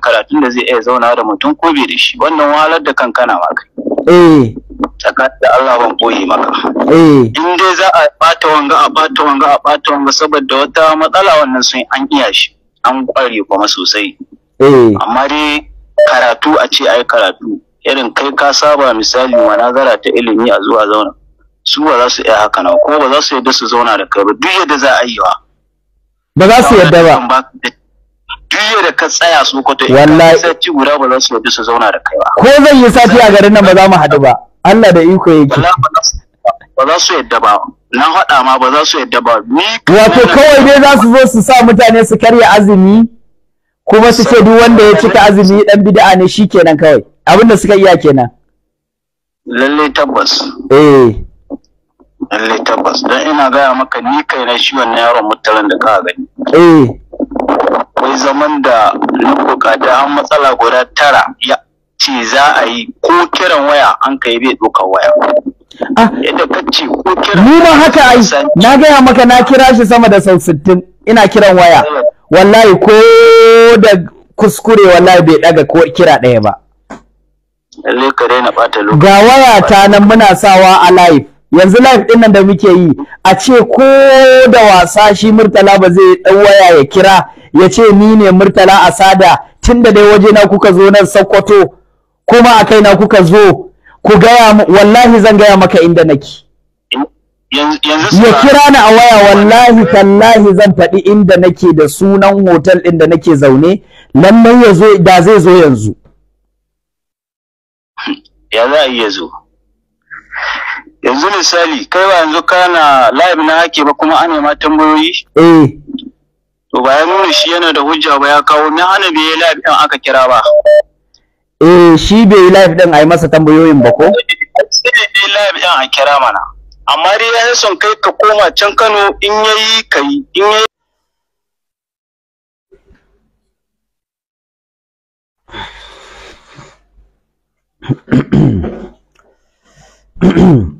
karatun da zai iya zauna da mutum ko bai da shi wannan wahalar da kankana maka eh tsakanin da Allah ban koyi maka eh in dai za a bata wanga a bata wanga a bata wanga saboda wata matsala wannan sun an iya shi an kware kuma sosai eh amma dai karatu a ce ai karatu irin kai ka saba misali manazara ta ilimi a zuwa zauna su ba za su iya haka nan ko ba za su yadda su zauna da kai ba duk yadda za a yi wa ba za su yadda ba jiya da ka tsaya Sokoto wallahi sati guda ba za su yadda su zauna da kai ba ko zan yi sati a garin nan ba za mu haɗu ba Allah da iko yake ba za su yadda ba na haɗa ma ba za su yadda ba wato kawai dai za su zo su sa mutane su karya azumi kuma su ce duk wanda ya cika azumi dan bid'a ne shikenan kawai abinda suka iya kenan lalle tabbas eh lalle tabbas dan ina gaya maka ni kai na shi wannan yaron mutalan da ka gani eh akwai zaman da na bukata an matsala guda tara ya ce za a yi ko kiran waya an kai bai ɗaukar waya. Ah, Yadda ka ce ko kiran Ni ma haka ai na gaya maka na kira shi sama da sau sittin ina kiran waya. Wallahi ko da kuskure wallahi bai ɗaga ko kira ɗaya ba. Lalle ka daina ɓata lokaci. Ga waya ta nan muna sawa a live. yanzu live din nan da muke yi a ce ko da wasa shi murtala ba zai dan waya ya kira ya ce ni ne murtala asada tunda dai waje na kuka zo nan Sokoto kuma a kaina kuka zo ku gaya wallahi zan gaya maka inda nake ya kira ni a waya wallahi tallahi zan faɗi inda nake da sunan hotel ɗin da nake zaune lallai ya zo da zai zo yanzu ya zai a iya zo yanzu misali kai ba yanzu kana live na hake ba kuma ana ma tambayoyi eh to ba ya nuna shi yana da hujja ba ya kawo na ana bai yi live din aka kira ba eh shi bai yi live din ai masa tambayoyin ba ko sai bai live din a kira mana amma dai yayin son kai ka koma can Kano in yayi kai in yayi Mm-hmm.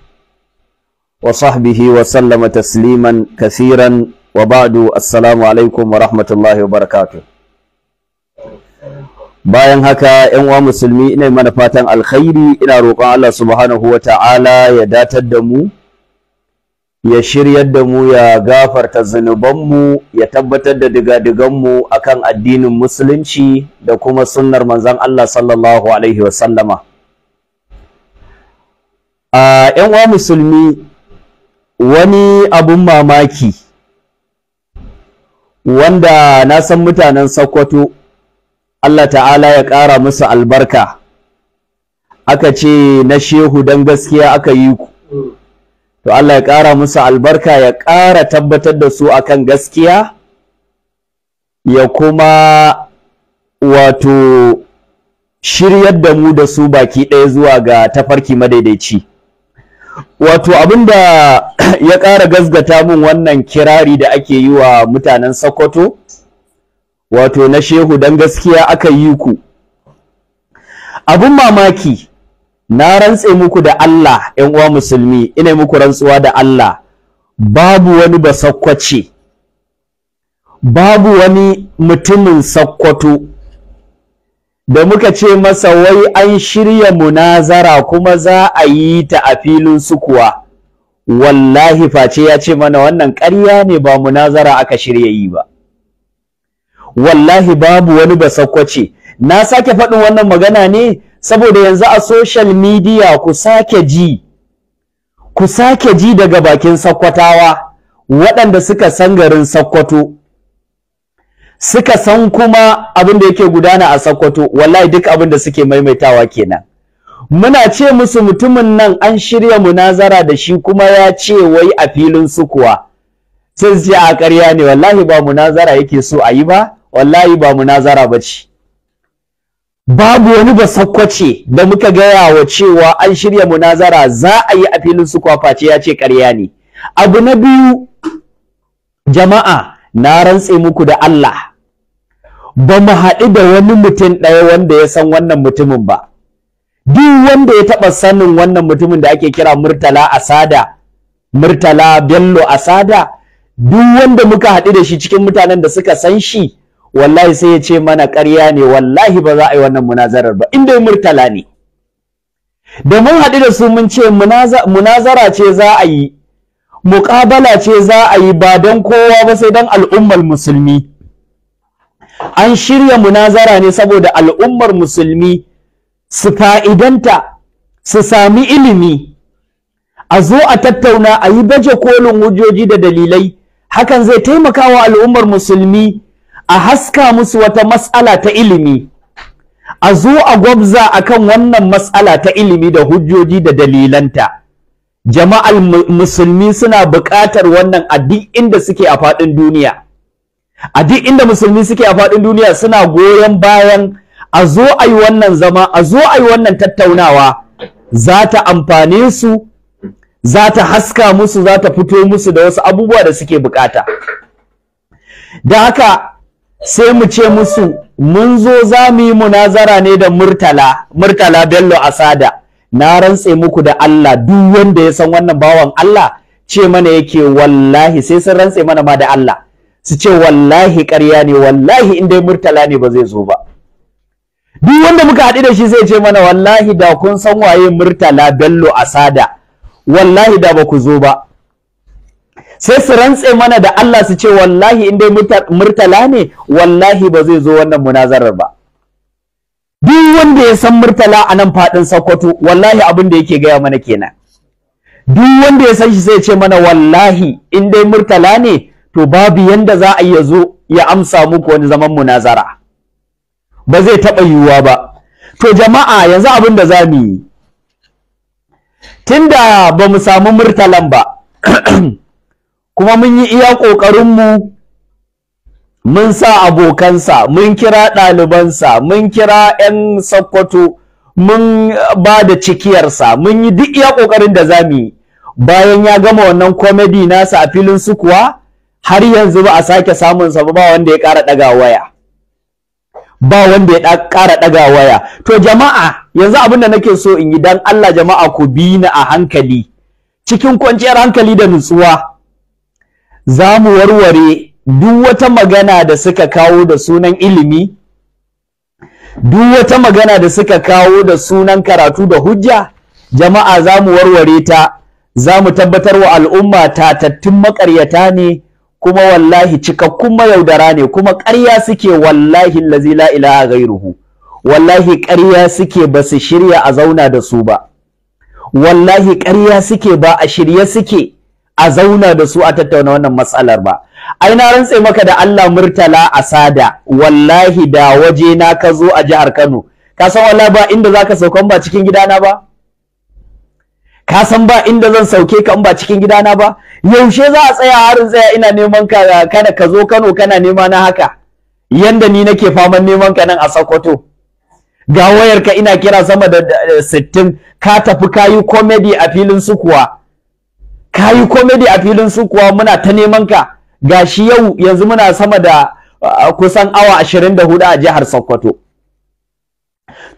وصحبه وسلم تسليما كثيرا وبعد السلام عليكم ورحمة الله وبركاته bayan haka yan uwa musulmi ina mana fatan alkhairi ina roƙon Allah subhanahu wata'ala ya datar da mu ya shiryar da mu ya gafarta zunubanmu ya tabbatar da mu akan addinin musulunci da kuma sunnar manzon Allah sallallahu alaihi sallama. a yan uwa musulmi wani abun mamaki wanda na san mutanen Sokoto Allah ta'ala ya ƙara musu albarka aka ce na shehu don gaskiya aka yi ku to Allah ya ƙara musu albarka ya ƙara tabbatar da su akan gaskiya ya kuma wato shiryar da mu da su baki ɗaya zuwa ga tafarki madaidaici wato abin da ya ƙara gasgata min wannan kirari da ake yi wa mutanen sokoto wato na shehu don gaskiya aka yi ku abin mamaki na rantse muku da Allah ‘yan uwa musulmi ina muku rantsuwa da Allah babu wani ba sakkwace babu wani mutumin Sokoto. da muka ce masa wai an shirya munazara kuma za a yi ta a filin sukuwa wallahi face ya ce mana wannan ƙarya ne ba munazara aka shirya yi ba wallahi babu wani ba basakwace na sake faɗin wannan magana ne saboda yanzu a social media ku sake ji ku sake ji daga bakin sakkwatawa waɗanda suka san garin sakkwato suka san kuma abin da yake gudana a Sokoto wallahi duk abin da suke maimaitawa kenan muna ce musu mutumin nan an shirya munazara da shi kuma ya ce wai a filin kuwa sai su ce a ƙarya ne wallahi ba munazara yake so a yi ba wallahi ba munazara ba ce babu wani ba sakwace da muka gaya wa cewa an shirya munazara za a yi a filin su kuwa face ya ce ƙarya ne abu na biyu jama'a na rantse muku da Allah ba mu haɗu da wani mutum ɗaya wanda ya san wannan mutumin ba duk wanda ya taɓa sanin wannan mutumin da ake kira murtala asada murtala bello asada duk wanda muka haɗu da shi cikin mutanen da suka san shi wallahi sai ya ce mana ƙarya ne wallahi ba za a yi wannan munazarar ba inda murtala ne da mun haɗu da su mun ce munazara ce za a yi muƙabala ce za a yi ba don kowa ba sai don al'ummar musulmi an shirya munazara ne saboda al'ummar musulmi su fa'idanta su sami ilimi a zo a tattauna a yi baje kolin hujjoji da dalilai hakan zai taimaka wa al'ummar musulmi a haska musu wata matsala ta ilimi a zo a gwabza akan wannan matsala ta ilimi da hujjoji da dalilanta jama'al musulmi suna buƙatar wannan a duk inda suke a faɗin duniya a duk inda musulmi suke a faɗin duniya suna goyon bayan a zo a yi wannan zama a zo a yi wannan tattaunawa za ta amfane su za ta haska musu za ta fito musu da wasu abubuwa da suke bukata da haka sai mu ce musu mun zo za mu yi munazara ne da murtala murtala bello asada na rantse muku da Allah duk wanda ya san wannan bawan Allah ce mana yake wallahi sai sun rantse mana ma da Allah su ce wallahi ƙarya ne wallahi in dai murtala ne ba zai zo ba duk wanda muka haɗu da shi zai ce mana wallahi da kun san waye murtala bello asada wallahi da ba ku zo ba sai su rantse mana da Allah su ce wallahi in dai murtala ne wallahi ba zai zo wannan munazarar ba duk wanda ya san murtala a nan faɗin Sokoto wallahi abin da yake gaya mana kenan duk wanda ya san shi sai ce mana wallahi in dai murtala ne to babu yanda za a iya zo ya amsa muku wani zaman munazara ba zai taɓa yiwuwa ba to jama'a yanzu abin da za mu yi tunda ba mu samu murtalan ba kuma mun yi iya ƙoƙarinmu mun sa abokansa mun kira ɗalibansa mun kira 'yan sakkwato mun ba da cikiyarsa mun yi duk iya ƙoƙarin da za mu yi bayan ya gama wannan komedi nasa a filin su kuwa har yanzu ba a sake samun sa ba wanda ya ƙara ɗaga waya ba wanda ya ƙara ɗaga waya to jama'a yanzu abin da nake so in yi dan Allah jama'a ku bi ni a hankali cikin kwanciyar hankali da nutsuwa za mu warware duk wata magana da suka kawo da sunan ilimi duk wata magana da suka kawo da sunan karatu da hujja jama'a za mu warware ta za mu tabbatar wa al'umma ta tattun maƙaryata ne kuma wallahi cikakkun mayaudara ne kuma ƙarya suke wallahi lazi la ilaha gairuhu wallahi ƙarya suke ba su shirya a zauna da su ba wallahi ƙarya suke ba a shirye suke a zauna da su a tattauna wannan matsalar ba ai na rantse maka da Allah murtala a sada, wallahi da waje na ka zo a jihar Kano ka san wallahi ba inda zaka saukan ba cikin gidana ba ka san ba inda zan sauke ka in ba cikin gidana ba yaushe za a tsaya harin tsaya ina neman ka kana ka zo Kano kana nema na haka yanda ni nake faman neman ka nan a Sokoto ga wayarka ina kira sama da 60 ka tafi kayi comedy a filin sukuwa kayi comedy a filin sukuwa muna ta neman ka gashi yau yanzu muna sama da kusan awa 24 a jihar Sokoto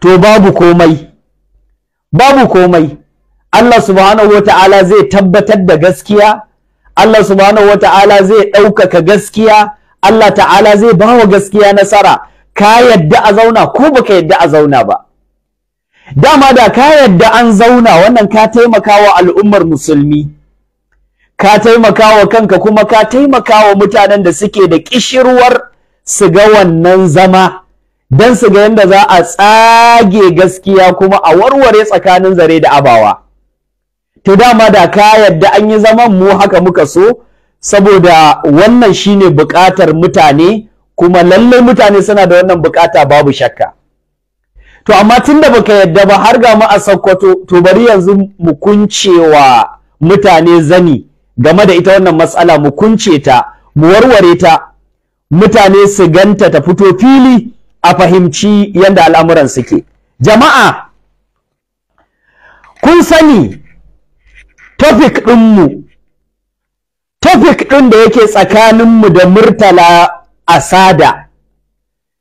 to babu komai babu komai Allah subhanahu ta'ala zai tabbatar da gaskiya Allah subhanahu ta'ala zai ɗaukaka gaskiya Allah ta'ala zai ba wa gaskiya nasara ka yadda a zauna ko baka yadda a zauna ba dama da ka yadda an zauna wannan ka taimaka wa al'ummar musulmi ka taimaka wa kanka kuma ka taimaka wa mutanen da suke da kishirwar su ga wannan zama don su ga yadda za a tsage gaskiya kuma a warware tsakanin zare da abawa to dama da ka yadda an yi zaman mu haka muka so saboda wannan shine buƙatar mutane kuma lallai mutane suna da wannan buƙata babu shakka to amma tunda baka yadda ba har ga mu a Sokoto to bari yanzu mu kuncewa mutane zani game da ita wannan matsala mu kunce ta mu warware ta mutane su ganta ta fito fili a fahimci yadda al'amuran suke jama'a kun sani topic ɗinmu topic ɗin da yake tsakaninmu da murtala a Sada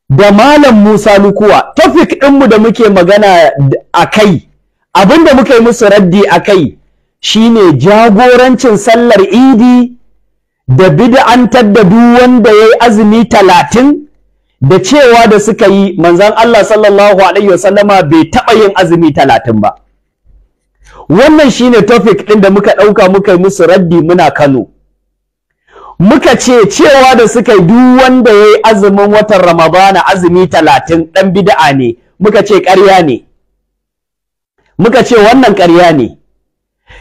da malam musa lukuwa topic ɗinmu da muke magana a kai abinda muka yi musu raddi a kai shine jagorancin sallar idi da bid'antar da duk wanda ya yi azumi talatin da cewa da suka yi manzan Allah sallallahu alaihi wasallama bai taɓa yin azumi talatin ba wannan shine topic ɗin da muka ɗauka muka yi musu raddi muna Kano muka ce cewa da suka yi duk wanda ya yi azumin watan Ramadana azumi talatin ɗan bid'a ne muka ce ƙarya ne muka ce wannan ƙarya ne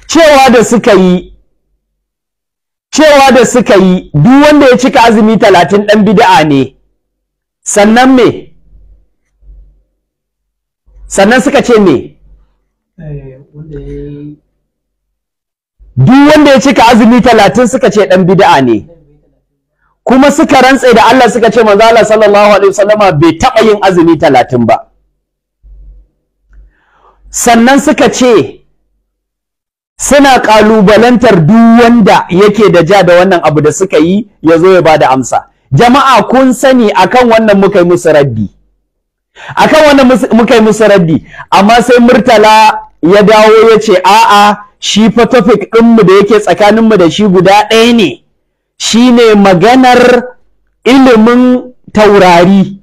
cewa da suka yi cewa da suka yi duk wanda ya cika azumi talatin ɗan bid'a ne sannan me sannan suka ce me eh, duk wanda ya cika azumi talatin suka ce dan bid'a ne kuma suka rantse da Allah suka ce manzo Allah sallallahu alaihi wasallama bai taɓa yin azumi talatin ba sannan suka ce suna kalubalantar duk wanda yake da ja da wannan abu da suka yi ya zo ya ba da amsa jama'a kun sani akan wannan muka yi musu raddi akan wannan muka yi musu raddi amma sai murtala ya dawo ya ce a'a shi fa ɗinmu da yake tsakaninmu da shi guda ɗaya ne shi ne maganar ilimin taurari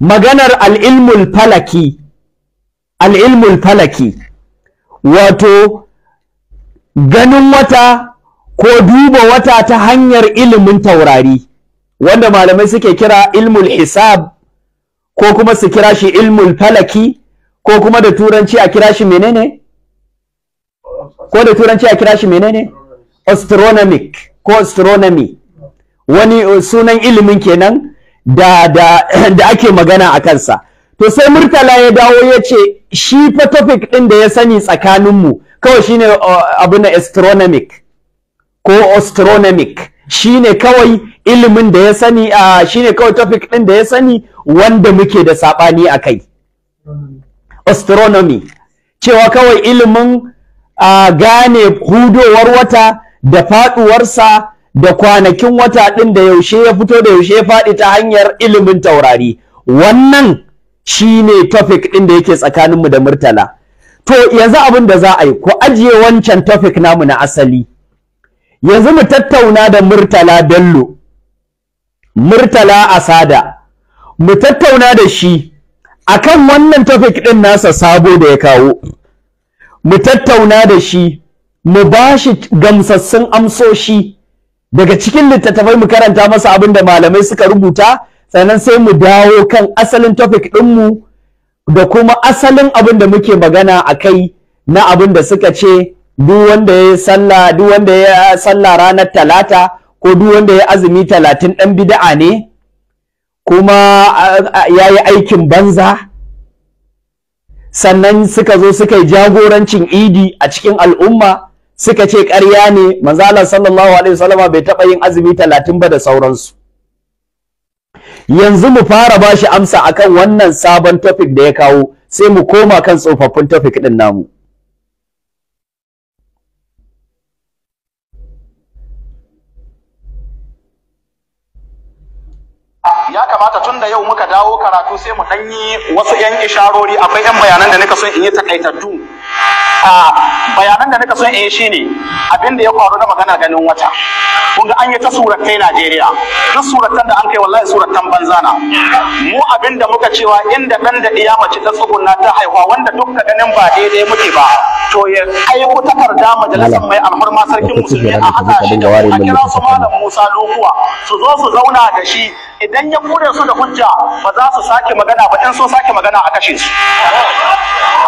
maganar al'ilmul falaki al'ilmul falaki wato ganin wata ko duba wata ta hanyar ilimin taurari wanda malamai suke kira ilmul hisab ko kuma su kira shi ilmul falaki ko kuma da turanci a kira shi menene ko da turanci a kira shi menene astronomic ko astronomy wani uh, sunan ilimin kenan da da da ake magana a kansa to sai murtala ya dawo ya ce shi fa topic din da ya sani tsakaninmu kawai shine uh, abu na astronomic ko astronomic shine kawai ilimin da ya sani uh, shine kawai topic din da ya sani wanda muke da sabani a kai astronomy cewa kawai ilimin a gane hudowar wata da faduwarsa da kwanakin wata ɗin da yaushe ya fito da yaushe ya faɗi ta hanyar ilimin taurari wannan shine topic ɗin da yake tsakanin mu da murtala to yanzu abin da za a yi ku ajiye wancan topic namu na asali yanzu mu tattauna da murtala bello murtala asada mu tattauna da shi akan wannan topic ɗin nasa sabo da ya kawo mu tattauna da shi mu ba shi gamsassun amsoshi daga cikin littattafai mu karanta masa abin da malamai suka rubuta sannan sai mu dawo kan asalin topic ɗinmu da kuma asalin abin da muke magana a kai na abin da suka ce duk wanda ya sallah duk wanda ya sallah ranar talata ko duk wanda ya azumi talatin ɗan bida'a ne kuma ya yi aikin banza sannan suka zo suka yi jagorancin idi a cikin al'umma suka ce ƙarya ne manzalar sallallahu alaihi wasallama bai taɓa yin azumi talatin ba da sauransu yanzu mu fara ba shi amsa akan wannan sabon topic da ya kawo sai mu koma kan tsofaffin topic ɗin namu ya kamata tun da yau muka dawo karatu sai mu ɗanyi wasu 'yan isharori akwai 'yan bayanan da nika son in yi takaitattu bayanan da nika son in shi ne abinda ya faru na magana ganin wata kun ga an yi ta suratai Najeriya duk suratan da an kai wallahi suratan banza na mu abinda muka cewa inda dan da iya mace ta tsuguna ta haihuwa wanda duk ganin ba daidai muke ba to ya ta takarda majalisar mai alhurma sarkin musulmi a shi a kira su malam Musa Lokuwa su zo su zauna da shi idan ya kure su da hujja ba za su sake magana ba in so sake magana a kashe su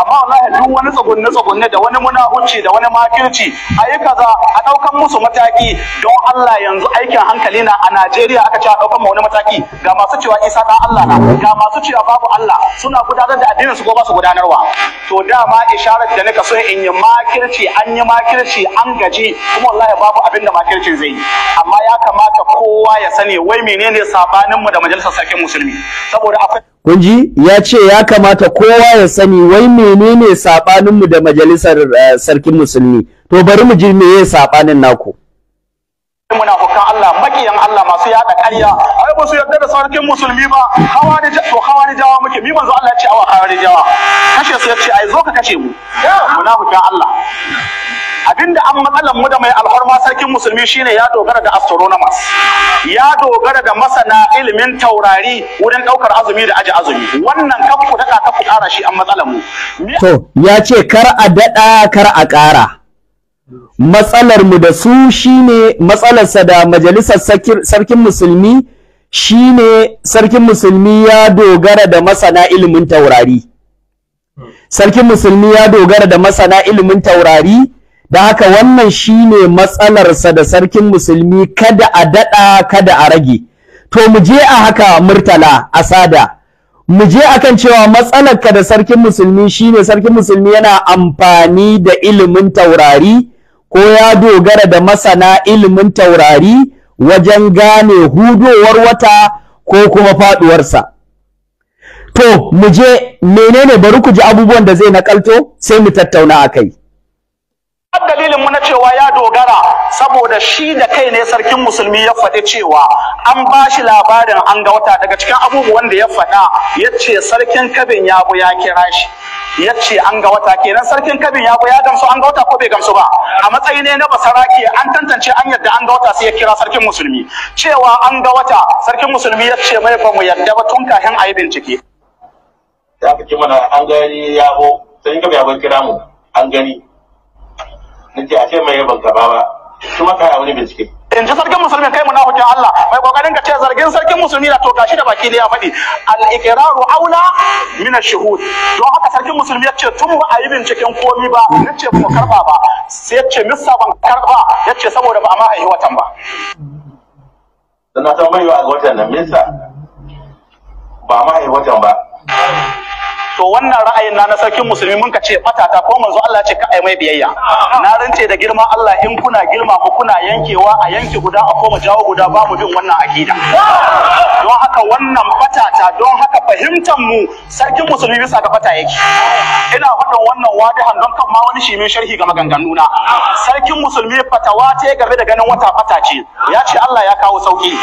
amma wallahi duk wani tsugun tsugunne tsugunne da wani muna munahuci da wani makirci a yi kaza a ɗaukan musu mataki don Allah yanzu aikin hankali na a Najeriya aka ce a ɗaukan wani mataki ga masu cewa Isa ɗan Allah na ga masu cewa babu Allah suna gudanar da addinin su ko ba su gudanarwa to dama isharar da nika so in yi makirci an yi makirci an gaji kuma wallahi babu abin da makirci zai yi amma ya kamata kowa ya sani wai menene sabaninmu da majalisar sarkin musulmi saboda akwai kun ji ya ce ya kamata kowa ya sani wai menene saɓaninmu da majalisar eh, sarkin musulmi to bari mu ji me meye saɓanin naku munafukan Allah makiyan Allah masu yada ƙarya ai ba su yarda da sarkin musulmi ba ne to ne jawa muke mi manzo Allah ya ce awa ne jawa kashe su ya ce ai zo ka kashe mu munafukan Allah abinda an matsalan mu da mai alhorma sarkin musulmi shine ya dogara da astronomers ya dogara da masana ilimin taurari wurin daukar azumi da aji azumi wannan kafu da ka kara shi an matsalan mu to ya ce kar a dada kar a kara matsalar mu da su shine matsalarsa da majalisar sarkin musulmi shine sarkin musulmi ya dogara da masana ilimin taurari sarkin musulmi ya dogara da masana ilimin taurari da haka wannan shine matsalarsa da sarkin musulmi kada a daɗa kada a rage to mu je a haka murtala asada mu je akan cewa matsalar ka da sarkin musulmi shine sarkin musulmi yana amfani da ilimin taurari ko ya dogara da masana ilimin taurari wajen gane hudowar wata ko kuma faduwarsa to mu je menene bari ku ji abubuwan da zai nakalto sai mu tattauna kai? dalilin mu na cewa ya dogara saboda shi da kai ne sarkin musulmi ya faɗi cewa an ba shi labarin an ga wata daga cikin abubuwan da ya faɗa ya ce sarkin kabin ya bu ya kira shi ya ce an ga wata kenan sarkin kabin ya bu ya gamsu an ga wata ko bai gamsu ba a matsayi ne na basarake an tantance an yadda an ga wata sai ya kira sarkin musulmi cewa an ga wata sarkin musulmi ya ce mai ba mu yadda ba tun kafin a yi bincike ya fi mana an gani ya bu sarkin kabin ya bu kira mu an gani in ce a ce mai yaban gaba ba kuma ka yi wani bincike in ji sarkin musulmi kai munafikin Allah mai kokarin ka ce zargin sarkin musulmi da to gashi da baki ne ya faɗi al iqraru aula min ash-shuhud don haka sarkin musulmi ce tun ba a yi binciken komi ba ya ce ba karba ba sai ce missa ban karba ce saboda ba a ma haihi watan ba dan na tambayewa ga watan nan missa ba ma haihi watan ba to wannan ra'ayin na na sarkin musulmi mun ka ce fatata ko manzo Allah ce ka mai biyayya na rance da girma Allah in kuna girma ku kuna yankewa a yanki guda a koma jawo guda ba mu bin wannan akida don haka wannan fatata don haka fahimtar mu sarkin musulmi bisa ga fata yake ina faɗin wannan wadihan don kan ma wani shi mai sharhi ga maganganu na sarkin musulmi fatawa ce game da ganin wata fata ce ya ce Allah ya kawo sauki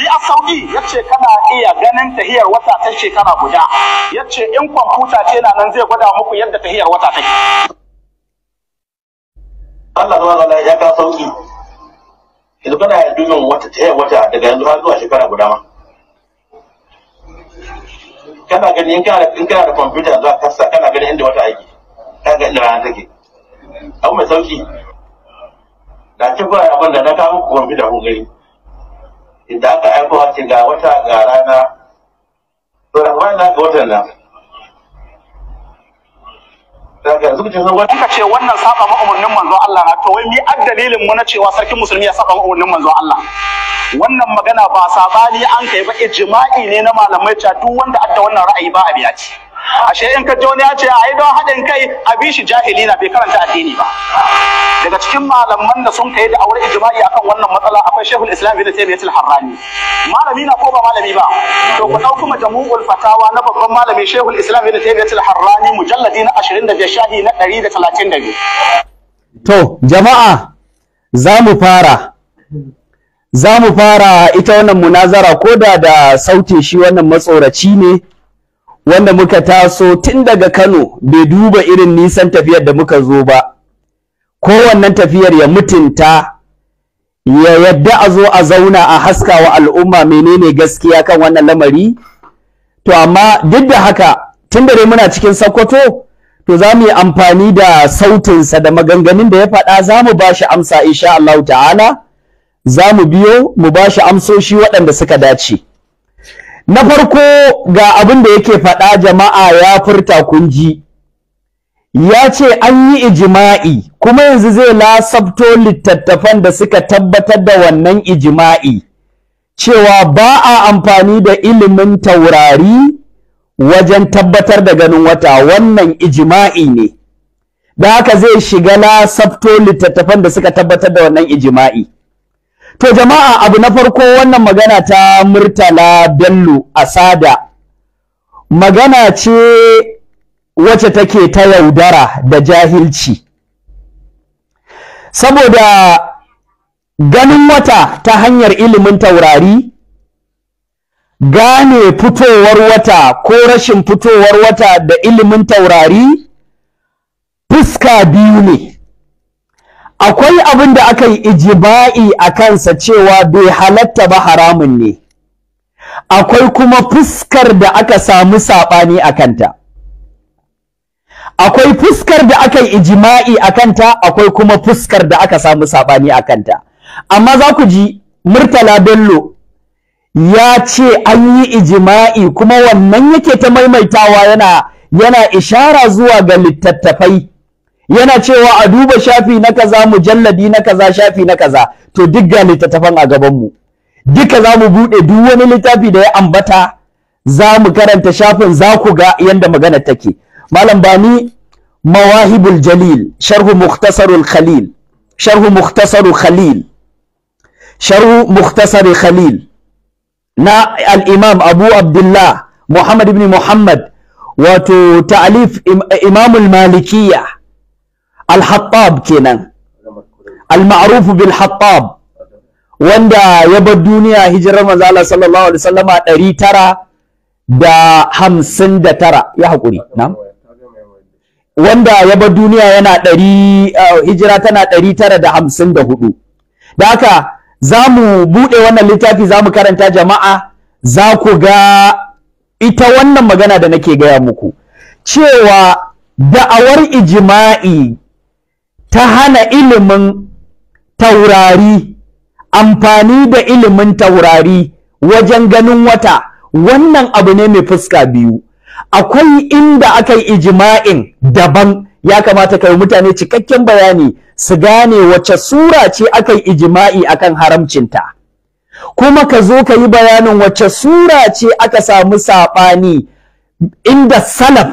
ni a sauki ya ce kana iya ganin tahiyar wata ta shekara guda ya in kwamfuta ce na nan zai gwada muku yadda tahiyar wata take Allah zuwa zala ya ka sauki yanzu kana yanzu yin wata tahiyar wata daga yanzu har zuwa shekara guda ma kana gani in kana in kana da kwamfuta za kasa kana gani inda wata aiki ka ga inda rana take abu mai sauki da ce ba abin da na kawo kwamfuta kun gani idan aka aiko ce ga wata ga rana Sauran wani na ga watan nan Kuka ce wannan saba ma umarnin manzon Allah na to wai mi addalilin mu na cewa sarkin musulmi ya saba ma manzo manzon Allah. Wannan magana ba sabani an kai ba ijma'i ne na malamai cewa duk wanda adda wannan ra'ayi ba a biya ce. ashe in ka ji wani ya ce ai don haɗin kai a bi shi jahili na bai karanta addini ba daga cikin malaman da sun kai da aure ijma'i akan wannan matsala akwai shehul islam ibn taymiyyah al-harrani malami na ko ba malami ba to ku dauki majmu'ul fatawa na babban malami shehul islam ibn taymiyyah al-harrani mujalladi na 25 shahi na 132 to jama'a za mu fara za mu fara ita wannan munazara ko da da sautin shi wannan matsoraci ne wanda muka taso tun daga Kano bai duba irin nisan tafiyar da muka zo ba wannan tafiyar ya mutunta ya yadda a zo a zauna a haskawa al'umma menene gaskiya kan wannan lamari to amma duk da haka tun da muna cikin Sokoto to za mu yi amfani da sautinsa da maganganun da ya faɗa za mu ba shi amsa insha Allah ta'ala za mu biyo mu ba shi amsoshi waɗanda suka dace na farko ga abin da yake faɗa jama'a ya furta kunji ya ce an yi ijima'i kuma yanzu zai lasabto littattafan da suka tabbatar da wannan ijima'i cewa ba a amfani da ilimin taurari wajen tabbatar da ganin wata wannan ijima'i ne da haka zai shiga lasabto littattafan da suka tabbatar da wannan ijima'i to jama'a abu na farko wannan magana ta murtala bello asada magana ce wacce take ta yaudara da jahilci saboda ganin wata ta hanyar ilimin taurari gane fitowar wata ko rashin fitowar wata da ilimin taurari fuska biyu ne akwai abin da aka yi ijiba'i a kansa cewa bai halatta ba haramun ne akwai kuma fuskar da aka samu saɓani a kanta akwai fuskar da aka yi ijima'i a kanta akwai kuma fuskar da aka samu saɓani a kanta amma za ku ji murtala bello ya ce an yi ijima'i kuma wannan yake ta maimaitawa yana yana ishara zuwa ga littattafai yana cewa a duba shafi na kaza mujalladi na kaza shafi na kaza to duk ga littattafan a gaban mu. duka zamu bude buɗe duk wani littafi da ya ambata zamu karanta shafin za ku ga yanda magana take malam bani mawahibul jalil sharhu mukhtasarul khalil sharhu mukhtasarul khalil sharhu mukhtasari khalil na al-imam abu abdullah muhammad ibn muhammad wato ta'alif imamul malikiyah al-hattab kenan al marufu bil hattab wanda ya bar duniya hijirar manzo Allah sallallahu alaihi wasallama 959 ya hakuri na'am wanda ya bar duniya yana 100 eh, hijira tana ɗari tara da hamsin da hudu da haka za mu buɗe wannan littafi za mu karanta jama'a za ku ga ita wannan magana da nake gaya muku cewa da'awar ijima'i ta hana ilimin taurari amfani da ilimin taurari wajen ganin wata wannan abu ne mai fuska biyu akwai inda aka yi ijima'in daban ya kamata kai mutane cikakken bayani su gane wace sura ce aka yi ijima'i akan haramcinta kuma ka zo ka yi bayanin wace sura ce aka samu saɓani inda salaf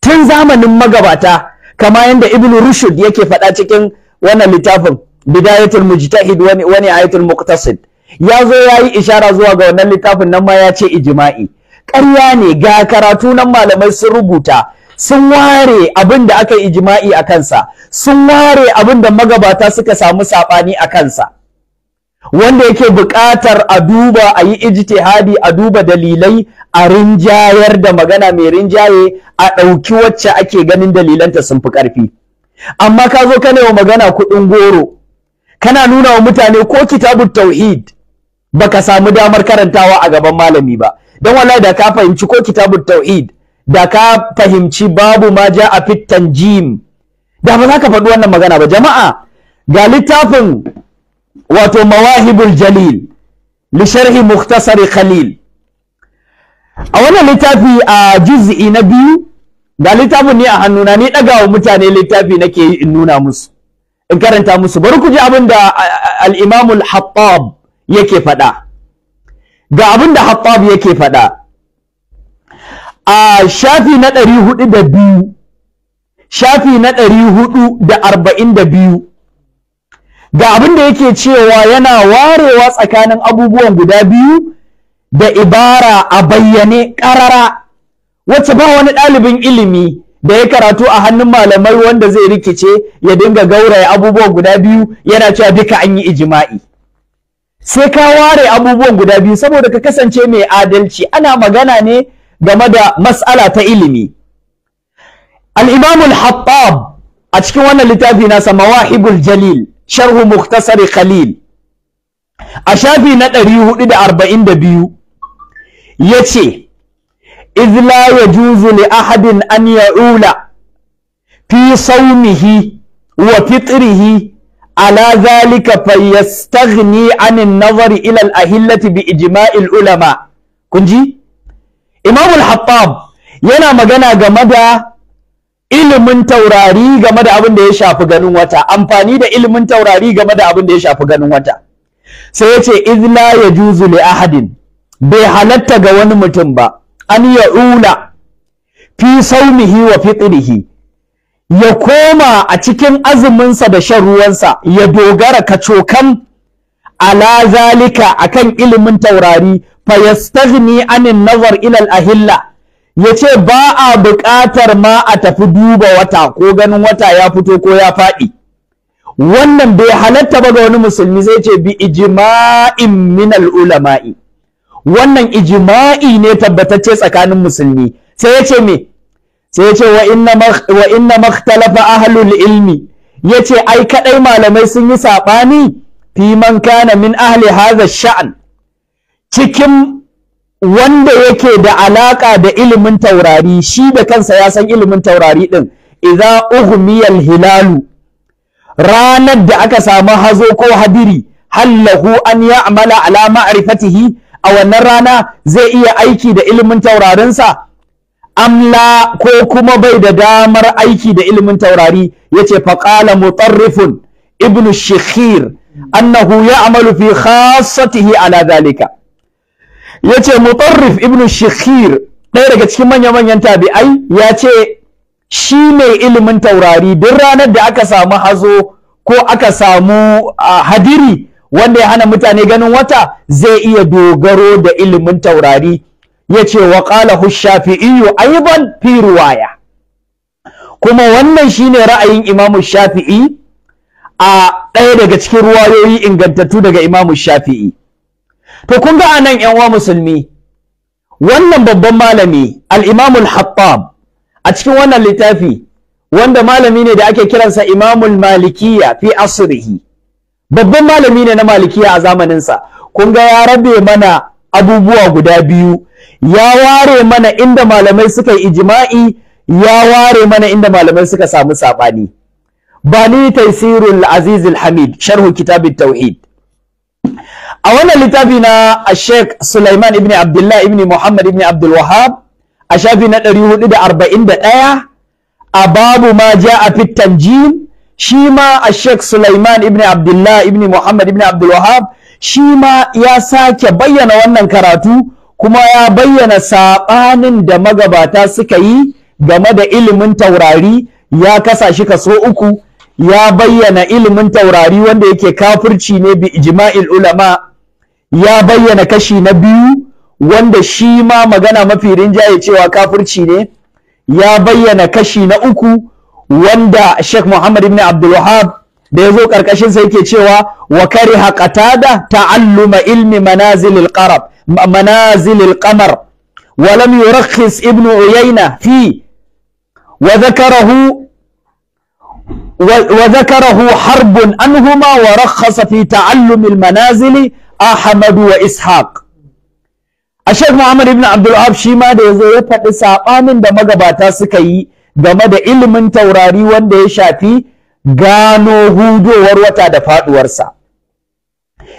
tun zamanin magabata kama yanda ibn rushd yake faɗa cikin wannan littafin bidayatul mujtahid wani wani ayatul muqtasid ya zo ya yi ishara zuwa ga wannan littafin nan ma ya ce ijma'i ƙarya ne ga karatu nan malamai sun rubuta sun ware abin da aka yi ijma'i a kansa sun ware abin da magabata suka samu saɓani a kansa wanda yake buƙatar a duba a yi ijtihadi a duba dalilai a rinjayar da magana mai rinjaye a ɗauki wacce ake ganin dalilanta sun fi ƙarfi amma ka zo ka wa magana kuɗin goro kana nuna wa mutane ko kitabun tauhid baka samu damar karantawa a gaban malami ba don wallahi da ka fahimci ko kitabun tauhid da ka fahimci babu ma ja a fit Jim, da ba za ka faɗi wannan magana ba jama'a ga littafin wato mawahibul jalil li sharhi mukhtasari khalil a wannan littafi a juz'i na biyu ga littafin ne a hannuna ni daga wa mutane littafi nake yi in nuna musu in karanta musu bari ku ji abin da al-Imam al-Hattab yake faɗa ga abin da Hattab yake faɗa a shafi na ɗari hudu da biyu shafi na ɗari huɗu da arba'in da biyu ga abin da yake cewa yana warewa tsakanin abubuwan guda biyu da ibara a bayyane ƙarara wacce ba wani ɗalibin ilimi da ya karatu a hannun malamai wanda zai rikice ya dinga gauraya abubuwan guda biyu yana cewa duka an yi ijima'i sai ka ware abubuwan guda biyu saboda ka kasance mai adalci ana magana ne game da mas'ala ta ilimi al-imamul hattab a cikin wannan littafi nasa mawahibul jalil sharhu muktasari khalil a shafi na 442 yace idh la yajuzu li ahadin an ya'ula fi sawmihi wa fitrihi ala zalika fayastaghni anin nazari ila al-ahillati bi ijma'il ulama kunji imam al-hattab yana magana game da ilimin taurari game da abin da ya shafi ganin wata amfani da ilimin taurari game da abin da ya shafi ganin wata sai ya ce izla ya juzu li ahadin bai halatta ga wani mutum ba an ya ula fi saumihi wa fitrihi ya koma a cikin azuminsa da shan ruwansa ya dogara kacokan ala zalika akan ilimin taurari fa yastaghni anin nazar ila al-ahilla ya ce ba a buƙatar ma a tafi duba wata ko ganin wata ya fito ko ya faɗi wannan bai halatta ba ga wani musulmi zai ce bi ijma'in min ulama'i wannan ijima'i ne tabbatacce tsakanin musulmi sai ya ce me sai ya ce wa inna makhtalafa ahlul ilmi ya ce ai kadai malamai sun yi saɓani fi man kana min ahli hadha sha'an cikin wanda yake da alaƙa da ilimin taurari shi da kansa ya san ilimin taurari ɗin idza uhmiyal hilalu ranar da aka samu hazo ko hadiri hallahu an ya'mala ala ma'rifatihi a wannan rana zai iya aiki da ilimin taurarinsa amla ko kuma bai da damar aiki da ilimin taurari yace faqala mutarrifun ibnu shikhir annahu ya'malu fi khassatihi ala dhalika ya ce mutarrif ibn shikhir ɗaya daga cikin manya-manyan tabi'ai ya ce shi ne ilimin taurari duk ranar da aka samu hazo ko aka samu hadiri wanda ya hana mutane ganin wata zai iya dogaro da ilimin taurari ya ce wa ƙala shafi'iyu aiban fi kuma wannan shi ne ra'ayin imamu shafi'i a ɗaya daga cikin ruwayoyi ingantattu daga imamu shafi'i to kun ga anan yan uwa musulmi wannan babban malami al-Imam al-Hattab a cikin wannan littafi wanda malami ne da ake kiransa Imamul Malikiya fi asrihi babban malami ne na Malikiya a zamanin sa kun ga ya rabe mana abubuwa guda biyu ya ware mana inda malamai suka yi ijma'i ya ware mana inda malamai suka samu sabani bani taysirul azizul hamid sharhu kitab tauhid a wannan littafi na Sheikh Sulaiman ibn Abdullah ibn Muhammad ibn Abdul Wahab a shafi na 441 a babu ma a fi tanjim shi ma a Sheikh Sulaiman ibn Abdullah ibn Muhammad ibn Abdul Wahab shi ma ya sake bayyana wannan karatu kuma ya bayyana saɓanin da magabata suka yi game da ilimin taurari ya kasa shi kaso uku ya bayyana ilimin taurari wanda yake kafirci ne bi ijma'il ulama ya bayyana kashi na biyu wanda shi ma magana mafi rinjaye cewa kafirci ne ya bayyana kashi na uku wanda Sheikh Muhammad ibn Abdul da ya zo karkashin sa yake cewa wa kariha qatada ta'alluma ilmi manazilil qarab manazilil qamar wa lam yurakhis ibn Uyayna fi wa وذكره wa عنهما ورخص في تعلم المنازل أحمد وإسحاق الشيخ محمد بن عبد الوهاب شيما da yazo ya faɗi saɓanin da magabata suka yi game da ilimin taurari wanda ya shafi gano hudowar wata da faɗuwarsa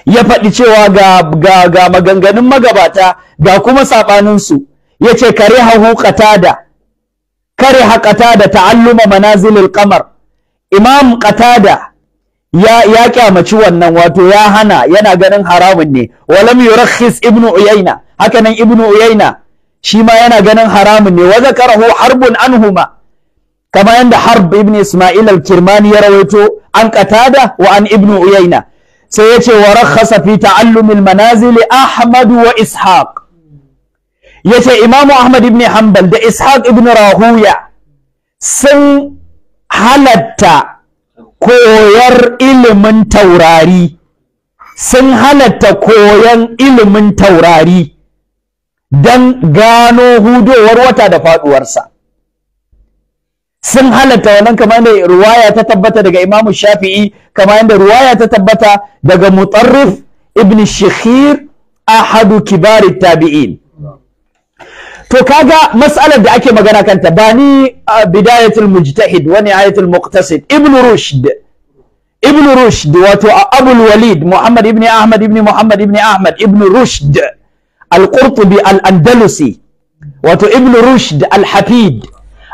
ya faɗi cewa ga, maganganun magabata ga kuma saɓaninsu ya ce kare haƙata da ta'alluma manazilil kamar. imam qatada ya ya kyamaci wannan wato ya hana yana ganin haramun ne walam yurakhis ibnu uyayna haka nan ibnu uyayna shi ma yana ganin haramun ne wa zakarahu harbun anhuma kama yanda harb ibn isma'il al-kirmani ya rawaito an qatada wa an ibnu uyayna sai yace wa rakhasa fi ta'allum al-manazil ahmad wa ishaq yace imam ahmad ibn hanbal da ishaq ibn rahuya sun halatta koyar ilimin taurari sun halatta koyan ilimin taurari don gano hudowar wata da faduwarsa sun halatta wannan kamar da ruwaya ta tabbata daga imamu shafi'i kamar yadda ruwaya ta tabbata daga mutarrif ibn shikhir ahadu kibari tabi'in to kaga mas'alar da ake magana kanta ba ni bidayatul mujtahid wa nihayatul muqtasid ibn rushd ibn rushd wato abul walid muhammad ibn ahmad ibn muhammad ibn ahmad ibn rushd al-qurtubi al-andalusi wato ibn rushd al-hafid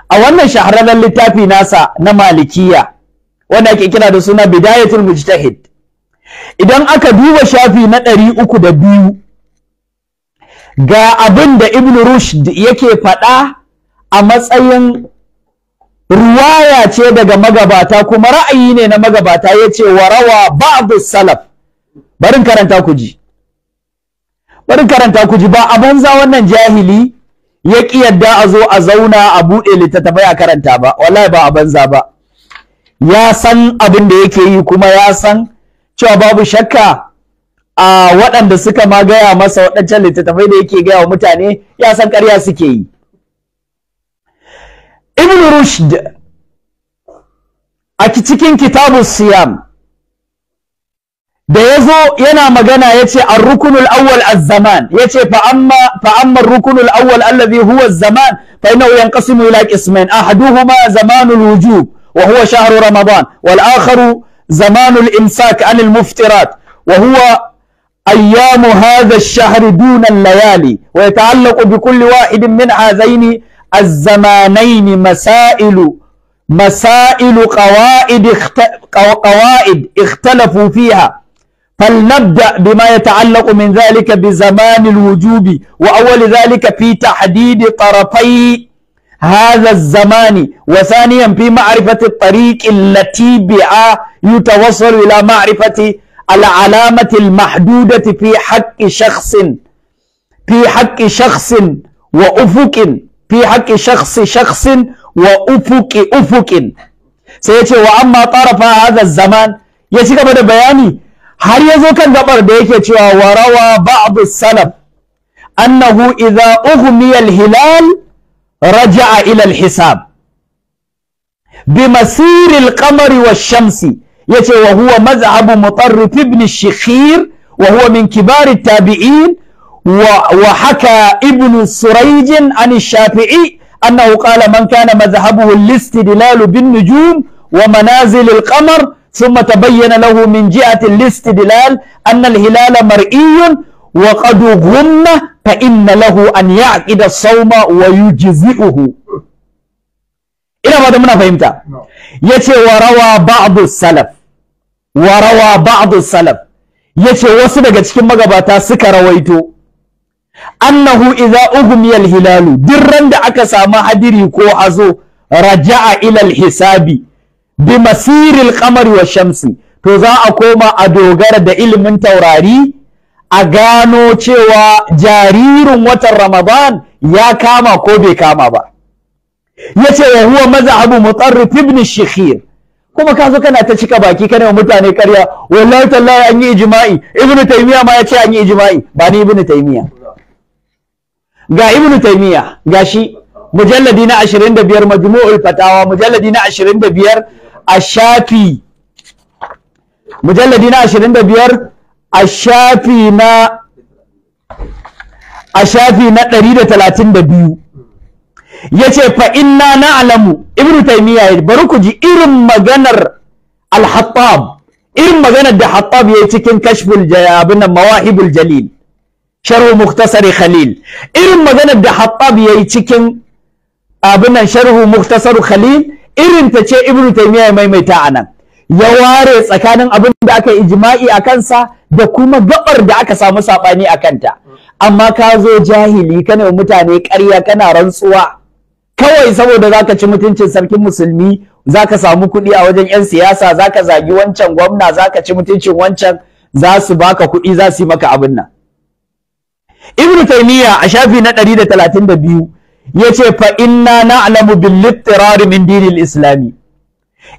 a wannan shahararren littafi nasa na malikiya wanda ake kira da suna bidayatul mujtahid idan aka duba shafi na ɗari uku da biyu ga abin da ibn rushd yake faɗa a matsayin ruwaya ce daga magabata kuma ra'ayi ne na magabata ya ce wa rawa ba'du salaf barin karanta ku ji barin karanta ku ji ba a banza wannan jahili ya ƙi yadda a zo a zauna a buɗe littattafai a karanta ba wallahi ba a banza ba ya san abin da yake yi kuma ya san cewa babu shakka a waɗanda suka ma gaya masa waɗancan littattafai da yake gaya wa mutane ya san ƙarya suke yi ibn rushd a cikin kitabun siyam da ya zo yana magana ya ce an rukunul awwal az-zaman ya ce fa'amma rukunul awwal allazi huwa az-zaman fa innahu yanqasimu ila qismain ahaduhuma zamanul wujub wa huwa shahru ramadan wal akharu zamanul imsak anil muftirat wa huwa أيام هذا الشهر دون الليالي ويتعلق بكل واحد من هذين الزمانين مسائل مسائل قواعد اخت... قواعد اختلفوا فيها فلنبدأ بما يتعلق من ذلك بزمان الوجوب وأول ذلك في تحديد طرفي هذا الزمان وثانيا في معرفة الطريق التي بها يتوصل إلى معرفة العلامة المحدودة في حق شخص في حق شخص وأفق في حق شخص شخص وأفق أفق سيأتي وأما طرف هذا الزمان يأتي كما بياني هل يزوك الغبر بيك وروى بعض السلف أنه إذا أغمي الهلال رجع إلى الحساب بمسير القمر والشمس يتي وهو مذهب مطرف ابن الشخير وهو من كبار التابعين وحكى ابن سريج عن الشافعي أنه قال من كان مذهبه الاستدلال بالنجوم ومنازل القمر ثم تبين له من جهة الاستدلال أن الهلال مرئي وقد غم فإن له أن يعقد الصوم ويجزئه إلى ما دمنا فهمت؟ نعم. Ya ce wa rawa ba'adu salaf wa rawa ba'adu salaf Ya ce wasu daga cikin magabata suka rawaito An annahu idza ughmiya al-hilalu ran da aka samu hadiri ko hazo raja'a a ilal hisabi bi masiril qamari wa shamsi to za a koma a dogara da ilimin taurari a gano cewa jaririn watan Ramadan ya kama ko bai kama ba yace wa eh, huwa mazhabu mutarrif ibn shikhir kuma ka zo kana ta cika baki kana wa mutane karya wallahi tallahi an yi ijma'i ibn taymiya ma yace an yi ijma'i ba ni ibn taymiya ga ibn taymiya gashi mujalladi na 25 majmu'ul fatawa mujalladi na 25 ashafi shafi mujalladi na 25 ashafi shafi na a na 132 yace fa inna na taimiyya ya bari ku ji irin maganar al irin maganar da hattab yayi cikin kashful jayabin mawahibul jalil sharu muktasari khalil irin maganar da hattab yayi cikin abunan sharhu sharh khalil irin ta ce taimiyya ya maimaita nan ya ware tsakanin abin da aka yi ijma'i a kansa da kuma gabar da aka samu saɓani a kanta amma ka zo jahili kana mutane karya kana rantsuwa kawai saboda zaka ci mutuncin sarkin musulmi zaka samu kuɗi a wajen 'yan siyasa zaka zagi wancan gwamna zaka ci mutuncin wancan za su baka kuɗi za su yi maka abin nan ibn taymiya a shafi na 132 yace fa inna na'lamu bil littirar min al islami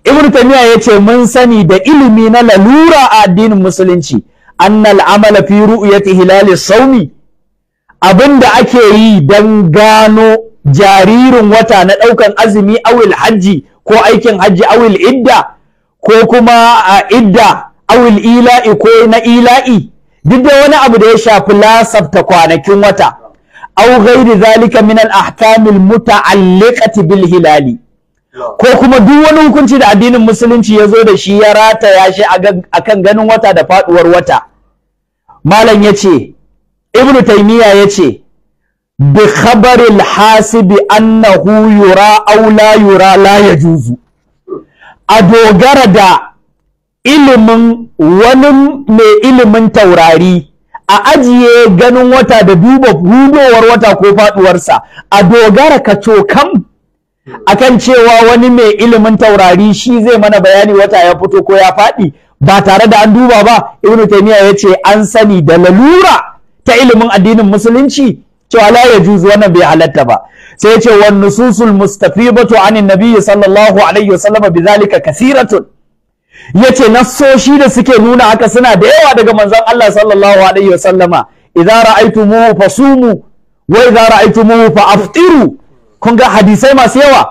ibn taymiya yace mun sani da ilimi na lalura a addinin musulunci annal amala fi ru'yati hilal as-sawmi abinda ake yi dan gano jaririn wata na ɗaukan azumi awil hajji ko aikin hajji awil idda ko kuma a idda awil ila'i ko na ila'i duk da wani abu da ya shafi lasafta kwanakin wata aw ghairi zalika min al ahkam al muta'alliqati bil hilali ko kuma duk wani hukunci da addinin musulunci ya zo da shi ya rata rataya shi akan ganin wata da faduwar wata malam yace ibnu taymiya yace bi khabaril hasibi annahu yura aw la yura la a dogara da ilimin wani mai ilimin taurari a ajiye ganin wata da duba hudowar wata ko faduwarsa a dogara ka a kan cewa wani mai ilimin taurari shi zai mana bayani wata ya fito ko ya faɗi ba tare da an duba ba Ibn taymiya ya ce an sani da lalura ta ilimin addinin musulunci cewa la juzu wannan bai halatta ba sai ya ce wan nususul mustafibatu anin nabiyyi sallallahu alaihi wasallam kasiratun yace nassoshi da suke nuna haka suna da yawa daga manzon Allah sallallahu alaihi wasallama idza ra'aytumuhu fasumu wa idza ra'aytumuhu fa'aftiru kun ga hadisai masu yawa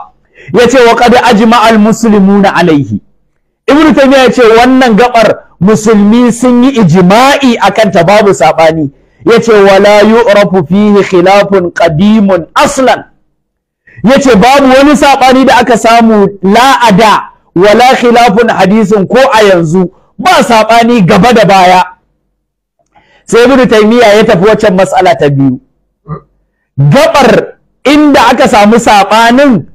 yace wa qad ajma'a al-muslimuna alaihi ibnu taymiya yace wannan gabar musulmi sun yi ijma'i akan ta babu sabani yace wala yu'rafu fihi khilafun qadimun aslan yace babu wani sabani da aka samu la'ada wala khilafun hadisin ko a yanzu ba sabani gaba da baya sai ibnu taymiya ya tafi waccan mas'ala ta biyu gabar inda aka samu sabanin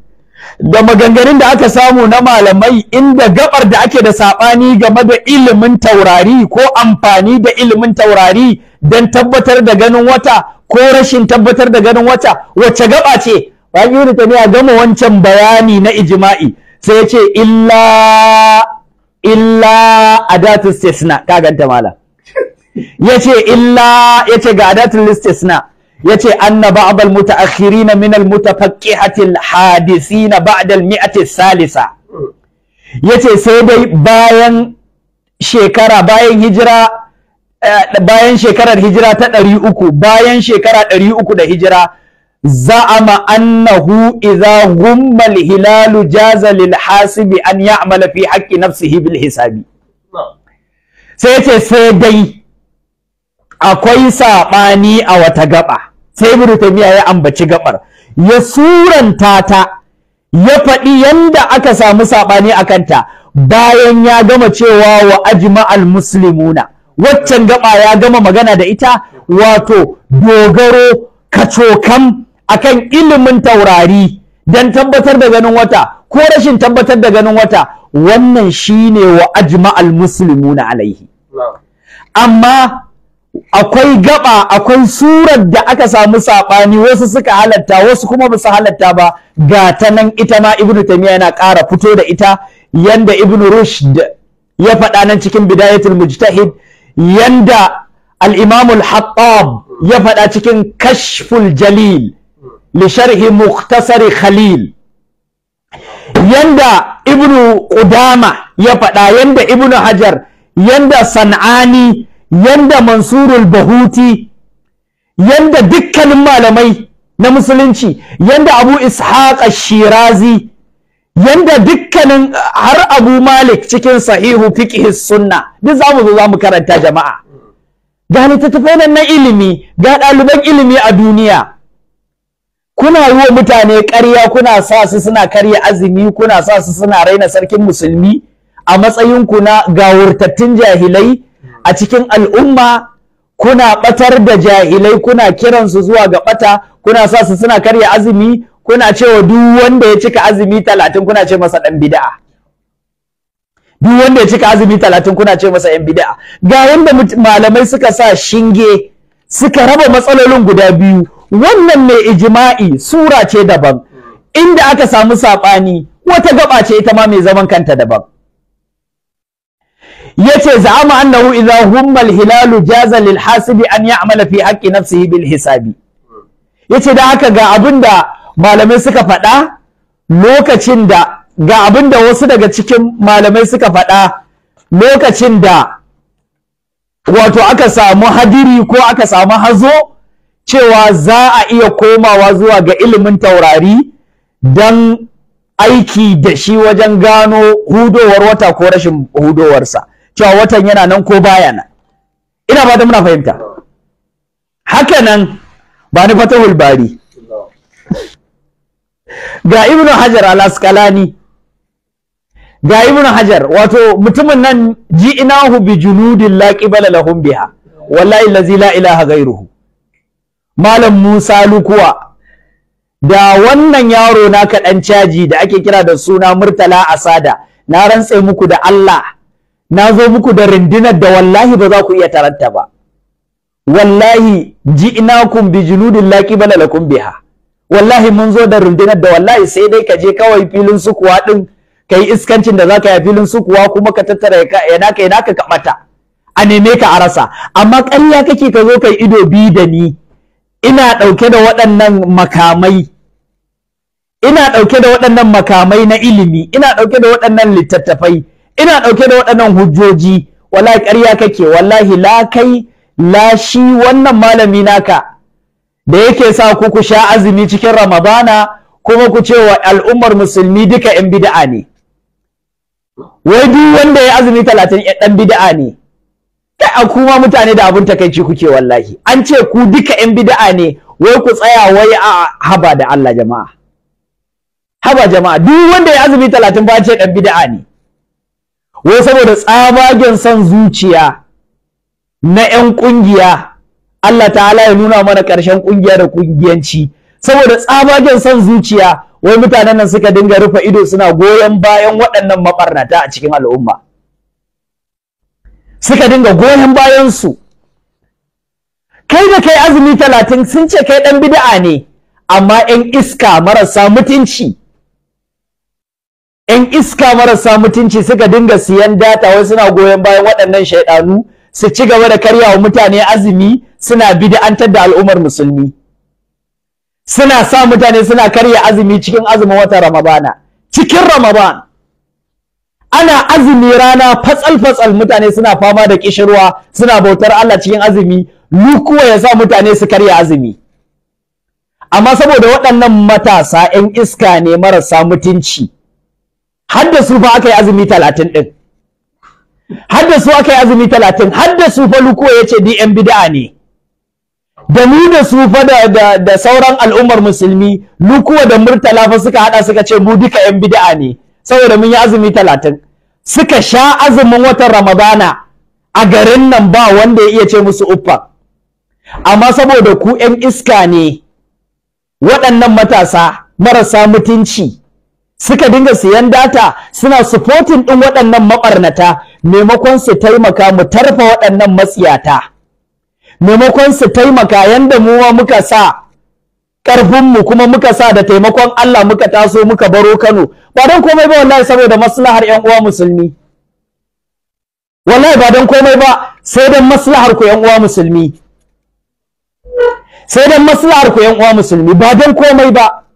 da maganganun da aka samu na malamai inda gabar da ake da saɓani game da ilimin taurari ko amfani da ilimin taurari don tabbatar da ganin wata ko rashin tabbatar da ganin wata wacce gaba ce bayan yi ta a gama wancan bayani na ijima'i sai ce illa illa adatul stesna ka ganta mala ya ce illa ya ce ga adatul stesna yace anna ba'd al mutaakhirin min al mutafaqihati al hadisin ba'd al mi'ati salisa yace sai dai bayan shekara bayan hijira eh, bayan shekarar hijira ta ɗari uku bayan shekara ɗari uku da hijira za'ama annahu idza ghumma al-hilalu jaza lil hasibi an ya'mala fi haqqi nafsihi bil hisabi sai yace sai dai akwai saɓani a wata gaba sai Ibn taymiya ya ambaci gabar ya suranta ta ya faɗi yanda aka samu saɓani a kanta bayan ya gama cewa wa ajma'al muslimuna waccan gaba ya gama magana da ita wato dogaro kacokan akan ilimin taurari dan tabbatar da ganin wata ko rashin tabbatar da ganin wata wannan shine wa ajma'al muslimuna alaihi amma akwai gaba akwai surar da aka samu saɓani wasu suka halatta wasu kuma ba su halatta ba ga ta nan ita ma ibnu taymiya yana ƙara fito da ita yanda ibnu rushd ya faɗa nan cikin bidayatul mujtahid yanda al-imam al-hattab ya faɗa cikin kashful jalil li sharhi mukhtasar khalil yanda ibnu qudama ya faɗa yanda ibnu hajar yanda san'ani yanda mansurul bahuti yanda dukkanin malamai na musulunci yanda abu ishaq shirazi yanda dukkanin uh, har abu malik cikin sahihu fiqh sunna duk zamu zo zamu karanta jama'a ga littattafai na ilimi ga ɗaliban ilimi a duniya kuna yi wa mutane ƙarya kuna sa su suna karya azumi kuna sa su suna raina sarkin musulmi a matsayin ku na gawurtattun jahilai a cikin al'umma kuna batar da jahilai kuna kiransu zuwa ga bata kuna sa su suna karya azumi kuna cewa duk wanda ya cika azumi talatin kuna ce masa dan bid'a duk wanda ya cika azumi talatin kuna ce masa yan bid'a ga wanda malamai suka sa shinge suka raba matsalolin guda biyu wannan mai ijima'i sura ce daban inda aka samu saɓani wata gaba ce ita ma mai zaman kanta daban yace za'ama annahu idza hummal hilalu jaza lil hasibi an ya'mala fi haqqi nafsihi bil hisabi yace da haka ga abinda malamai suka faɗa lokacin da ga abinda wasu daga cikin malamai suka faɗa lokacin da wato aka samu hadiri ko aka samu hazo cewa za a iya komawa zuwa ga ilimin taurari don aiki da shi wajen gano hudowar wata ko rashin hudowarsa cewa watan yana nan ko baya nan ina ba da muna fahimta haka nan ba ni fatahul bari ga ibnu hajar alaskalani ga ibnu hajar wato mutumin nan ji inahu bi junudin la qibala lahum biha wallahi allazi la ilaha ghairuhu malam musa lukuwa da wannan yaro na kaɗan caji da ake kira da suna murtala asada na rantse muku da Allah na zo muku da rindinar da wallahi ba za ku iya taranta ba wallahi ji kun bi junudin laki qibala lakum biha wallahi mun zo da rundunar da wallahi sai dai ka je kawai filin sukuwa din yi iskancin da za ka yi filin sukuwa kuma ka tattara ya naka ya naka kamata a neme ka a rasa amma ƙarya kake ka zo kai ido bi da ni ina ɗauke da waɗannan makamai ina ɗauke da waɗannan makamai na ilimi ina ɗauke da waɗannan littattafai ina ɗauke da waɗannan hujjoji wallahi ƙarya kake wallahi la kai la shi wannan malami naka da yake sa ku ku sha azumi cikin ramadana kuma ku ce wa al'ummar musulmi duka 'yan bid'a ne wai duk wanda ya azumi talatin ɗan bid'a ne kai a kuma mutane da abin takaici kuke wallahi an ce ku duka 'yan bid'a ne wai ku tsaya wai a haba da Allah jama'a haba jama'a duk wanda ya azumi talatin ba ce ɗan bid'a ne wai saboda tsabagen son zuciya na 'yan ƙungiya Allah ta'ala ya nuna mana ƙarshen ƙungiya da ƙungiyanci saboda tsabagen son zuciya wai mutanen nan suka dinga rufe ido suna goyon bayan waɗannan maɓarnata a cikin al'umma suka dinga goyon bayansu kai da kai azumi talatin sun ce kai ɗan bida'a ne amma 'yan iska marasa mutunci 'yan iska marasa mutunci suka dinga siyan data wai suna goyon bayan waɗannan shaidanu su ci gaba da karya wa mutane azumi suna bid'antar da al'ummar musulmi suna sa mutane suna karya azumi cikin azumin wata ramadana cikin ramadan ana azumi rana fatsal fatsal mutane suna fama da kishirwa suna bautar Allah cikin azumi lukuwa ya sa mutane su karya azumi amma saboda waɗannan matasa 'yan iska ne marasa mutunci har su fa aka yi azumi talatin ɗin har su aka yi azumi talatin har da su fa luko ya ce dm bid'a ne da ni da su fa da, sauran al'ummar musulmi lukuwa da murtala fa suka hada suka ce mu duka yan bid'a ne saboda mun yi azumi talatin suka sha azumin watan ramadana a garin nan ba wanda ya iya ce musu uffa amma saboda ku yan iska ne waɗannan matasa marasa mutunci suka dinga siyan data suna supporting ɗin waɗannan maɓarnata maimakon su taimaka mu tarfa waɗannan matsiyata maimakon su taimaka yanda mu muka sa ƙarfinmu kuma muka sa da taimakon Allah muka taso muka baro Kano ba don komai ba wallahi saboda maslahar ƴan uwa musulmi wallahi ba don komai ba sai don maslahar ku ƴan uwa musulmi sai don maslahar ku ƴan uwa musulmi ba don komai ba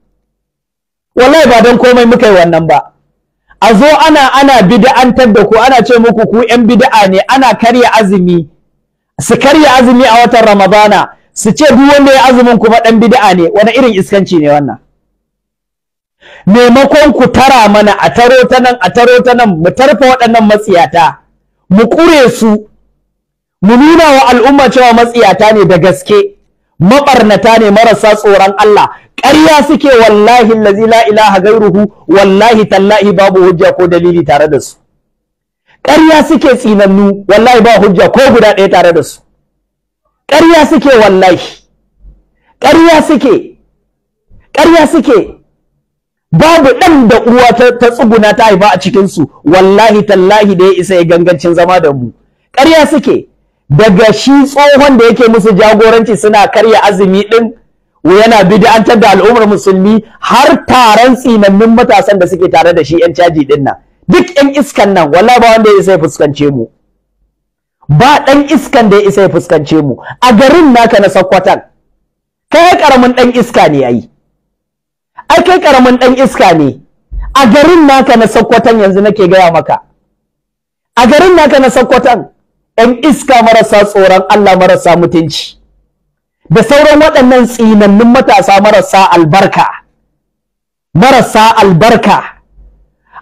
wallahi ba don komai muka yi wannan ba a zo ana ana bid'antar da ku ana ce muku ku yan bid'a ne ana karya azumi su karya azumi a watan ramadana su ce duk wanda ya azumin kuma dan bid'a ne wani irin iskanci ne wannan maimakon ku tara mana a taro ta nan a taro ta nan mu tarfa waɗannan matsiyata mu ƙure su mu nuna wa al'umma cewa matsiyata ne da gaske maɓarnata ne marasa tsoron Allah ƙarya suke wallahi lazi la ilaha gairuhu wallahi tallahi babu hujja ko dalili tare da su ƙarya suke tsinannu wallahi ba hujja ko guda ɗaya tare da su ƙarya suke wallahi ƙarya suke ƙarya suke babu ɗan da uwa ta tsuguna ta haifa a cikinsu wallahi tallahi da ya isa ya gangancin zama da mu ƙarya suke daga shi tsohon da yake musu jagoranci suna karya azumi ɗin yana bid'antar da al'ummar musulmi har taron tsinannun matasan da suke tare da shi yan caji din nan duk yan iskan nan wallahi ba wanda ya isa ya fuskance mu ba dan iskan da ya isa ya fuskance mu a garin naka na sakkwatan kai karamin dan iska ne ai ai kai karamin dan iska ne a garin naka na sakkwatan yanzu nake gaya maka a garin naka na sakkwatan yan iska marasa tsoron Allah marasa mutunci da sauran waɗannan tsinannun matasa marasa albarka marasa albarka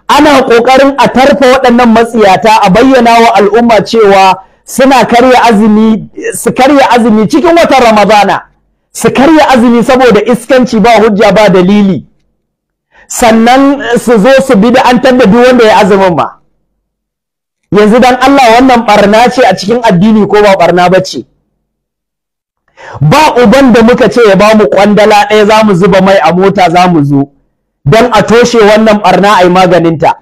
ana ƙoƙarin a tarfa waɗannan matsiyata a bayyana wa al'umma cewa suna karya azumi su karya azumi cikin watan ramadana su karya azumi saboda iskanci ba hujja ba dalili sannan su zo su bi da an da duk wanda ya azumin ba. yanzu dan Allah wannan barna ce a cikin addini ko ba barna ba ce ba uban da muka ce ya bamu kwandala ɗaya za mu zuba mai a mota za mu zo don a toshe wannan barna a yi maganinta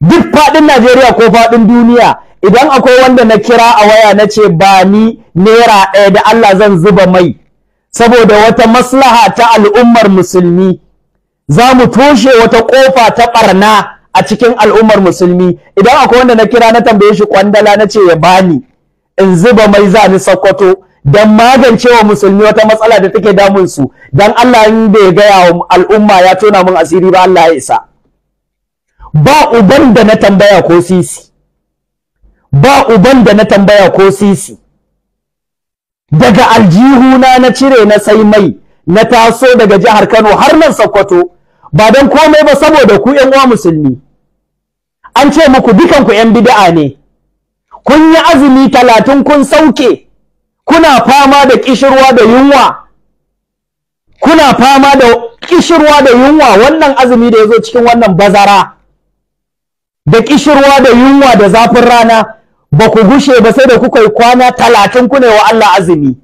duk faɗin najeriya ko faɗin duniya idan akwai wanda na kira a waya na ce ba ni naira ɗaya da allah zan zuba mai saboda wata maslaha ta al'ummar musulmi za mu toshe wata ƙofa ta ɓarna a cikin al'ummar musulmi idan akwai wanda na kira na tambaye shi kwandala na ce ya bani in zuba mai za ni sokoto don magancewa musulmi wata matsala da take damun su dan Allah in bai gaya wa al'umma ya tona mun asiri ba Allah ya isa ba uban da na tambaya ko sisi ba uban da na tambaya ko sisi daga aljihuna na cire na sai mai na taso daga jihar Kano har nan Sokoto ba don komai ba saboda ku ƴan uwa musulmi an ce muku dukan ku ƴan bid'a ne kun yi azumi talatin kun sauke kuna fama da kishirwa da yunwa kuna fama da kishirwa da yunwa wannan azumi da ya zo cikin wannan bazara da kishirwa da yunwa da zafin rana ba ku gushe ba sai da kuka yi kwana talatin ku ne wa Allah azumi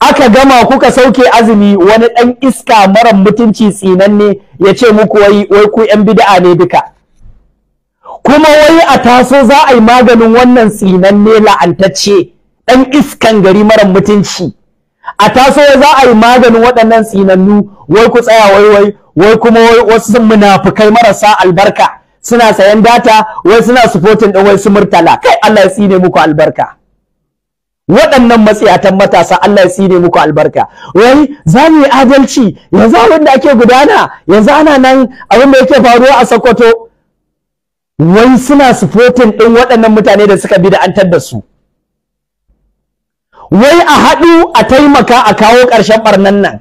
aka gama kuka sauke azumi wani ɗan iska mara mutunci tsinanne ya ce muku wai wai ku ƴan bid'a ne duka kuma wai a taso za a yi maganin wannan tsinanne la'antacce ɗan iskan gari mara mutunci a taso za a yi maganin waɗannan tsinannu wai ku tsaya wai wai wai kuma wai wasu munafukai marasa albarka suna sayan data wai suna supporting ɗin wai su murtala kai Allah ya tsine muku albarka waɗannan matsiyatan matasa Allah ya tsine muku albarka wai za mu yi adalci yanzu abin da ake gudana yanzu ana nan abin da yake faruwa a Sokoto wai suna supporting ɗin waɗannan mutane da suka bi da antar da su wai a haɗu a taimaka a kawo ƙarshen ɓarnan nan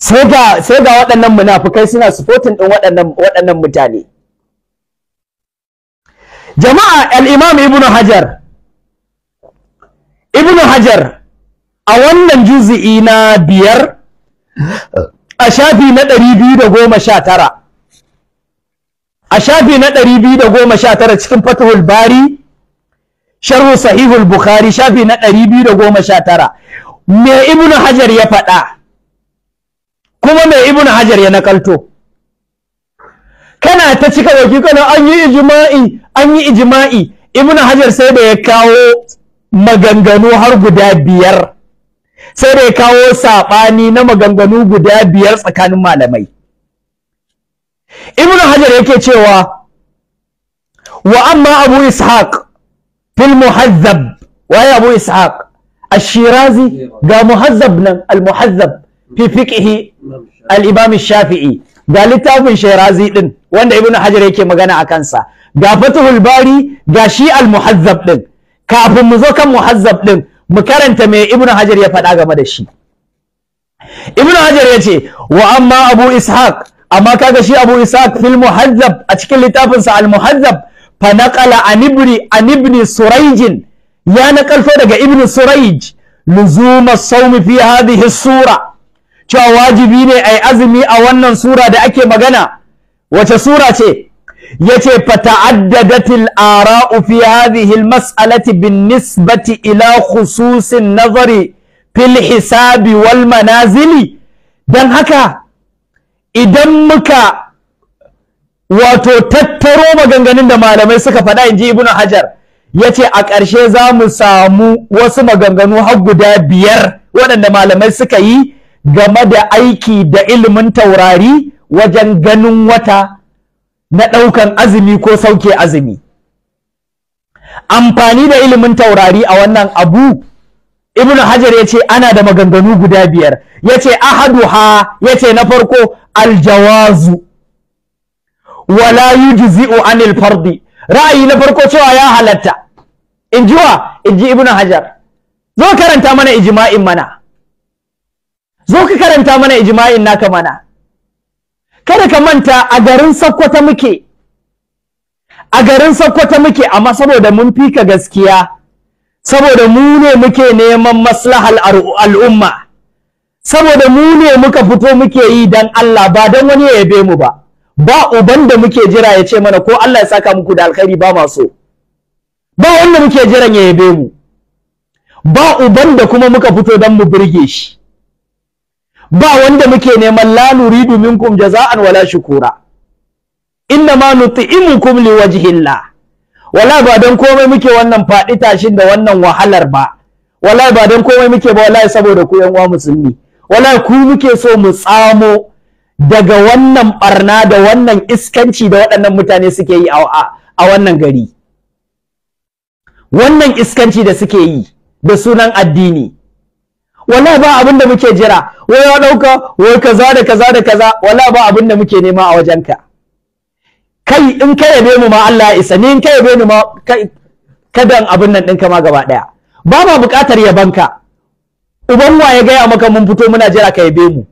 sai ga waɗannan munafukai suna supporting ɗin waɗannan mutane jama'a al'imam Ibn hajar ibnu hajar a wannan juzi'i na biyar a shafi na ɗari biyu da goma sha tara a shafi na ɗari biyu da goma sha tara cikin fatahul bari sharhu sahihul bukhari shafi na 219 me ibnu hajar ya faɗa kuma me ibnu hajar ya nakalto kana ta cika baki kana an yi ijma'i an yi ijma'i ibnu hajar sai da ya kawo maganganu har guda biyar sai da ya kawo saɓani na maganganu guda biyar tsakanin malamai ibnu hajar yake cewa wa amma abu ishaq fil muhazzab waye abu ishak ashirazi ga muhazzab nan al-muhazzab fi al-imam shafii ga littafin shirazi din wanda ibn hajar yake magana a kansa ga fathul bari ga shi al-muhazzab kafin mu zo kan muhazzab din mu karanta me ibn hajar ya faɗa game da shi ibn hajar ya ce wa amma abu ishaq amma ka gashi abu ishak fil muhazzab a cikin littafinsa al-muhazzab fa naqala an ibni an ibni surayj ya nakalto daga ibni surayj luzuma sawmi fi hadhihi sura cewa wajibi ne ai azumi a wannan sura da ake magana wace sura ce yace fa ta'addadatil ara'u fi hadhihi al mas'alati bin nisbati ila khususin nazari fil hisabi wal manazili dan haka idan muka wato tattaro maganganun da malamai suka faɗa in ji ibnu hajar yace a ƙarshe za mu samu wasu maganganu har guda biyar waɗanda malamai suka yi game da aiki da ilimin taurari wajen ganin wata na ɗaukan azumi ko sauke azumi amfani da ilimin taurari a wannan abu ibnu hajar ya ce ana da maganganu guda biyar ya ahaduha ya ce na farko aljawazu wala yujzi'u anil fardi ra'ayi na farko cewa ya halatta in ji wa in ji ibnu hajar zo karanta mana ijma'in mana zo ka karanta mana ijma'in naka mana kada ka manta a garin sakkwata muke a garin sakkwata muke amma saboda mun ka gaskiya saboda mu ne muke neman maslahal al'umma saboda mu ne muka fito muke yi dan Allah ba dan wani ya yabe mu ba ba uban da muke jira ya ce mana ko Allah ya saka muku da alkhairi ba ma so ba wanda muke jiran ya yabe mu ba uban da kuma muka fito don mu birge shi ba wanda muke neman la nuridu minkum jaza'an wala shukura inna ma nuti'imukum liwajhillah wala ba don komai muke wannan faɗi tashin da wannan wahalar ba wala ba don komai muke ba wala saboda ku yan uwa musulmi wala ku muke so mu tsamo daga wannan barna da wannan iskanci da waɗannan mutane suke yi a wannan gari wannan iskanci da suke yi da sunan addini wala ba abin da muke jira wai ya ɗauka wai kaza da kaza da kaza wala ba abin da muke nema a wajenka kai in ka yabe mu ma Allah ya isa ni in ka yabe ni ma kadan abin nan ɗinka ma gaba ɗaya ba ma buƙatar yabanka uban wa ya gaya maka mun fito muna jira ka yabe mu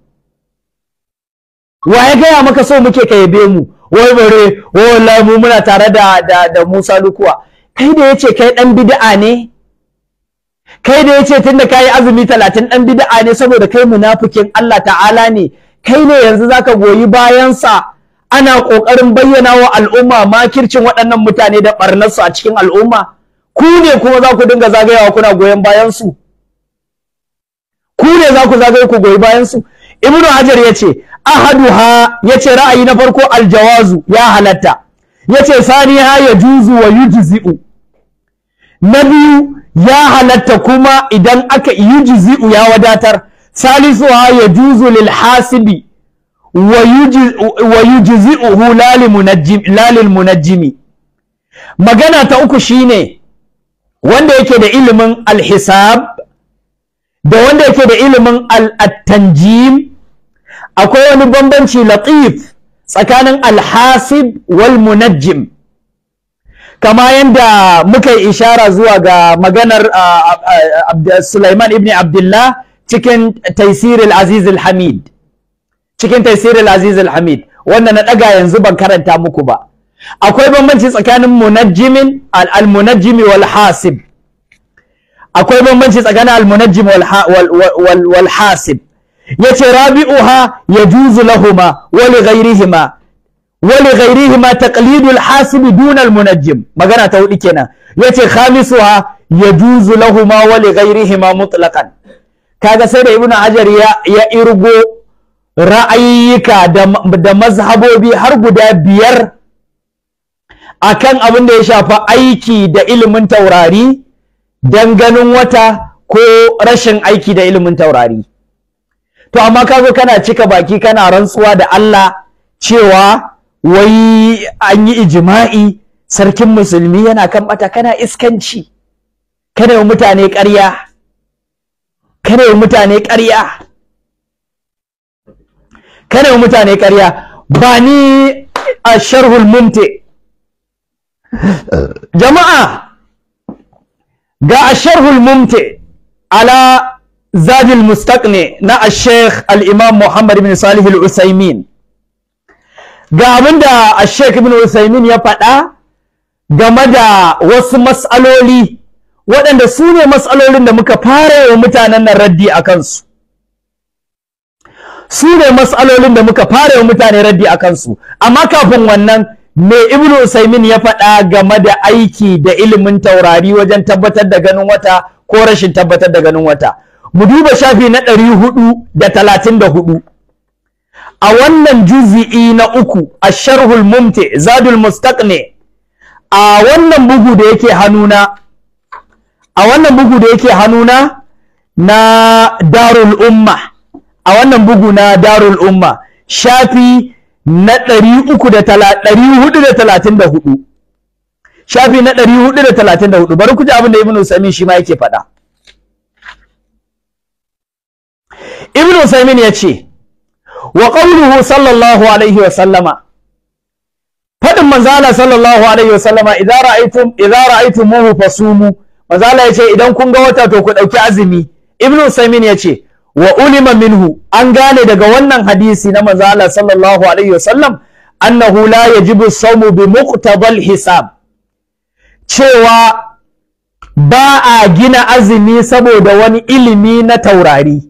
wa ya gaya maka so muke ka yabe mu wai bare wallahi mu muna tare da da, da Musa Lukuwa kai da yace kai dan bid'a ne kai da yace tunda kai azumi 30 dan bid'a ne saboda kai munafikin Allah ta'ala ne kai ne yanzu zaka goyi bayan sa ana kokarin bayyana wa al'umma makircin waɗannan mutane da barnarsu a cikin al'umma ku ne kuma za ku dinga zagayawa kuna goyon bayan su ku ne za ku zagaye ku goyi bayan su ibnu hajar ya yace ahaduha ce ra'ayi na farko aljawazu ya halatta Ya yace saniha ya juzu wa yujzi'u na biyu ya halatta kuma idan aka yujzi'u ya wadatar salisuha ya juzu lil hasibi wa yujzi'uhu lalil munajjimi magana ta uku shine wanda yake da ilimin alhisab da wanda yake da ilimin al akwai wani bambanci latif tsakanin al-hasib wal munajjim kama yadda muka yi ishara zuwa ga maganar Sulaiman ibn Abdullah cikin Taisir al-Aziz hamid cikin Taisir al-Aziz hamid wannan na daga yanzu ban karanta muku ba akwai bambanci tsakanin munajjimin al-munajjimi wal hasib akwai bambanci tsakanin almunajjim wal hasib yace rabi'uha yajuzu lahuma wa li ghayrihima wa li ghayrihima taqlidu al hasib duna al munajjim magana ta hudu kenan yace khamisuha yajuzu lahuma wa li ghayrihima mutlaqan kaga sai da ibnu hajar ya ya irgo ra'ayyuka da mazhabobi har guda biyar akan abin da ya shafa aiki da ilimin taurari don ganin wata ko rashin aiki da ilimin taurari to amma ka zo kana cika baki kana rantsuwa da Allah cewa wai an yi ijima'i sarkin musulmi yana kan bata kana iskanci kana yi mutane ƙarya kana yi mutane ƙarya kana yi mutane ƙarya ba ni a sharhul munte jama'a ga asharhul mumti ala zadil mustaqni na ash-sheikh al-imam muhammad ibn salih al-usaymin ga abinda ash-sheikh ibn usaymin ya faɗa game da wasu mas'aloli waɗanda su ne matsalolin da muka fara wa mutanen nan raddi a kansu su ne matsalolin da muka fara wa mutane raddi a kansu amma kafin wannan me ibnu usaimin ya faɗa game da aiki da ilimin taurari wajen tabbatar da ganin wata ko rashin tabbatar da ganin wata mu duba shafi na ɗari hudu da talatin da hudu a wannan juzi'i na uku a sharhul mumti zadul mustaqni a wannan bugu da yake hannuna a wannan bugu da yake hannuna na darul umma a wannan bugu na darul umma shafi na ɗari uku da ɗari hudu da talatin da hudu shafi na ɗari hudu da talatin da hudu bari ku ji abin da ibnu usaimin shi ma yake faɗa ibnu usaimin ya ce wa qawluhu sallallahu alaihi wa sallama faɗin manzala sallallahu alaihi wa sallama idza ra'aytum idza fasumu manzala ce, idan kun ga wata to ku ɗauki azumi ibnu usaimin ya ce wa ulima minhu an gane daga wannan hadisi na mazala, sallallahu alaihi wasallam annahu la yajibu sawmu bi muqtadal hisab cewa ba a gina azumi saboda wani ilimi na taurari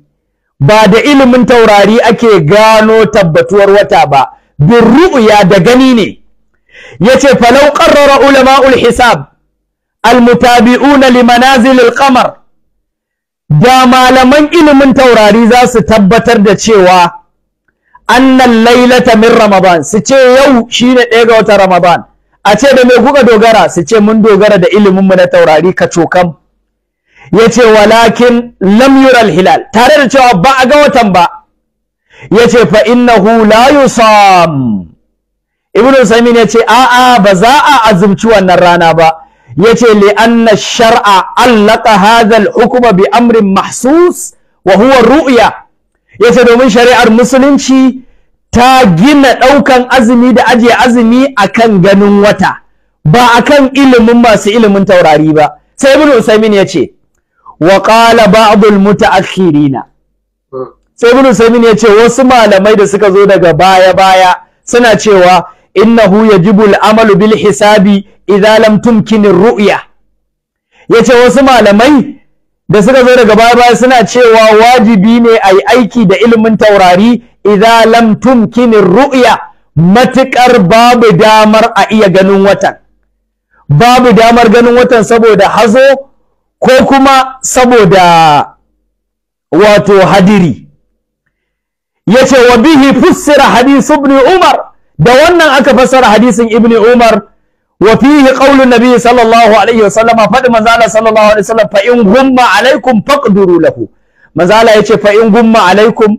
ba da ilimin taurari ake gano tabbatuwar wata ba bin ru'ya da gani ne yace falau qarrara ulama'ul hisab المتابعون al-qamar. da malaman ilimin taurari za su tabbatar da cewa annan lailata min ramadan su ce yau shine ɗaya ga wata ramadan a ce da mai kuka dogara su ce mun dogara da iliminmu na taurari ka cokam ya ce walakin lam hilal tare da cewa ba a ga watan ba ya ce fa innahu la yusam ibnu usaymin ya ce a'a ba za a azumci wannan rana ba yace li anna shar'a allaka hadha al-hukma bi amrin mahsus wa huwa ru'ya yace domin shari'ar musulunci ta gina ɗaukan azumi da ajiye azumi akan ganin wata ba akan ilimin masu ilimin taurari ba sai ibn usaymin yace wa qala ba'd al-muta'akhirina sai ibn usaymin yace wasu malamai da suka zo daga baya baya suna cewa innahu yajibu al-amalu bil hisabi idza lam tumkin ru'ya yace wasu malamai da suka zo daga baya baya suna cewa wajibi ne a yi aiki da ilimin taurari idza lam tumkin ru'ya matuƙar babu damar a iya ganin watan babu damar ganin watan saboda hazo ko kuma saboda wato hadiri yace wa bihi fussira hadith ibn umar da wannan aka fassara hadisin ibn umar wa fihi qawlu nabi sallallahu alaihi wasallam fadi manzo sallallahu alaihi wasallam fa in gumma alaikum faqduru lahu manzo Allah yace fa gumma alaikum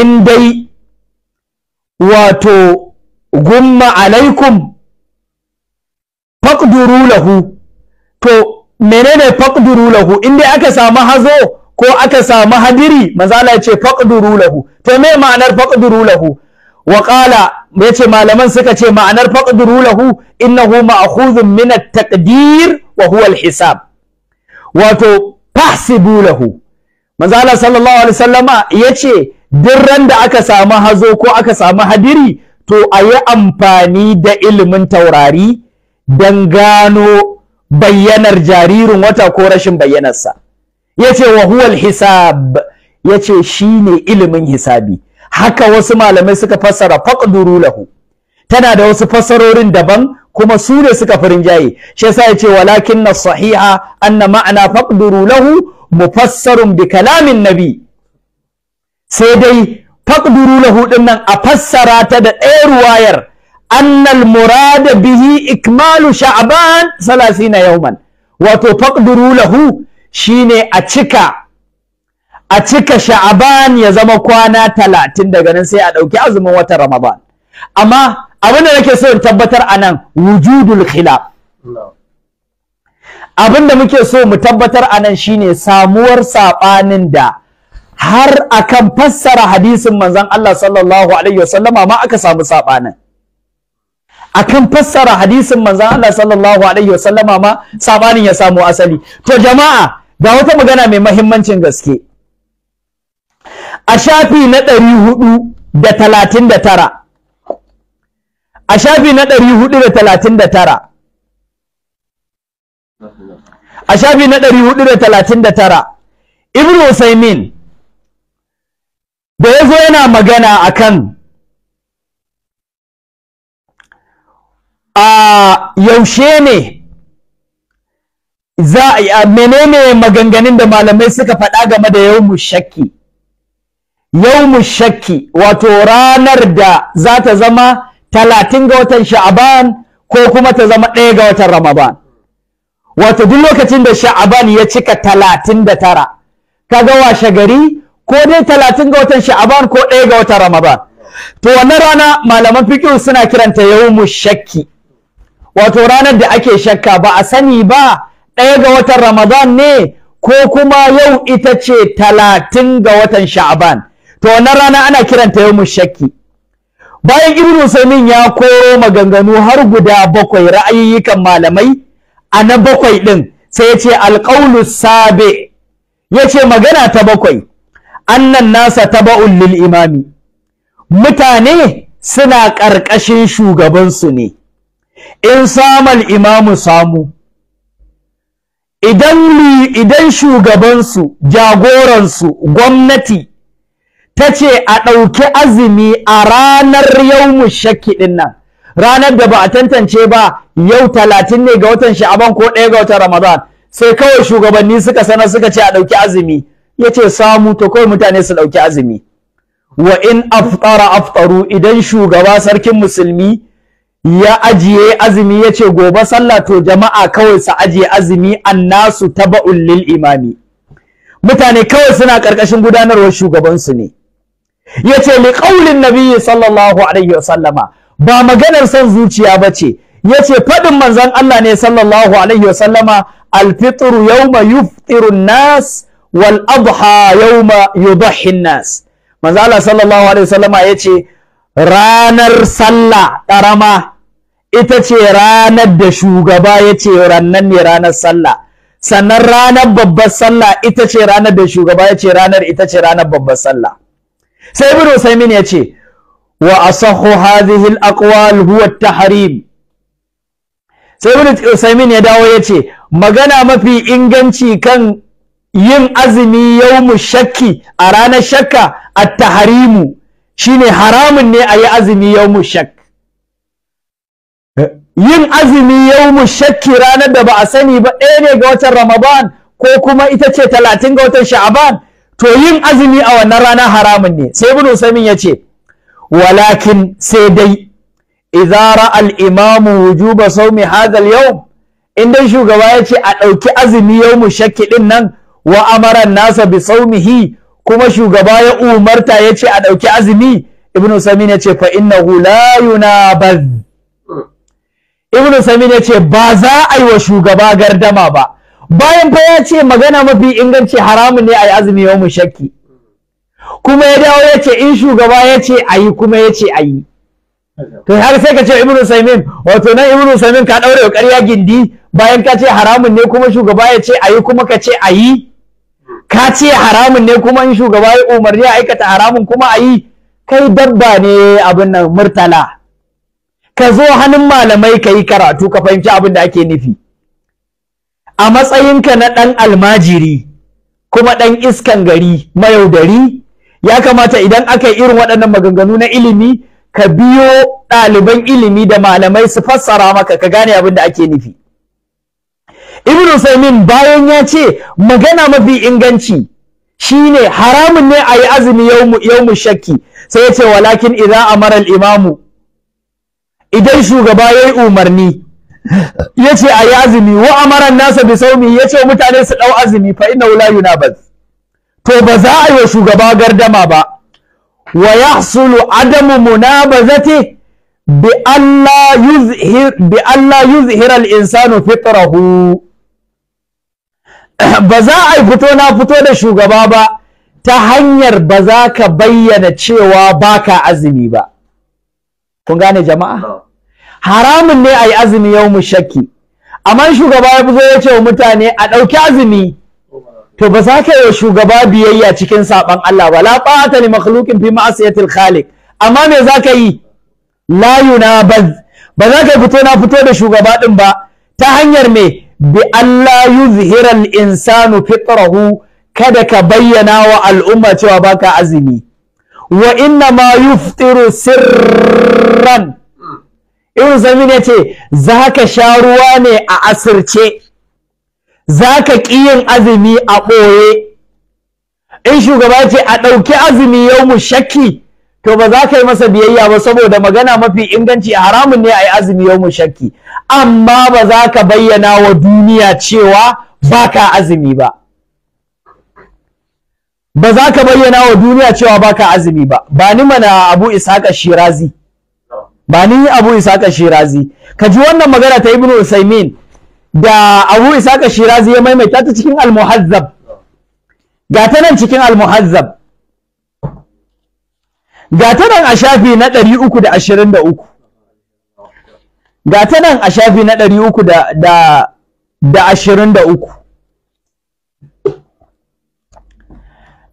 in dai wato gumma alaikum faqduru lahu to menene faqduru lahu in aka samu hazo ko aka samu hadiri manzo Allah yace faqduru lahu to me ma'anar faqduru lahu Waƙala ya yace malaman suka ce ma'anar faqduru lahu innahu ma'khudhun min at-taqdir wa huwa al-hisab wato fahsibu lahu manzo sallallahu alaihi wasallama yace duk ran da aka samu hazo ko aka samu hadiri to a yi amfani da ilimin taurari don gano bayyanar jaririn wata ko rashin bayyanarsa ya ce wa hisab ya ce shi ne ilimin hisabi haka wasu malamai suka fassara faqduru lahu tana da wasu fassarorin daban kuma su ne suka fi rinjaye shi yasa yace walakin na sahiha anna ma'ana faqduru lahu mufassarun bi kalamin nabi sai dai faqduru lahu dinnan a fassara ta da ɗaya ruwayar annal murada bihi ikmalu sha'ban 30 yawman wato faqduru lahu shine a cika a cika sha'aban ya zama kwana talatin daga nan sai a ɗauki azumin watan ramadan amma abin da nake so in tabbatar a nan wujudul khilaf abin da muke so mu tabbatar a nan shine samuwar saɓanin da har akan fassara hadisin manzon Allah sallallahu alaihi wasallama ma aka samu saɓanin akan fassara hadisin manzon Allah sallallahu alaihi wasallama ma saɓanin ya samu asali to jama'a ga wata magana mai mahimmancin gaske a shafi na ɗari hudu da talatin da tara a shafi na ɗari hudu da talatin da tara a shafi na ɗari hudu da talatin da tara ibn usaimin da ya zo yana magana a kan a ah, yaushe ne za a menene maganganun da malamai suka faɗa game da yau mu shakki mu shakki wato ranar da za ta zama talatin ga watan sha'aban ko kuma ta zama ɗaya ga watan ramadan wato duk lokacin da sha'aban ya cika talatin da tara ka ga washe gari ko dai talatin ga watan sha'aban ko ɗaya ga watan ramadan to wannan rana malaman fiqh suna kiranta yawmu shakki wato ranar da ake shakka ba a sani ba ɗaya ga watan ramadan ne ko kuma yau ita ce talatin ga watan sha'aban to wannan rana ana kiranta yawmu shakki bayan ibnu usaimin ya koro maganganu har guda bakwai ra'ayoyikan malamai a na bakwai din sai yace alqaulu Ya yace magana ta bakwai annan nasa taba'un lil imami mutane suna ƙarƙashin shugabansu ne in samal imamu samu idan shugabansu jagoransu gwamnati ta ce a ɗauki azumi a ranar yau shakki ɗin nan ranar da ba a tantance ba yau talatin ne ga watan sha'aban ko ɗaya ga watan ramadan sai kawai shugabanni suka sanar suka ce a ɗauki azumi ya ce samu to kawai mutane su ɗauki azumi wa in aftara aftaru idan shugaba sarkin musulmi ya ajiye azumi ya ce gobe sallah to jama'a kawai su ajiye azumi annasu taba'un lil imami mutane kawai suna ƙarƙashin gudanarwar shugabansu ne yace li ƙaulin nabiyyi sallallahu alaihi wasallama ba maganar son zuciya bace yace faɗin manzon Allah ne sallallahu alaihi wasallama al-fitr yuftiru nas wal adha yauma yudhi an-nas Manzan Allah sallallahu alaihi wasallama yace ranar sallah ƙarama ita ce ranar da shugaba yace rannan ne ranar sallah sannan ranar babbar sallah ita ce ranar da shugaba ranar ita ce ranar babbar sallah sai ibn usaimin ya ce wa asahhu hadhihi al-aqwal huwa at-tahrim sai ibn usaimin ya dawo ya ce magana mafi inganci kan yin azumi yawmu shakki a ranar shakka at-tahrimu shine haramun ne a yi azumi yawmu shakk yin azumi yawmu shakki ranar da ba a sani ba ɗaya ne ga watan ramadan ko kuma ita ce talatin ga watan sha'aban to yin azumi a wannan rana haramun ne sai ibn usaimin ya ce walakin sai dai idza ra'a al-imamu wujuba sawmi hadha al-yawm in dai shugaba yace a ɗauki azumi mu shakki din nan wa amara nasa bi sawmihi kuma shugaba ya umarta yace a ɗauki azumi ibn usaimin ya ce fa innahu la yunabaz ibn usaimin ya ce ba za a yi wa shugaba gardama ba bayan fa ya ce magana mafi inganci haramun ne a yi azumi yau mu shakki kuma ya dawo ya ce in shugaba ya ce a yi kuma ya ce a yi to har sai ka ce ibnu saimin wato nan ibnu saimin ka daure wa ƙarya gindi bayan ka ce haramun ne kuma shugaba ya ce a yi kuma ka ce a yi ka ce haramun ne kuma in shugaba ya umarni a aikata haramun kuma a yi kai dabba ne abin nan murtala ka zo hannun malamai ka yi karatu ka fahimci abin da ake nufi a matsayinka na ɗan almajiri kuma ɗan iskan gari mayaudari ya kamata idan aka yi irin waɗannan maganganu na ilimi ka biyo ɗaliban ilimi da malamai su fassara maka ka gane abin da ake nufi ibn Usaimin bayan ya ce magana mafi inganci shine haramun ne a yi azumi yau shakki sai ya ce walakin idan amara imamu idan shugaba ya yi umarni yace ayi azumi wa amaran nasa bi saumi yace mutane su dau azumi fa inna la yunabaz to ba za a yi shugaba gardama ba wa yahsulu adamu munabazati bi alla yuzhir bi alla yuzhir al insanu fitrahu ba za a fito na fito da shugaba ba ta hanyar ba za ka bayyana cewa baka azumi ba kun gane jama'a haramun ne a yi azumi yau mu shakki amma shugaba ya zo ya ce wa mutane a ɗauki azumi to ba za ka yi shugaba biyayya cikin saɓan Allah ba la ta'ata li makhluqin fi ma'asiyatil khaliq amma me za ka yi la yunabaz ba za ka fito na fito da shugaba din ba ta hanyar me bi Allah yuzhira al insanu fitrahu kada ka bayyana wa al'umma cewa baka azumi wa inna ma yuftiru sirran In zamin ya ce za ka sha ruwa ne a asirce za ka ƙi yin azumi a ɓoye in shugaba ce a ɗauki azumi yau mu shakki to ba za ka yi masa biyayya ba saboda magana mafi inganci a haramun ne a yi azumi yau mu shakki amma ba za ka bayyana wa duniya cewa ba ka azumi ba ba za ka bayyana wa duniya cewa ba ka azumi ba ba ni mana abu ishaq shirazi ba ni abu isaka shirazi ka ji wannan magana ta ibnu usaimin da abu isaka shirazi ya maimaita ta cikin almuhazzab ga ta nan cikin almuhazzab ga ta nan a shafi na 323 ga ta nan a shafi na 323 da da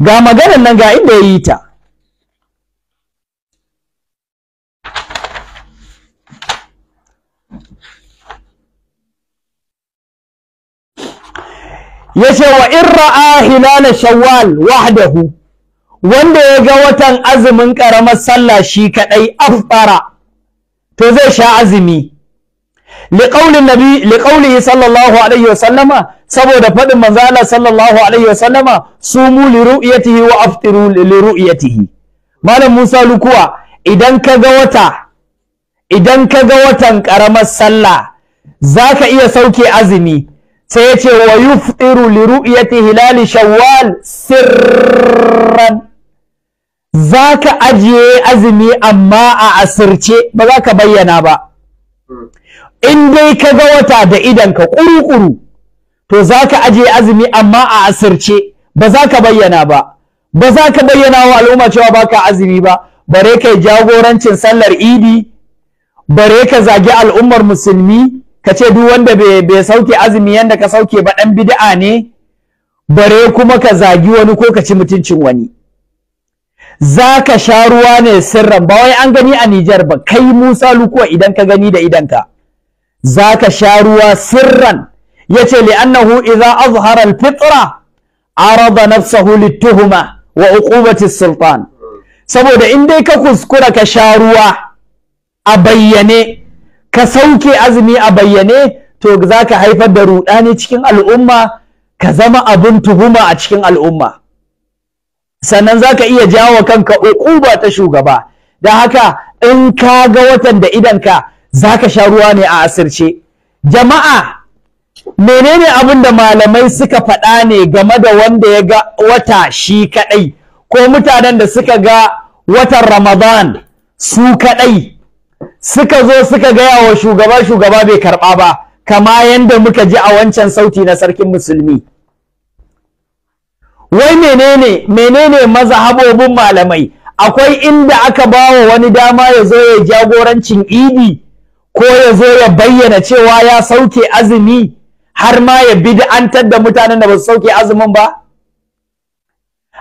ga maganar nan ga inda ya yi ta yace wa in ra'a hilal shawwal wahdahu wanda ya ga watan azumin karamar sallah shi kadai afara to zai sha azumi liqaulin nabi liqaulihi sallallahu alaihi wasallama saboda fadin manzo Allah sallallahu alaihi wasallama sumu li ru'yatihi wa aftiru li ru'yatihi malam Musa lukuwa idan ka ga wata idan ka ga watan karamar sallah zaka iya sauke azumi sai ya ce wa yuftiru li ru'yati hilali shawwal sirran zaka ajiye azumi amma a asirce ba za ka bayyana ba in dai ka ga wata da idon ka kurukuru, to za ka ajiye azumi amma a asirce ba za ka bayyana ba ba za ka bayyana wa al'umma cewa ba ka azumi ba bare ka yi jagorancin sallar idi bare ka zagi al'ummar musulmi ka ce duk wanda bai sauke azumi yanda ka sauke ba ɗan bid'a ne bare kuma ka zagi wani ko ka ci mutuncin wani za ka sha ruwa ne sirran ba wai an gani a Nijar ba kai Musa Lukuwa idan ka gani da idanka za ka sha ruwa sirran ya ce li'annahu idza azhara al-fitra arada nafsahu lituhuma wa uqubati sultan saboda in dai ka kuskura ka sha ruwa a bayyane ka sauke azumi a bayyane to za ka haifar da rudani cikin al'umma ka zama abin tuhuma a cikin al'umma sannan za ka iya jawo kanka ukuba ta shugaba da haka in ka ga watan da idanka za ka sha ruwa ne a asirce jama'a menene abin da malamai suka faɗa ne game da wanda ya ga wata shi kaɗai ko mutanen da suka ga watan ramadan su kaɗai suka zo suka gaya wa shugaba shugaba bai karɓa ba kama yanda muka ji a wancan sauti na sarkin musulmi wai menene menene mazhabobin malamai akwai inda aka bawa wani dama ya zo ya jagorancin idi ko ya zo ya bayyana cewa ya sauke azumi har ma ya bid'antar da mutanen da ba su sauke azumin ba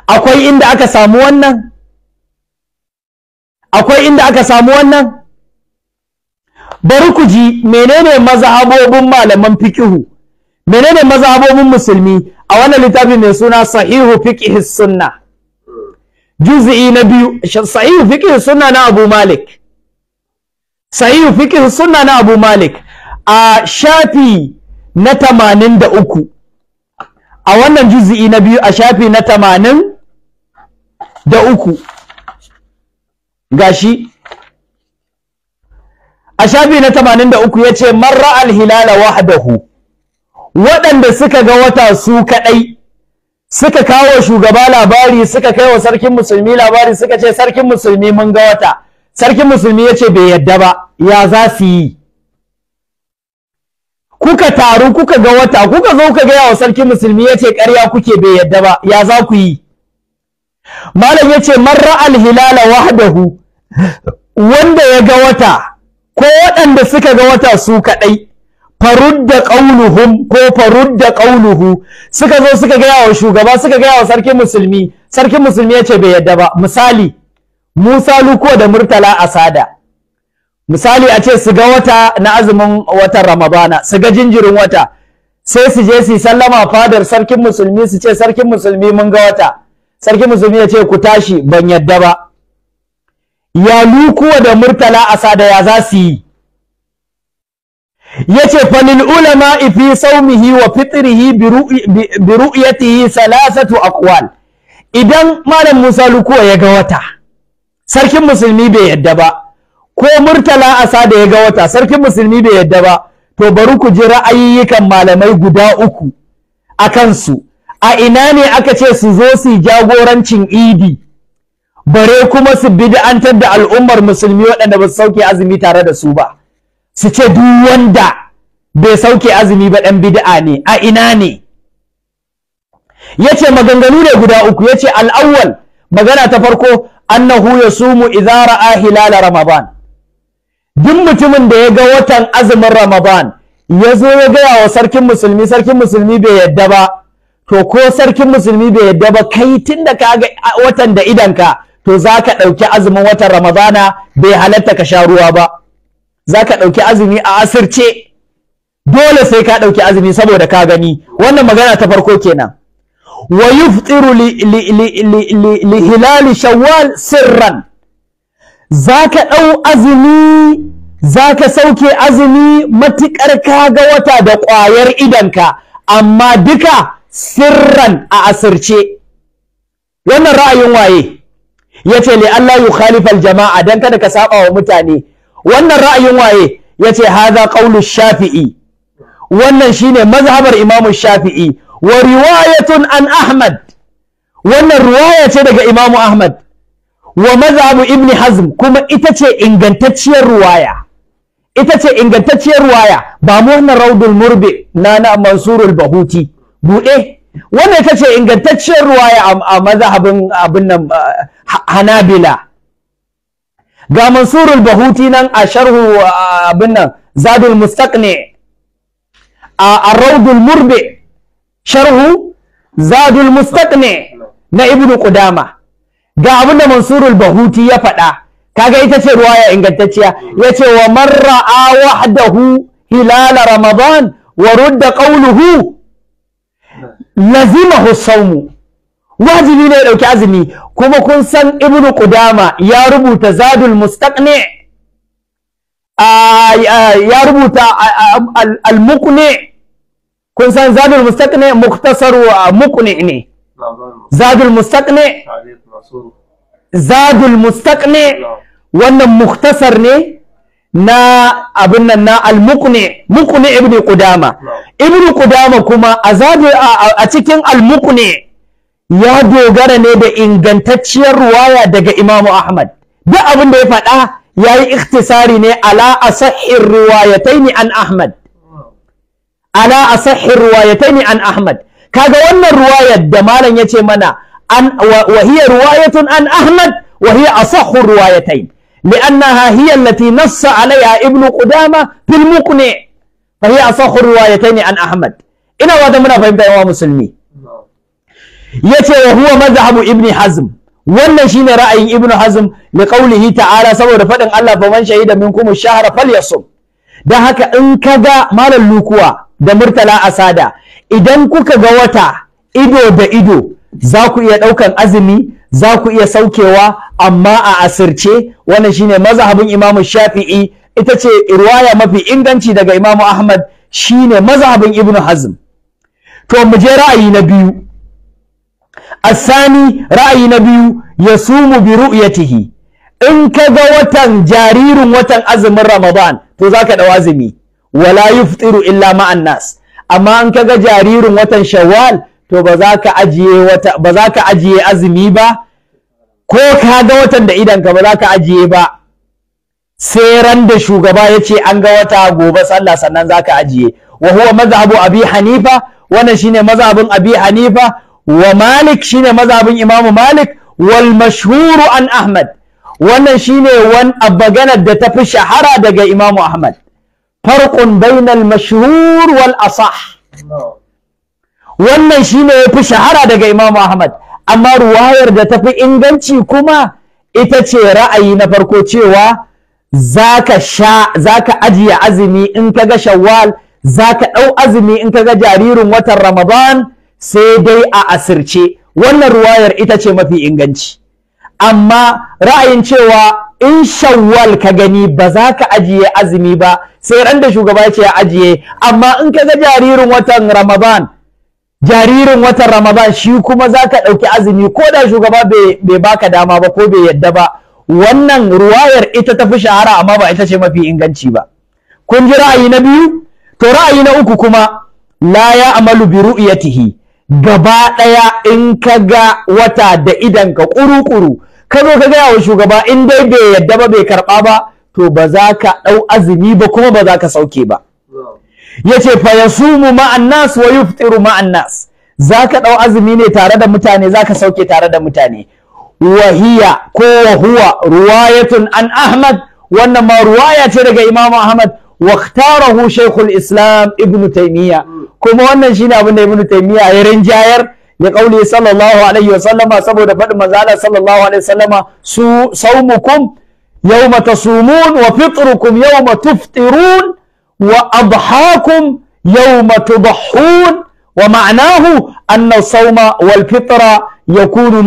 akwai inda aka samu wannan akwai inda aka samu wannan bari ku ji menene mazhabobin malaman fikihu menene mazhabobin musulmi a wannan littafin mai suna sahihu fiqh sunna juz'i na biyu sahihu fiqh sunna na Abu Malik sahihu fiqh sunna na Abu Malik a shafi na 83 a wannan juz'i na biyu a shafi na 83 gashi a shafi na 83 yace man ra'al hilala wahdahu waɗanda suka ga wata su kaɗai, suka kawo shugaba labari suka kai wa sarkin musulmi labari suka ce sarkin musulmi mun ga wata sarkin musulmi ce bai yadda ba ya za su yi kuka taru kuka ga wata kuka zo kuka gaya wa sarkin musulmi ce ƙarya kuke bai yadda ba ya za ku yi malam yace man ra'al hilala wahdahu wanda ya ga wata ko waɗanda suka ga wata su kaɗai farudda ƙaunuhum ko farudda ƙaunuhu suka zo suka gaya wa shugaba suka gaya wa sarkin musulmi sarkin musulmi ya ce bai yadda ba misali musa luko da murtala asada misali a ce su ga wata na azumin watan Ramabana, su ga jinjirin wata sai su je su sallama fadar sarkin musulmi su ce sarkin musulmi mun ga wata sarkin musulmi ya ce ku tashi ban yadda ba ya lukuwa da murtala asa da ya za su yi yace falil ulama ifi saumihi wa fitrihi bi ru'yatihi salasatu aqwal idan malam Musa lukuwa ya ga wata sarkin musulmi bai yadda ba ko murtala asa da ya ga wata sarkin musulmi bai yadda ba to bari ku ji ra'ayiyyukan malamai guda uku a kansu a ina ne aka ce su zo su jagorancin idi bare kuma su bid'antar da al'ummar musulmi waɗanda ba su sauke azumi tare da su ba su ce duk wanda bai sauke azumi ba ɗan bid'a ne a ina ne yace maganganu ne guda uku yace al magana ta farko annahu yasumu idza ra'a hilal ramadan duk mutumin da ya ga watan azumin ramadan ya zo ya gaya wa sarkin musulmi sarkin musulmi bai yadda ba to ko sarkin musulmi bai yadda ba kai tun da ka ga watan da idanka to za ka ɗauki azumin watan ramadana bai halatta ka sha ruwa ba za ka ɗauki azumi a asirce dole sai ka ɗauki azumi saboda ka gani wannan magana ta farko kenan wa yuftiru li li li li hilali shawwal sirran za ka ɗau azumi za ka sauke azumi matuƙar ka ga wata da ƙwayar idanka amma duka sirran a asirce wannan ra'ayin waye yace li Allah khalifar jama'a dan kada ka saba wa mutane wannan ra'ayin waye yace haza qawlu shafi'i wannan shine mazhabar imamu shafi'i wa riwayatun an ahmad wannan riwaya ce daga imamu ahmad wa mazhabu ibn hazm kuma ita ce ingantacciyar ruwaya. ita ce ingantacciyar ruwaya ba mu wannan raudul murbi na na mansurul bahuti bude wannan ita ce ingantacciyar ruwaya a mazhabin abin nan hanabila ga mansurul bahuti nan a sharhu abin nan zadul mustaqni a raudul murbe sharhu zadul mustaqni na ibnu qudama ga abin da mansurul bahuti ya faɗa kaga ita ce ruwaya ingantacciya ce, wa marra'a ra'a wahdahu hilal ramadan wa rudda qawluhu lazimahu saumu wajibi ne ya dauki azumi kuma kun san ibnu qudama ya rubuta zadul mustaqni ya rubuta al muqni kun san zadul mustaqni muktasar wa muqni ne zadul mustaqni zadul mustaqni wannan muktasar ne na abin nan na al-muqni ibnu kudama ibnu kudama kuma azabi a cikin almukne ya dogara ne da ingantacciyar ruwaya daga imamu ahmad duk abin da ya faɗa yi ikhtisari ne ala asahhi riwayataini an ahmad ala an ahmad kaga wannan ruwayar da malam yace mana an wa hiya riwayatun an ahmad wa hiya asahhu riwayataini لأنها هي التي نص عليها ابن قدامة في المقنع فهي أصح الروايتين عن أحمد إنا وادمنا فهمت يا مسلمي يتي وهو مذهب ابن حزم wannan shine ra'ayin ibnu hazm li qawlihi ta'ala saboda fadin Allah fa man shahida minkum ash-shahra falyasum dan haka in kaga malam lukuwa da murtala asada idan kuka ga wata ido da ido zaku iya daukan azumi za ku iya saukewa amma a asirce wannan shine mazhabin imamu shafi'i ita ce riwaya mafi inganci daga imamu ahmad shine mazhabin ibnu hazm to mu je ra'ayi na biyu asani ra'ayi na biyu ya yasumu bi ru'yatihi in ka ga watan jaririn watan azumin ramadan to zaka da azumi wala yuftiru illa ma'an nas amma in ka ga jaririn watan shawwal to ba za ka ajiye wata ba za ka ajiye azumi ba ko ka ga watan da idanka ba za ka ajiye ba sai ran da shugaba ya ce an ga wata gobe sallah sannan za ka ajiye wa huwa mazhabu abi hanifa wannan shine mazhabin abi hanifa wa malik shine mazhabin imamu malik wal mashhur an ahmad wannan shine wan abaganar da ta fi shahara daga imamu ahmad farqun bainal mashhur wal asah wannan shi ne ya fi shahara daga Imam Ahmad amma ruwayar da ta fi inganci kuma ita ce ra'ayi na farko cewa zaka sha zaka ajiye azumi in ka ga Shawwal zaka ɗau azumi in ka ga jaririn watan Ramadan sai dai a asirce wannan ruwayar ita ce mafi inganci amma ra'ayin cewa in Shawwal ka gani ba za ka ajiye azumi ba sai ran da shugaba ce ya ajiye amma in ka ga jaririn watan Ramadan jaririn watan ramadan shi kuma za ka ɗauki azumi ko da shugaba bai baka dama ba ko bai yadda ba wannan ruwayar ita ta fi shahara amma ba ita ce mafi inganci ba kun ji ra'ayi na biyu to ra'ayi na uku kuma la ya amalu bi ru'yatihi gaba ɗaya in ka ga wata da idan ka kuru-kuru ka zo ka gaya wa shugaba in dai bai yadda ba bai karɓa ba to ba za ka ɗau azumi ba kuma ba za ka sauke ba ya ce fa ya sumu ma'an wa yuftiru ma'annas? nas za ka ɗau azumi ne tare da mutane za ka sauke tare da mutane wahiya ko wahuwa ruwayatun an ahmad wannan ma ruwaya ce daga imamu ahmad waktarahu shaykhul islam ibnu taymiya kuma wannan shine abin da ibnu taymiya ya rinjayar ya kauli sallallahu alaihi wa sallama saboda fadin manzala sallallahu alaihi wa sallama su saumukum yawma tasumun wa fitrukum yawma tuftirun wa yau yawma tudhahun wa ma'anahu anna sauma wal fitra yakunu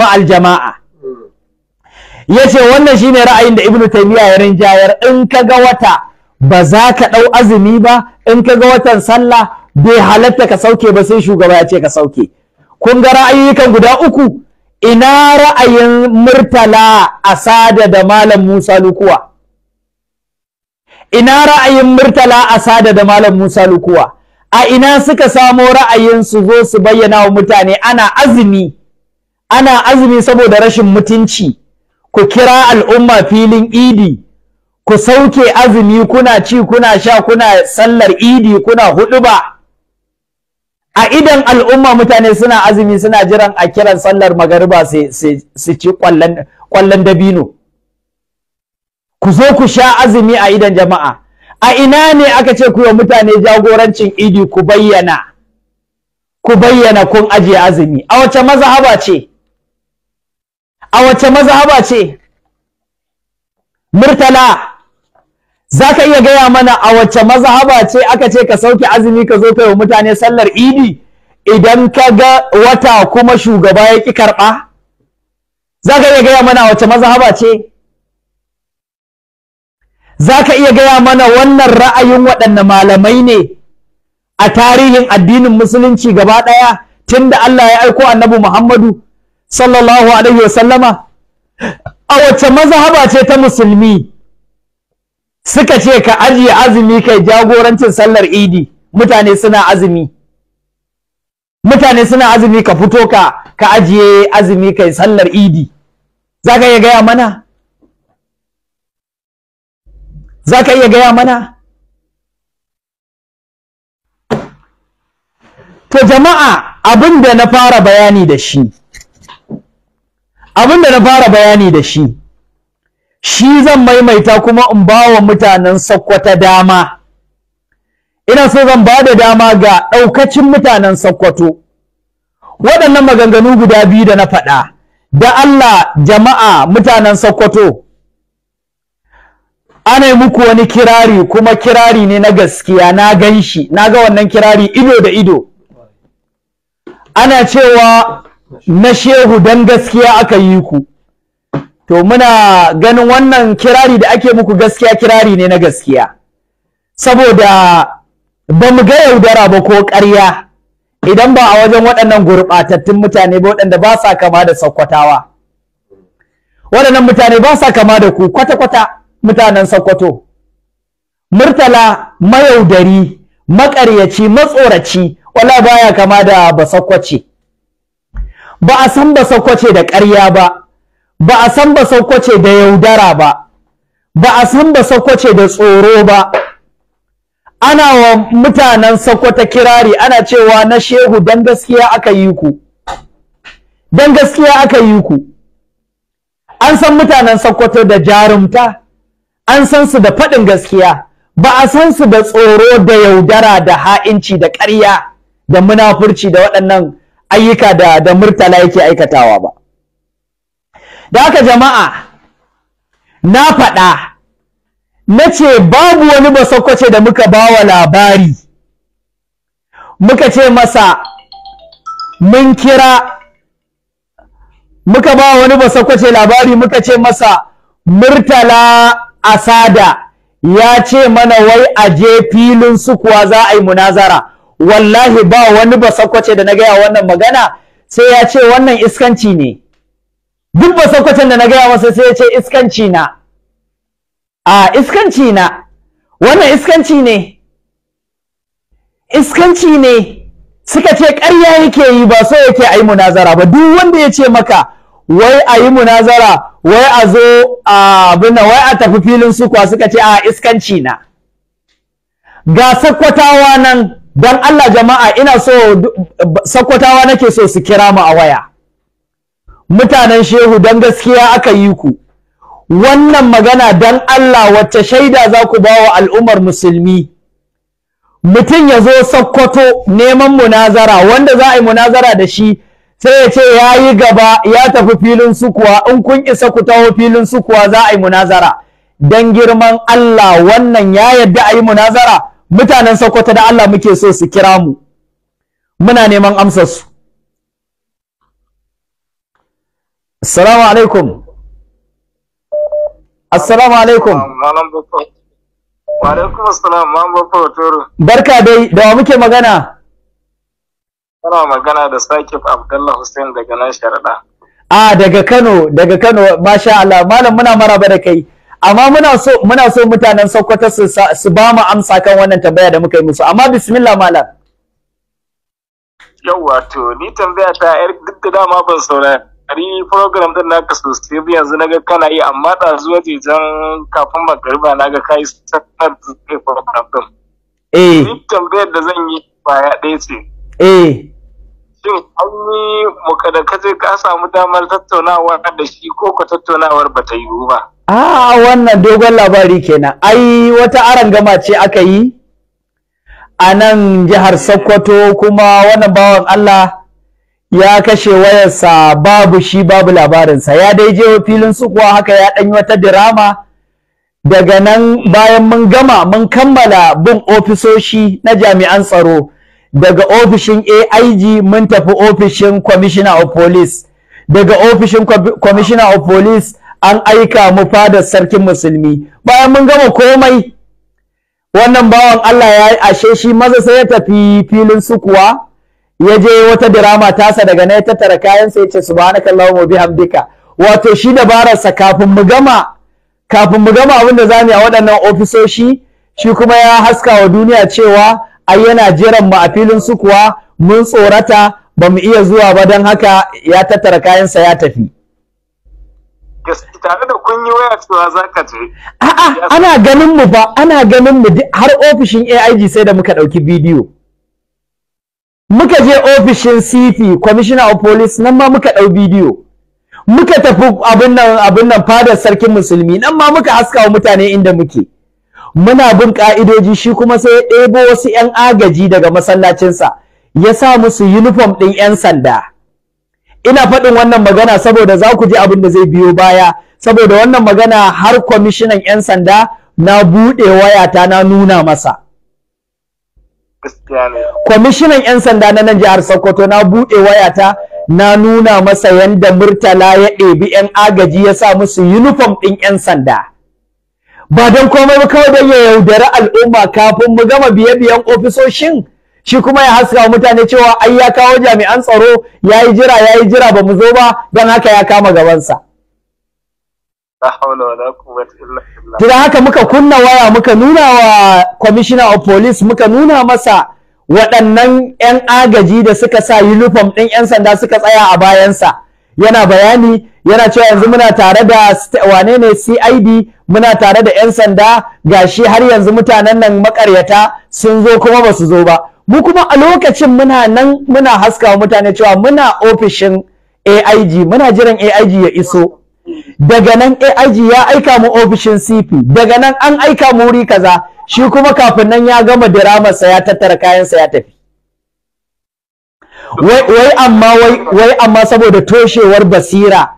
yace wannan shine ra'ayin da ibnu taymiya ya rinjayar in kaga wata ba za ka dau azumi ba in kaga watan sallah bai halatta ka sauke ba sai shugaba ya ce ka sauke kun ga guda uku ina ra'ayin murtala asada da malam musa lukuwa ina ra'ayin murtala a sada da malam musa lukuwa a ina suka samo ra'ayin su zo su bayyana wa mutane ana azumi ana azumi saboda rashin mutunci ku kira al'umma filin idi ku sauke azumi kuna ci kuna sha kuna sallar idi kuna ba? a idan al'umma mutane suna azumi suna jiran a kiran sallar magariba su ci kwallon dabino ku zo ku sha azumi a idan jama'a a ina ne aka ce ku yi mutane jagorancin idi ku bayyana ku bayyana kun ajiye azumi a wace mazhaba ce a wace mazhaba ce murtala za ka iya gaya mana a wace mazhaba ce aka ce ka sauke azumi ka zo kai wa mutane sallar idi idan ka ga wata kuma shugaba ya ƙi karɓa za ka iya gaya mana a wace mazhaba ce za ka iya gaya mana wannan ra'ayin waɗanne malamai ne a tarihin addinin musulunci gaba ɗaya tun da Allah ya aiko annabi Muhammadu sallallahu alaihi wasallama a wacce mazhaba ce ta musulmi suka ce ka ajiye azumi kai jagorancin sallar idi mutane suna azumi mutane suna azumi ka fito ka ka ajiye azumi kai sallar idi za ka iya gaya mana za ka iya gaya mana to jama'a abin da na fara bayani da shi abin da na fara bayani da shi shi zan maimaita kuma in ba wa mutanen Sokoto dama ina so zan ba da dama ga ɗaukacin mutanen Sokoto waɗannan maganganu guda biyu da na faɗa da Allah jama'a mutanen Sokoto ana yi muku wani kirari kuma kirari ne na gaskiya na gan shi na ga wannan kirari ido da ido ana cewa na shehu don gaskiya aka yi ku to muna ganin wannan kirari da ake muku gaskiya kirari ne na gaskiya saboda ba mu ga yaudara ba ko ƙarya idan ba a wajen waɗannan gurɓatattun mutane ba waɗanda ba sa kama da sakkwatawa waɗannan mutane ba sa kama da ku kwata-kwata mutanen Sokoto Murtala mayaudari maƙaryaci matsoraci wala baya kama da basakwace ba a san basakwace da ƙarya ba ba a san basakwace da yaudara ba ba a san basakwace da tsoro ba ana wa mutanen Sokoto kirari ana cewa na shehu dan gaskiya aka yi ku dan gaskiya aka yi ku an san mutanen Sokoto da jarumta an san su da faɗin gaskiya ba a san su da tsoro da yaudara da ha'inci da ƙarya da munafurci da waɗannan ayyuka da da murtala yake aikatawa ba da haka jama'a na faɗa na ce babu wani basakwace da muka ba wa labari muka ce masa mun kira muka ba wani basakwace labari muka ce masa murtala asada ya ce mana wai a je filin su kuwa za a yi munazara wallahi ba wani ba sakwace da na gaya wannan magana sai ya ce wannan iskanci ne duk ba sakwacen da na gaya masa sai ya ce iskanci na a iskanci na wannan iskanci ne iskanci ne suka ce ƙarya yake yi ba so yake a yi munazara ba duk wanda ya ce maka wai a yi munazara wai a zo a abin wai a tafi filin sukuwa suka ce a iskanci na ga sakkwatawa nan don Allah jama'a ina so sakkwatawa nake so su kira mu a waya mutanen shehu don gaskiya aka yi ku wannan magana don Allah wacce shaida za ku ba wa al'ummar musulmi mutum ya zo sakkwato neman munazara wanda za a yi munazara da shi sai ya ce ya yi gaba ya tafi filin sukuwa in kun isa ku taho filin sukuwa za a yi munazara dan girman Allah wannan ya yadda a yi munazara mutanen Sokoto da Allah muke so su kira mu muna neman amsar su Assalamu alaikum Assalamu alaikum Wa alaikum assalam Barka dai da muke magana Kana magana da Sakif Abdullah Hussein daga nan sharaɗa. A daga Kano, daga Kano, masha Allah, malam muna maraba da kai. Amma muna so mutanen Sokoto su su ba mu amsa kan wannan tambaya da muka yi musu. Amma bismillah malam. Yawwa to ni tambaya ta yar duk da dama ban saurari program din naka sosai yanzu naga kana yi amma da zuwa jijan kafin magariba naga kai sanar da program din. Eh. Ni tambayar da zan yi baya ɗaya ce. Eh. shin an yi mukadakace ka samu damar tattaunawa da shi ko ka tattaunawar ba ta yiwu ba a wannan dogon labari kenan ai wata arangama ce aka yi a nan jihar sokoto kuma wannan bawan allah ya kashe wayarsa babu shi babu labarinsa ya dai je filin sukuwa haka ya ɗanyi wata dirama daga nan bayan mun gama mun kammala bin ofisoshi na jami'an tsaro daga ofishin AIG mun tafi ofishin Commissioner of Police daga ofishin Commissioner of Police an aika mu fada sarkin musulmi bayan mun gama komai wannan bawan Allah ya yi ashe shi maza sai ya tafi filin sukuwa ya je wata dirama tasa daga na ya tattara kayan sai ya ce subhanakallahumma wa bihamdika wato shi dabararsa kafin mu gama kafin mu gama abin da zamu yi a waɗannan ofisoshi shi kuma ya haska wa duniya cewa ai yana jiran mu a filin su kuwa mun tsorata ba mu iya zuwa ba don haka ya tattara kayansa ya tafi tare a'a ana ganin mu ba ana ganin mu har ofishin AIG sai da muka ɗauki bidiyo muka je ofishin CP commissioner of police nan ma muka ɗau bidiyo muka tafi abin nan fadar sarkin musulmi nan ma muka haska wa mutane inda muke muna bin ka'idoji shi kuma sai ya ɗebo wasu 'yan agaji daga masallacinsa ya sa musu uniform ɗin 'yan sanda ina faɗin wannan magana saboda za ku ji abin da zai biyo baya saboda wannan magana har kwamishinan 'yan sanda na buɗe wayata na nuna masa kwamishinan 'yan sanda na nan jihar sokoto na buɗe wayata na nuna masa yadda murtala ya ɗebi 'yan agaji ya sa musu uniform ɗin 'yan sanda ba don komai ba kawai don ya yaudari al'umma kafin mu gama biye-biyen ofisoshin shi kuma ya haska mutane cewa ai ya kawo jami'an tsaro ya yi jira ya yi jira ba mu zo ba don haka ya kama gabansa. Tuna haka muka kunna waya muka nuna wa commissioner of police muka nuna masa waɗannan 'yan agaji da suka sa uniform ɗin 'yan sanda suka tsaya a bayansa. yana bayani yana cewa yanzu muna tare da wane ne CID muna tare da 'yan sanda gashi har yanzu mutanen nan makaryata sun zo kuma ba su zo ba mu kuma a lokacin muna nan muna haska mutane cewa muna ofishin AIG muna jiran AIG ya iso daga nan AIG ya aika mu ofishin CP daga nan an aika mu wuri kaza shi kuma kafin nan ya gama diramarsa ya tattara kayansa ya tafi wai amma wai amma saboda toshewar basira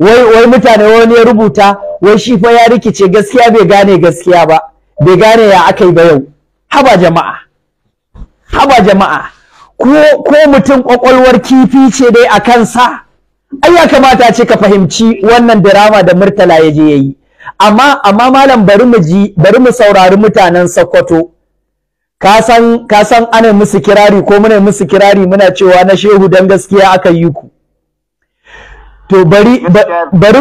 wai wai mutane wani ya rubuta wai shi fa ya rikice gaskiya bai gane gaskiya ba bai gane ya aka ba yau haba jama'a haba jama'a ko ko mutum kwakwalwar kifi ce dai a kansa ai ya kamata ce ka fahimci wannan dirama da murtala ya je yayi amma amma malam bari mu ji bari mu saurari mutanen Sokoto ka san ana musu kirari ko muna musu kirari muna cewa na shehu don gaskiya aka yi ku to bari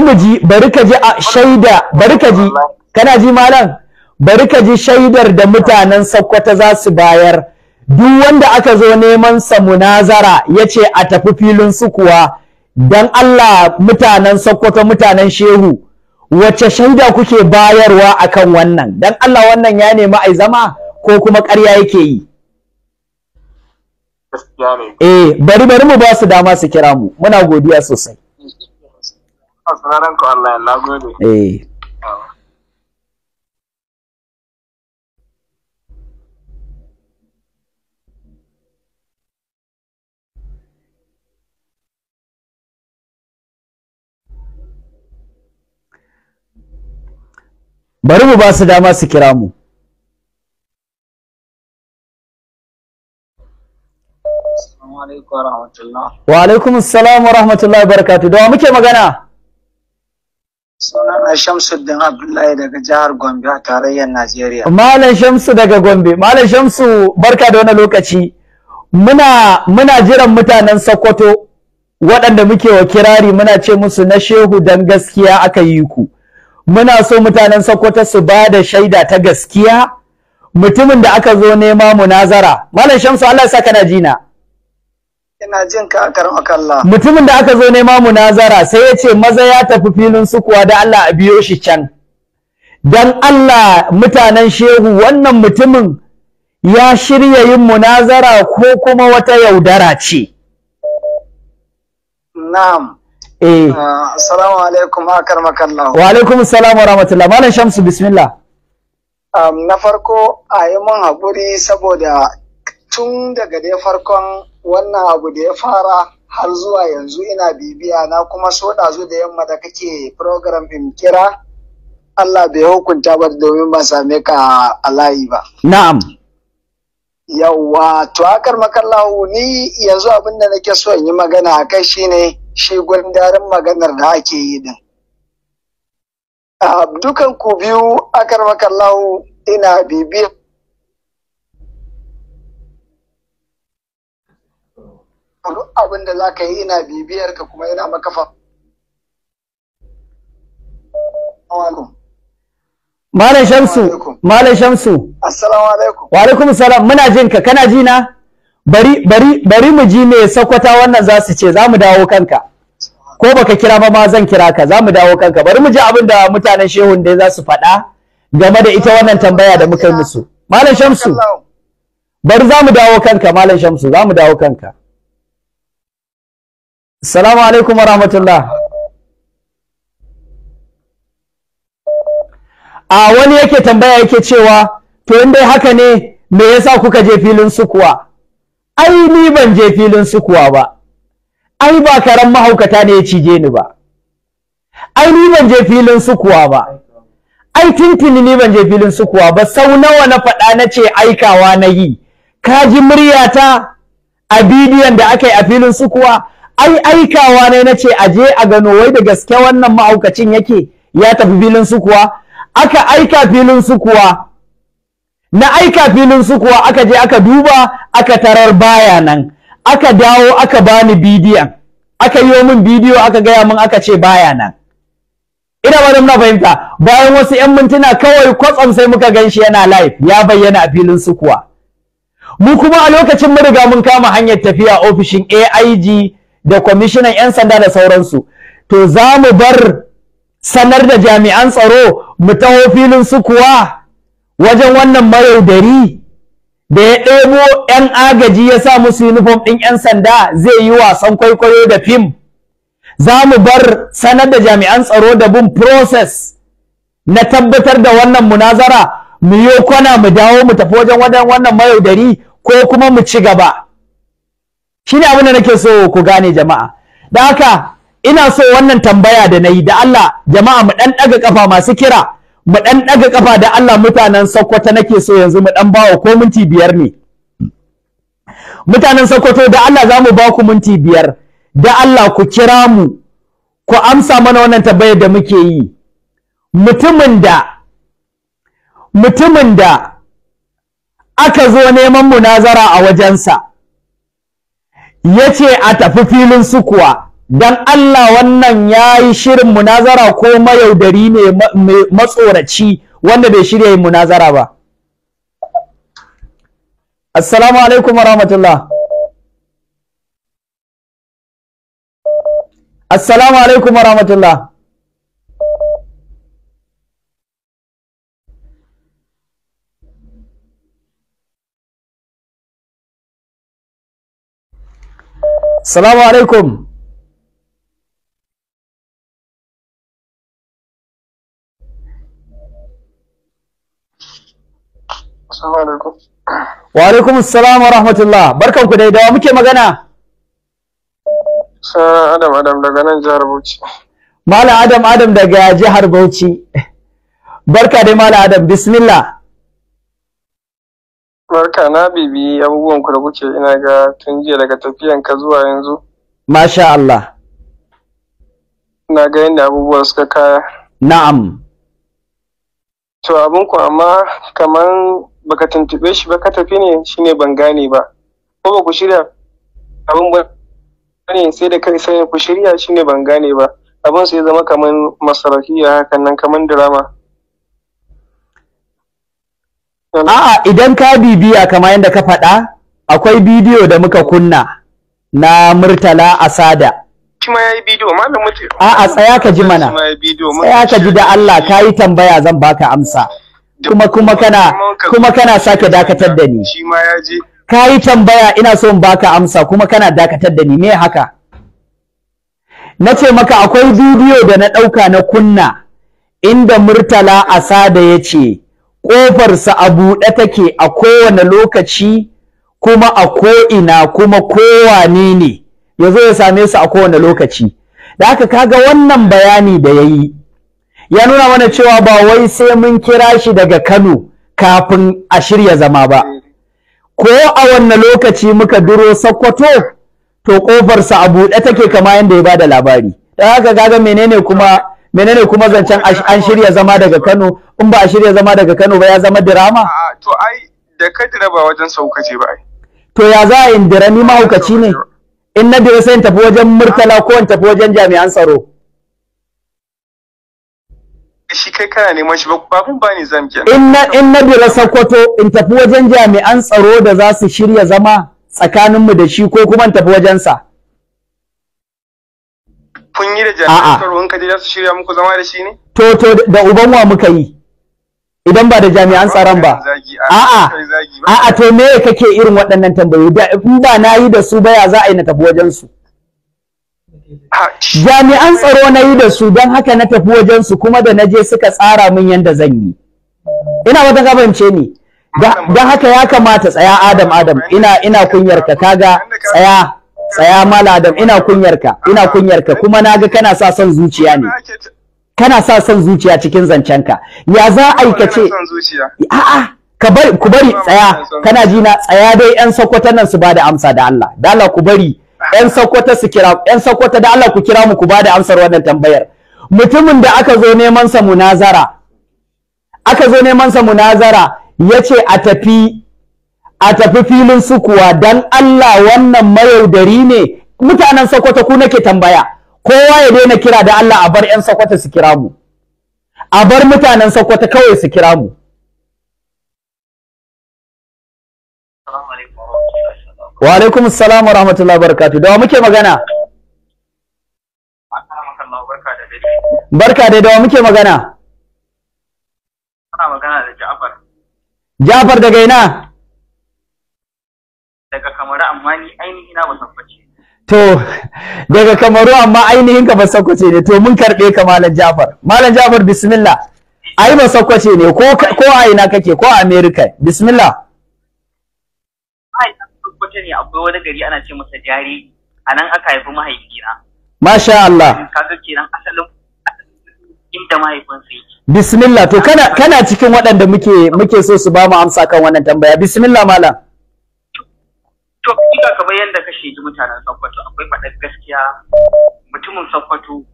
mu ji bari ka ji shaida bari ka ji kana ji malam bari ka ji shaidar da mutanen Sakkwata za su bayar duk wanda aka zo neman sa munazara ya ce a tafi filin su kuwa Don Allah mutanen Sakkwata, mutanen shehu wacce shaida kuke bayarwa akan wannan Don Allah wannan ya nemi a zama ko kuma ƙarya yake yi eh bari bari mu ba su dama su kira mu muna godiya sosai eh bari mu ba su dama su kira mu Wa alaikum salam wa rahmatullahi wa barakatuh. Da muke magana? Shamsuddin Abdullahi daga jihar Gombe a tarayyar Najeriya. Malam Shamsu daga Gombe. Malam Shamsu barka da wani lokaci. Muna muna jiran mutanen Sokoto waɗanda muke wa kirari muna ce musu na shehu dan gaskiya aka yi ku. Muna so mutanen Sokoto su ba da shaida ta gaskiya mutumin da aka zo nema munazara. Malam Shamsu Allah ya saka na jina. Ina jin ka karmakalla. Mutumin da aka zo nema munazara sai ya ce maza ya tafi filin sukuwa da Allah a biyo shi can. Dan Allah mutanen shehu wannan mutumin ya shirya yin munazara ko kuma wata yaudara ce. Na'am. Eh. Ah, assalamu alaikum akarmakallahu. Wa alaikum assalam wa rahmatullah. Malam Shamsu bismillah. na farko a yi mun haƙuri saboda tun daga dai farkon wannan abu da ya fara har zuwa yanzu ina bibiya na kuma so ɗazu da yamma da kake program in kira Allah bai hukunta ba domin ba same ka alayi ba. Na'am. Yawwa, to akar makallahu ni yanzu abin da nake so in yi magana a kai shine shi gundarin maganar da ake yi din. Ah, Dukan ku biyu akar makallahu ina bibiya duk abin da za ka yi ina bibiyar ka kuma ina maka fa Malam Shamsu, Malam Shamsu. Assalamu alaikum. Wa alaikum salam. Muna jin ka, kana ji na? Bari bari bari mu ji me Sokoto wannan za su ce, za mu dawo kanka. Ko baka kira ba ma zan kira ka, za mu dawo kanka. Bari mu ji abin da mutanen shehun dai za su faɗa game da ita wannan tambaya da muka yi musu. Malam Shamsu. Bari za mu dawo kanka, Malam Shamsu, za mu dawo kanka. Salamu alaikum wa rahmatullah. A wani yake tambaya yake cewa, to in dai haka ne me yasa kuka je filin sukuwa? Ai ni ban je filin sukuwa ba. Ai ba karan mahaukata ne ya cije ni ba. Ai ni ban je filin sukuwa ba. Ai tuntuni ni ban je filin sukuwa ba. Sau nawa na faɗa na ce aikawa na yi. Ka ji muryata a bidiyon da aka yi a filin sukuwa. ai aikawa ne na ce aje a gano wai da gaske wannan ma'aukacin yake ya tafi filin su kuwa aka aika filin su kuwa na aika filin su kuwa aka je aka duba aka tarar baya nan aka dawo aka bani bidiyon aka yi min bidiyo aka gaya min aka ce baya nan ina ba na fahimta bayan wasu 'yan mintuna kawai kwatsam sai muka gan shi yana live ya bayyana a filin su kuwa mu kuma a lokacin mun riga mun kama hanyar tafiya ofishin AIG da kwamishinan 'yan sanda da sauransu to za mu bar sanar da jami'an tsaro mu taho filin su kuwa wajen wannan mayaudari da ya ɗebo 'yan agaji ya sa musu uniform ɗin 'yan sanda zai yi wasan kwaikwayo da fim za mu bar sanar da jami'an tsaro da bin process na tabbatar da wannan munazara mu yi kwana mu dawo mu tafi wajen wannan mayaudari ko kuma mu ci gaba shine abin da nake so ku gane jama'a da haka ina so wannan tambaya da nayi da Allah jama'a mu dan daga kafa masu kira mu dan daga kafa da Allah mutanen Sokoto nake so yanzu mu dan bawa ko minti biyar ne mutanen Sokoto da Allah za mu ba ku minti biyar da Allah ku kira mu ku amsa mana wannan tambayar da muke yi mutumin da mutumin da aka zo neman munazara a wajensa ya ce a tafi filin sukuwa don Allah wannan ya yi shirin munazara ko mayaudari ne matsoraci wanda bai shirya yin munazara ba assalamu alaikum wa rahmatullah assalamu alaikum wa rahmatullah Salamu alaikum. Wa alaikum salam wa rahmatullah. Barkan ku dai dawa muke magana. Adam Adam daga nan jihar Bauchi. Malam Adam Adam daga jihar Bauchi. Barka dai Malam Adam, bismillah. Barka na bibi abubuwan ku da kuke ina ga tun jiya daga tafiyan ka zuwa yanzu. Masha Allah. Na ga yadda abubuwan suka kaya. Na'am. To abin ku amma kamar baka tuntube shi ba ka tafi ne shine ban gane ba. Ko ba ku shirya abin ba ne sai da kai sai ku shirya shine ban gane ba. Abin sai zama kamar masarafiya hakan nan kamar drama. a'a idan ka bibiya kamar yadda ka faɗa akwai bidiyo da muka kunna na murtala asada kuma a'a tsaya ka ji mana tsaya ka ji da Allah ka yi tambaya zan baka amsa kuma kuma kana kuma kana sake dakatar da ni Ka yi tambaya ina son baka amsa kuma kana dakatar da ni me haka na ce maka akwai bidiyo da na ɗauka na kunna inda murtala asada ya ce ƙofarsa a buɗe take a kowane lokaci kuma a ko'ina kuma kowane ne ya zo ya same su a kowane lokaci da haka kaga wannan bayani da ya yi ya nuna mana cewa ba wai sai mun kira shi daga kano kafin a shirya zama ba ko a wannan lokaci muka duro sakkwato to ƙofarsa a buɗe take kama yadda ya ba da labari da haka kaga menene kuma menene kuma zancen an shirya zama daga Kano in ba a shirya zama daga Kano ba ya zama dirama to ai da ka dira ba wajen sauka ce ba ai to ya za a indira ni mahaukaci ne in na dira sai in tafi wajen murtala ko in tafi wajen jami'an tsaro shi kai kana neman shi ba kun bani zam kenan in na in na dira Sokoto in tafi wajen jami'an tsaro da za su shirya zama tsakaninmu da shi ko kuma in tafi wajensa? sa kun yi da jami'an tsaro za su shirya muku zama da shi ne to to da uban wa muka yi idan ba da jami'an tsaron ba a'a a'a to me kake irin waɗannan tambayoyi da in ba na yi da su ba ya za a yi na tafi wajen su jami'an tsaro na yi da su don haka na tafi wajen su kuma da na je suka tsara min yanda zan yi ina wata gabance ne. don haka ya kamata tsaya adam adam ina ina kunyar ka kaga tsaya tsaya mala adam ina kunyarka ina kunyarka kuma naga kana sa son zuciya ne kana sa son zuciya cikin zancenka ya za a yi kace a'a ka bari ku bari tsaya kana ji na tsaya dai yan sakwata nan su ba da amsa da Allah da Allah ku bari yan sakwata su kira yan sakwata da Allah ku kira mu ku ba da amsar wannan tambayar mutumin da aka zo neman sa munazara aka zo neman sa munazara yace a tafi a tafi filin sukuwa dan Allah wannan mayaudari ne mutanen Sokoto ku nake tambaya kowa ya daina kira da Allah a bar ƴan Sokoto su kira mu a bar mutanen Sokoto kawai su kira mu wa alaikum assalam wa rahmatullahi wa barakatuh da muke magana barka dai da muke magana ana magana da Ja'far Ja'far daga ina Ina To, daga kamaru amma ainihin ka basakwace ne, to mun karɓe ka Malam Jafar. Malam Jafar, bismillah. Ai sakwace ne, ko a ina kake, ko a Amerika, bismillah. Ai, basakwace ne akwai wani gari ana ce masa jari, a nan aka haifi mahaifina. Masha Allah. Kaga kenan asalin inda mahaifinsa yake. Bismillah, to kana cikin waɗanda muke so su ba mu amsa kan wannan tambaya. Bismillah, Malam. to kika kamar yadda kashe ji mutanen Sokoto akwai faɗar gaskiya mutumin Sokoto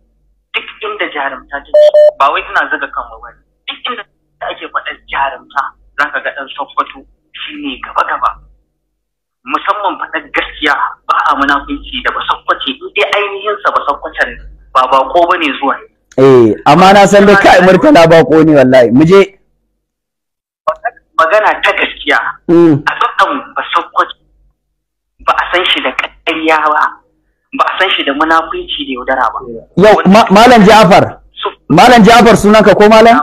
duk inda jarumta ta ba wai tana zaga kan ba duk inda ake faɗar jarumta zaka ga ɗan Sokoto shine gaba gaba musamman faɗar gaskiya ba a munafunci da ba Sokoto, in dai ainihin sa basakwacen ba bako bane zuwa eh amma na san dai kai murtala bako ne wallahi mu je magana ta gaskiya hmm. a tsakan Sokoto. ba a san shi da ƙarya ba ba a san shi da munafunci da yaudara ba yau malam Ja'far malam Ja'far sunanka ko malam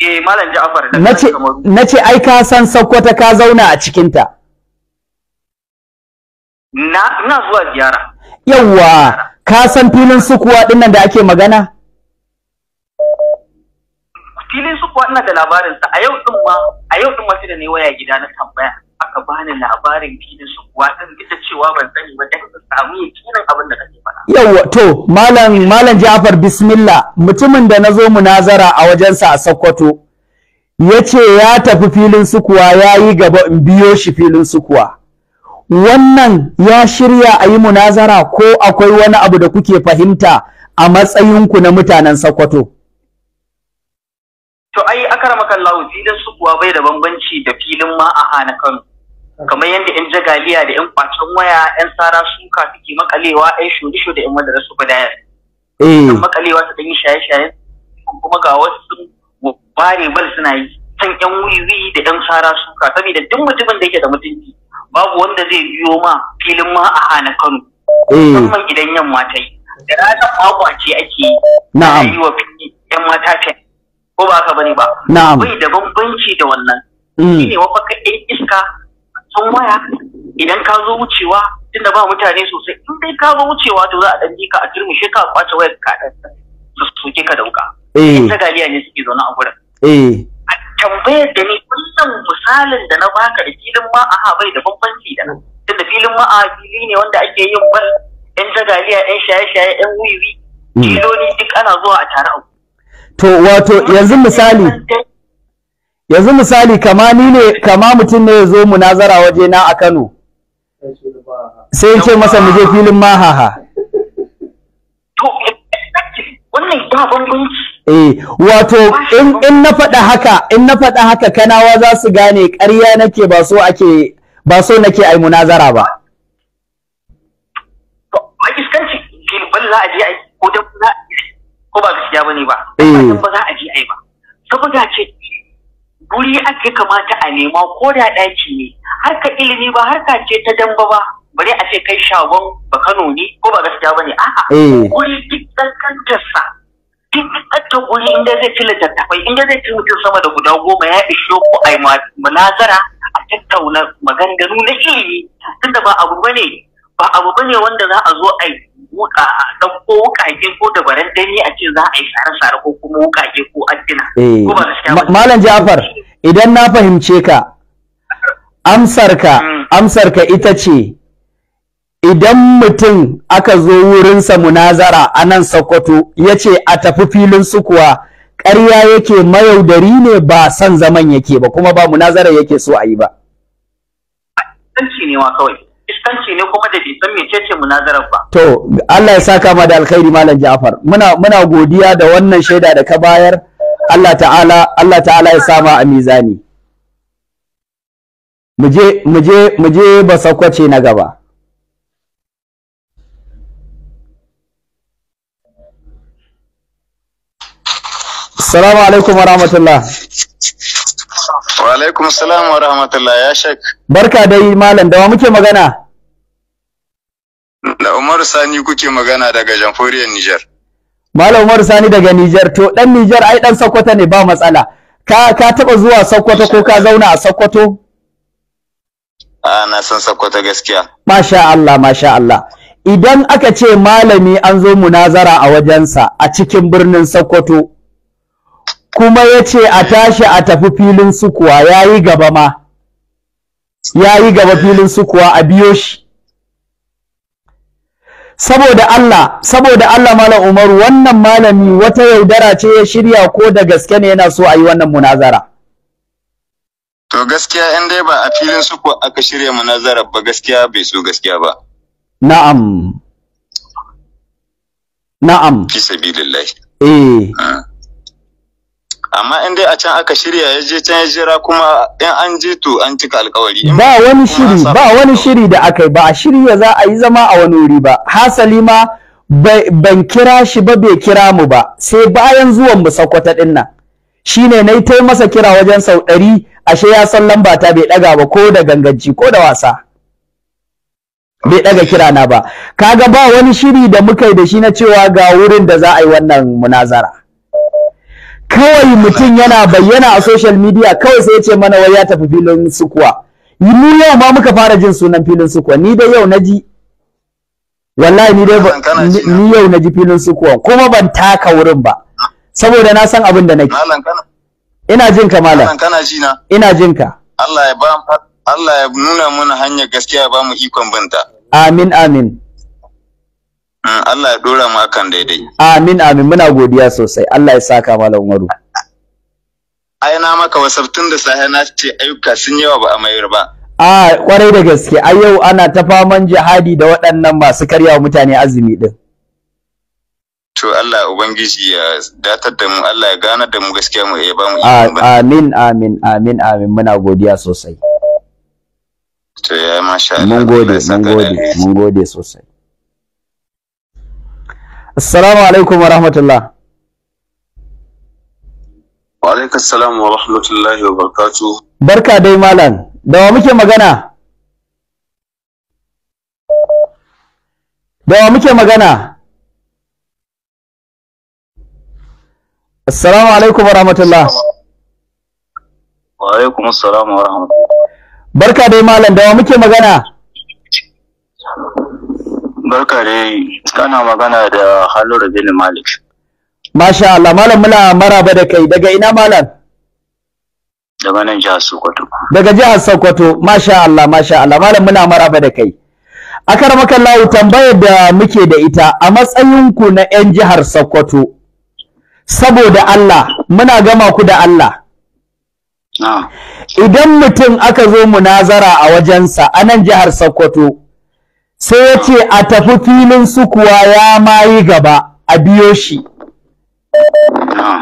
eh malam Ja'far da nace nace ai ka san Sakkwata ka zauna a cikin ta na ina zuwa ziyara yawwa ka san filin sukuwa dinnan da ake magana filin sukuwa ina da labarin sa a yau din ma a yau din ma sai da ne waya gida na tambaya aka bani labarin ki su kuwa din duk cewa ban sani ba dan ka samu yakinin abin da kake faɗa yawa to malam malam Ja'far bismillah mutumin da na zo munazara a wajen sa a Sokoto ce ya tafi filin sukuwa yayi gaba in biyo shi filin sukuwa wannan ya shirya a yi munazara ko akwai wani abu da kuke fahimta a matsayinku na mutanen Sokoto to ai akara makallahu filin su kuwa bai da bambanci da filin ma a hana Kano kamar yadda yan jagaliya da yan kwacin waya yan tsara suka suke makalewa yan shurisho da yan madara su bayar yan eh. makalewa su ɗan yi shaye-shaye kuma ga wasu bare bal suna yi san yan wiwi da yan tsara suka saboda duk mutumin da yake da mutunci babu wanda zai biyo ma filin ma a hana Kano eh. musamman idan yamma ta yi da ranar mako ake yi na yi wa yan mata ko ba ka bane ba na'am bai da bambanci da wannan mm. shine wa faka ɗan iska sun waya idan ka zo wucewa tunda ba mutane sosai in dai ka zo wucewa to za a ɗan ka a turmushe ka a kwace wayar ka ɗan su soke ka dauka. Eh. ta galiya ne suke zaune a gurin eh. a tambayar da ni wannan misalin da na baka da filin a bai da bambanci da nan tunda filin a fili ne wanda ake yin bal ɗan jagaliya ɗan shaye-shaye yan wiwi mm. Filoni duk ana zuwa a tare a to wato yanzu misali yanzu misali kama ni ne kama mutum ne ya zo mu nazara waje na a Kano sai ce masa mu je filin mahaha wannan ba bambanci eh wato in in na faɗa haka in na faɗa haka kanawa za su gane ƙarya nake ba so ake ba so nake ai munazara ba a iskanci ke eh, ban a je ai ko da ko ba gaskiya bane ba eh. ba za a je ai ba saboda ce guri ake kamata a nema ko da ɗaki ne harka ilimi ba harka ce ta damba ba bare a ce kai shagon ba Kano ne ko ba gaskiya bane a'a eh. guri duk sa duk ta guri inda zai ci littattafai inda zai ci mutum sama da guda goma ya isho ko ai munazara a tattauna maganganu na ilimi tunda ba abu bane ba abu bane wanda za a zo ai wuka ɗauko wukage ko dabaran dani a ce za a yi sare-sare ko kuma wukage ko addina. Eh, Malam Jafar idan na fahimce ka amsarka hmm. amsarka ita ce idan mutum aka zo wurinsa munazara a nan Sokoto ya ce a tafi filin sukuwa ƙarya yake mayaudari ne ba son zaman yake ba kuma ba munazara yake so a yi ba. ne kawai. iskanci ne kuma da bisan san mecece munazarar ba to Allah ya saka ma da alkhairi malam Ja'far muna godiya da wannan shaida da ka bayar Allah ta'ala Allah ta'ala ya sama a mizani muje muje muje ba sakwace na gaba Assalamu alaikum wa rahmatullah. Wa alaikum salam wa rahmatullah ya shak. Barka dai malam da wa muke magana? Da Umar Sani kuke magana daga Jamhuriyar Nijar. Malam Umar Sani daga Nijar to dan Nijar ai dan Sokoto ne ba matsala. Ka ka taba zuwa Sokoto ko ka zauna a Sokoto? A na san Sokoto gaskiya. Masha Allah masha Allah. Idan aka ce malami an zo munazara a wajensa a cikin birnin Sokoto kuma ya ce a tashi a tafi filin sukuwa ya yi gaba ma ya yi gaba filin sukuwa a biyo shi saboda Allah saboda Allah malam Umaru wannan malami wata yaudara ce ya shirya ko da gaske ne yana so a yi wannan munazara to gaskiya in dai ba a filin sukuwa aka shirya munazara ba gaskiya bai so gaskiya ba na'am na'am fi sabilillah eh ah. amma in dai a can aka shirya ya je can ya jira kuma in an je to an cika alkawari ba wani shiri ba wani shiri da aka yi ba a shirya za a yi zama a wani wuri ba hasali ma ban kira shi ba bai kira mu ba sai bayan zuwan mu sakwata din nan shine nayi tai masa kira wajen sau ɗari ashe ya san lamba ta bai ɗaga ba ko da ganganci ko da wasa bai ɗaga kira na ba kaga ba wani shiri da muka yi da shi na cewa ga wurin da za a yi wannan munazara kawai mutum yana bayyana a social media kawai sai ya ce mana wai ya tafi filin sukuwa mu yau ma muka fara jin sunan filin sukuwa ni dai yau na ji wallahi ni dai ni yau na ji filin sukuwa kuma ban taka wurin ba saboda na san abin da nake ina jin ka malam kana ji na ina jin ka Allah ya ba Allah ya nuna mana hanyar gaskiya ba mu ikon binta amin amin Mm, Allah ya dora mu akan daidai. Amin amin muna godiya sosai. Allah ya saka malam Umaru. Ai na maka wasabtun da sahi na ce ayyuka sun yawa ba a mayar ba. A kwarai da gaske a yau ana ta faman jihadi da waɗannan masu karya mutane azumi din. To Allah Ubangiji ya datar da mu Allah ya gana da mu gaskiya mu ya ba mu Amin amin amin amin muna godiya sosai. To ya masha Allah. Mun gode mun gode mun gode sosai. assalamu alaikum wa rahmatullah wa alaikum salam wa rahmatullahi wa barkatu. barka dai malam da wa muke magana da wa muke magana assalamu alaikum wa rahmatullah wa alaikum assalam wa rahmatullah barka dai malam da wa muke magana Barka dai, kana magana da Halura bin Malik. Masha Allah, malam muna maraba da kai daga ina malam? Daga nan jihar Sokoto. Daga jihar Sokoto, masha Allah, masha Allah, malam muna maraba da kai. Akar makallahu tambayar da muke da ita a matsayinku na 'yan jihar Sokoto, saboda Allah, muna gama ku da Allah. Idan mutum aka zo munazara a wajensa a nan jihar Sokoto, sai ya ce a tafi filin su kuwa ya mayi gaba a biyo shi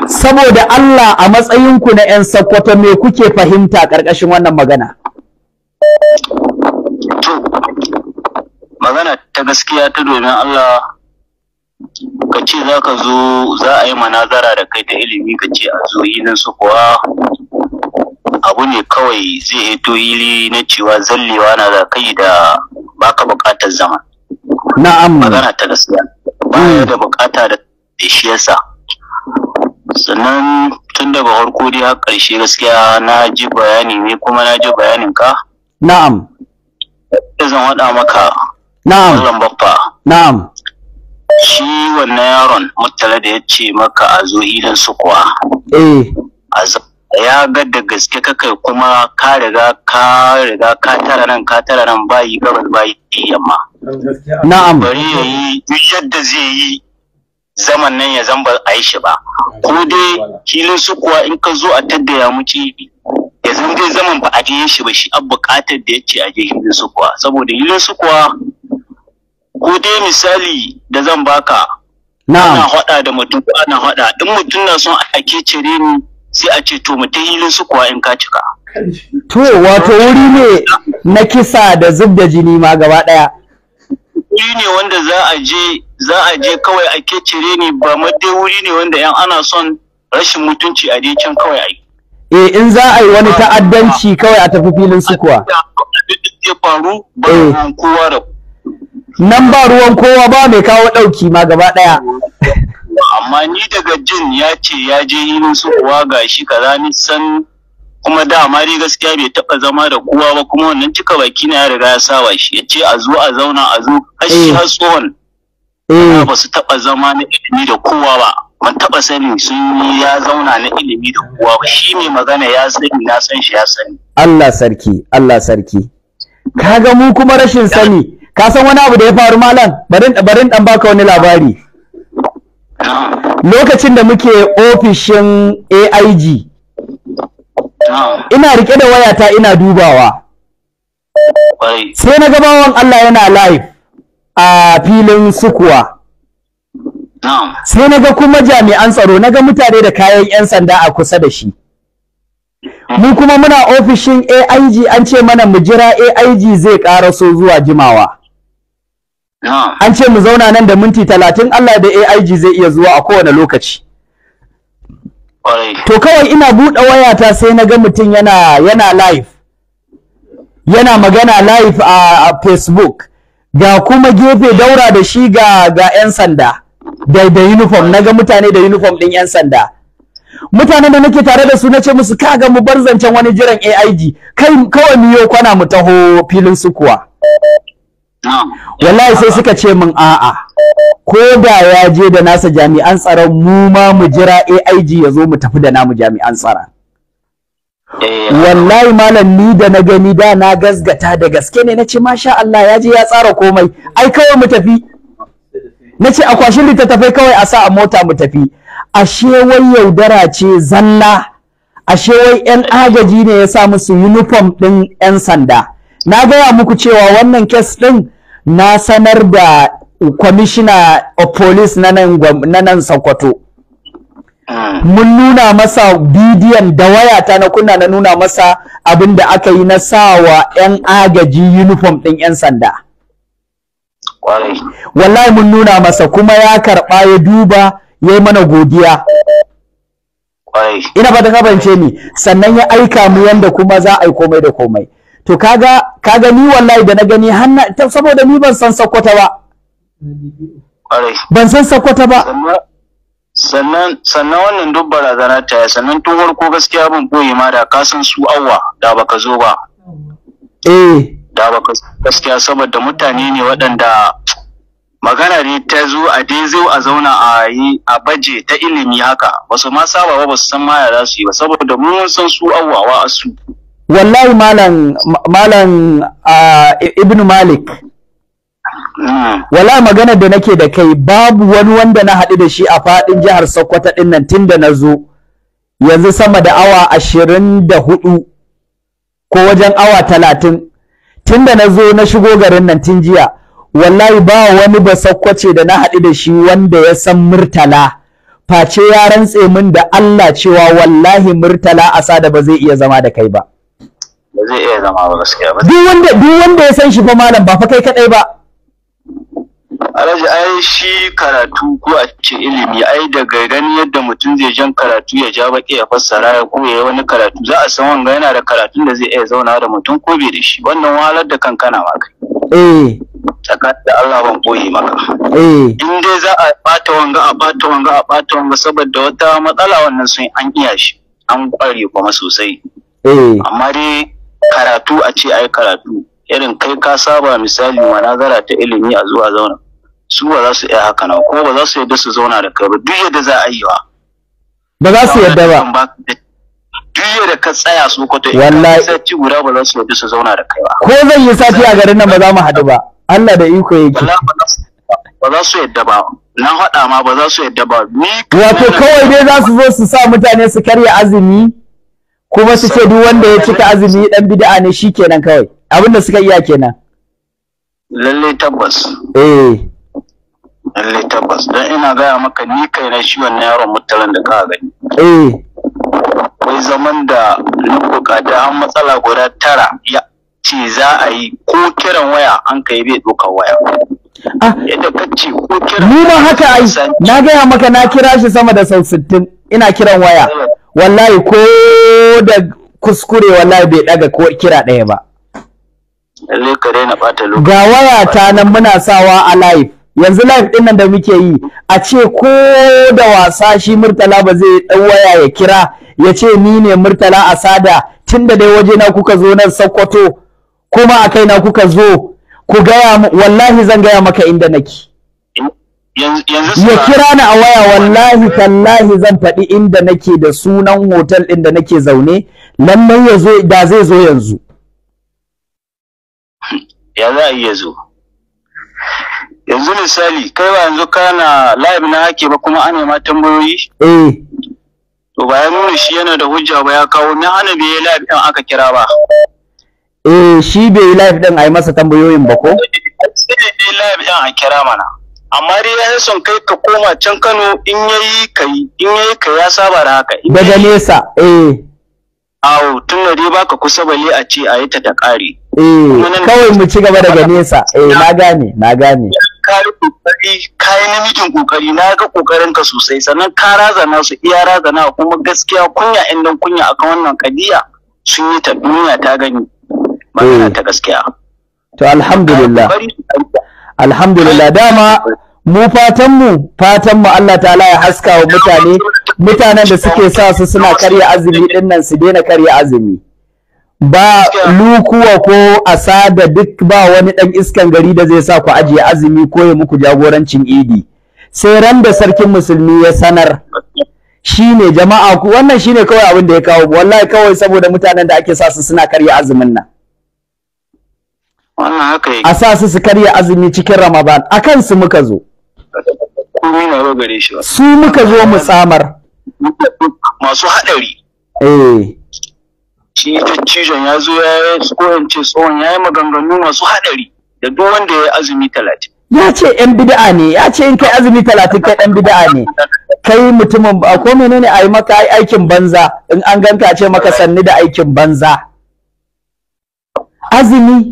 saboda Allah a matsayinku na 'yan sakkwato me kuke fahimta ƙarƙashin wannan magana magana ta gaskiya ta domin Allah ka ce za ka zo za a yi manazara da kai da ilimi ka ce a zo yinin su kuwa abu ne kawai zai hito yili na cewa zallewa na da kai da ba ka buƙatar zama na'am magana ta gaskiya ba da buƙata da shi sannan tun daga farko dai har ƙarshe gaskiya na ji bayani ne kuma na ji bayanin ka na'am zan waɗa maka na'am zan baffa na'am shi wannan yaron mutala da ya ce maka a zo hilin su kuwa eh a ya ga da gaske kaka kuma ka riga ka riga ka tara nan ka tara nan bayi gabas bayi yamma na'am bari yi duk yadda zai yi zaman nan ya zan ba a yi shi ba ko dai filin su kuwa in ka zo a tadda ya muci ya zan dai zaman ba a je shi ba shi an buƙatar da ce a je filin su kuwa saboda filin su kuwa ko dai misali da zan baka ana haɗa da mutum ana haɗa in mutum na son a kecere ni sai a ce to mu dai su kuwa in ka cika to wato wuri ne na kisa da zub da jini ma gaba ɗaya. wuri ne wanda za a je za a je kawai a kecire ne ba ma dai wuri ne wanda yan ana son rashin mutunci a dai can kawai a yi E in za a yi wani ta'addanci kawai a tafi filin sukuwa kuwa. faru ba eh. kowa da nan ba ruwan kowa ba mai kawo ɗauki ma gaba ɗaya amma ni daga jin ya ce ya je yi musu uwa ga shi ka ni san kuma dama dai gaskiya bai taba zama da kowa ba kuma wannan cika baki na ya riga ya sawa shi ya ce a zo a zauna a zo har shi eh. har tsohon eh. ba su taba zama na ilimi da kowa ba ban taba sani sun yi ya zauna na ilimi da kowa ba shi mai magana ya sani na san shi ya sani Allah sarki Allah sarki Ka ga mu kuma rashin sani ka san wani abu da ya faru malam barin dan baka wani labari lokacin da muke ofishin AIG ina rike da wayata ina dubawa sai na gabawan Allah yana live a filin sukuwa sai na ga kuma jami'an tsaro na ga mutane da kayan 'yan sanda a kusa da shi mu kuma muna ofishin AIG an ce mana mu jira AIG zai karaso zuwa jimawa an ce mu zauna nan da minti talatin Allah da AIG zai iya zuwa a kowane lokaci to kawai ina buɗe wayata sai na ga mutum yana yana live yana magana live a, Facebook ga kuma gefe daura da shi ga ga 'yan sanda da da uniform naga mutane da uniform ɗin 'yan sanda mutanen da nake tare da su nace musu kaga mu bar zancen wani jiran AIG kai kawai miyo kwana mu taho filin su kuwa wallahi sai suka ce min a'a ko da ya je da nasa jami'an tsaron mu ma mu jira AIG ya zo mu tafi da namu jami'an tsaron eh. wallahi malam ni da na gani da na gasgata da gaske ne na ce masha Allah ya je ya tsara komai ai kawai mu tafi na ce akwashin littattafai kawai a sa a mota mu tafi ashe wai yaudara ce zalla ashe wai yan agaji ne ya sa musu uniform din yan sanda na gaya muku cewa wannan kes din na sanar da kwamishina of police na nan Sokoto ah. mun nuna masa bidiyon da wayata na kunna na nuna masa abin da aka yi na sawa 'yan agaji uniform ɗin 'yan sanda wallahi mun nuna masa kuma ya karɓa ya duba ya yi mana godiya ina ba ta kabance ni sannan ya aika mu yanda kuma za a yi komai da komai to kaga kaga ni wallahi da na gani hanna saboda ni ban san sakkwata ba ban san sakkwata ba sannan sannan wannan duk barazana ta ya sannan tun farko gaskiya ban koyi ma da ka san su awwa da baka zo ba eh da baka gaskiya saboda mutane ne waɗanda magana ne ta zo a dai zo a zauna a yi a baje ta ilimi haka ba su ma saba ba ba su san ma ya za su yi ba saboda mun san su awwa wa asu wallahi malam malam ibn malik wala magana da nake da kai babu wani wanda na haɗu da shi a faɗin jihar sokoto ɗin nan tun da na zo yanzu sama da awa ashirin da hudu ko wajen awa talatin tun da na zo na shigo garin nan tun jiya wallahi ba wani ba sokoce da na haɗu da shi wanda ya san murtala face ya rantse min da Allah cewa wallahi murtala asa da ba zai iya zama da kai ba ba zai iya zama ba gaskiya ba duk wanda duk wanda ya san shi fa malam ba fa kai kadai ba Alhaji ai shi karatu ko a cikin ilimi ai daga gani yadda mutum zai jan karatu ya ja baki ya fassara ya kuma ya wani karatu za a san wanga yana da karatun da zai iya zauna da mutum ko bai da shi wannan wahalar da kankana ma kai eh tsakanin da Allah ban koyi maka eh in dai za a bata wanga a bata wanga a bata wanga saboda wata matsala wannan sun an iya shi an kware kuma sosai eh amma dai karatu a ce ai karatu irin kai ka saba misali manazara ta ilimi a zuwa zauna su ba za su iya haka nan ko ba za su yadda su zauna da kai ba duk yadda za a yi wa ba za su yadda ba duk yadda ka tsaya su kwato wallahi sati guda ba za su yadda su zauna da kai ba ko zan yi sati a garin nan ba za mu haɗu ba Allah da iko yake ba za su yadda ba na haɗa ma ba za su yadda ba wato kawai dai za su zo su sa mutane su karya azumi kuma su ce duk wanda ya cika azumi dan bid'a ne shi kenan kawai abin da suka iya kenan lalle tabbas eh lalle tabbas dan ina gaya maka ni kai na shi wannan yaron mutalan da ka gani eh akwai zaman da na bukata an matsala guda tara ya ce za a yi ko kiran waya an kai bai ɗaukar waya ah. yadda ka ce ko kiran ni ma haka ai na gaya maka na kira shi sama da sau sittin ina kiran waya wallahi ko da kuskure wallahi bai daga ko kira ɗaya ba ga waya ta nan muna sawa a live yanzu live din nan da muke yi a ce ko da wasa shi murtala ba zai dan waya ya kira ya ce ni ne murtala asada tunda dai waje na kuka zo nan Sokoto kuma a na kuka zo ku gaya wallahi zan gaya maka inda nake ya kira ni a waya wallahi tallahi zan faɗi inda nake da sunan hotel ɗin da nake zaune lallai ya zo da zai zo yanzu ya za a iya zo yanzu misali kai ba yanzu kana live na hake ba kuma ana ma tambayoyi eh to ba ya nuna shi yana da hujja ba ya kawo na hana bai yi live ɗin aka kira ba eh shi bai yi live din a yi masa tambayoyin ba ko sai dai live ɗin a kira mana amma dai yayin son kai ka koma can Kano in yayi kai in yayi kai ya saba da haka daga nesa eh awo tun da dai baka kusa bale a ce a yi ta da ƙari eh kawai mu ci gaba daga nesa eh na gane na gane ka yi kokari ka yi namijin kokari na ga kokarin ka sosai sannan ka razana su iya razana kuma gaskiya kunya in dan kunya akan wannan kadiya sun yi ta duniya ta gani magana eh. ta gaskiya to alhamdulillah alhamdulillah dama mu fatanmu fatanmu Allah ta'ala ya haska wa mutane mutanen da suke sa su suna karya azumi din nan su daina karya azumi ba lukuwa ko asada duk ba wani dan iskan gari da zai sa ku ajiye azumi ko ya muku jagorancin idi sai ran da sarkin musulmi ya sanar shine jama'a ku wannan shine kawai abin da ya kawo wallahi kawai saboda mutanen da ake sa su suna karya azumin nan wannan haka yake a sa su su karya azumi cikin ramadan a kan su muka zo su muka zo mu tsamar masu haɗari eh shi cijon ya zo ya yi in tsohon ya yi maganganu masu haɗari da duk wanda ya azumi talatin ya ce yan bid'a ne ya ce in kai azumi talatin kai yan bid'a ne kai mutumin ba ko menene a yi maka aikin banza in an ganka ce maka sanni da aikin banza azumi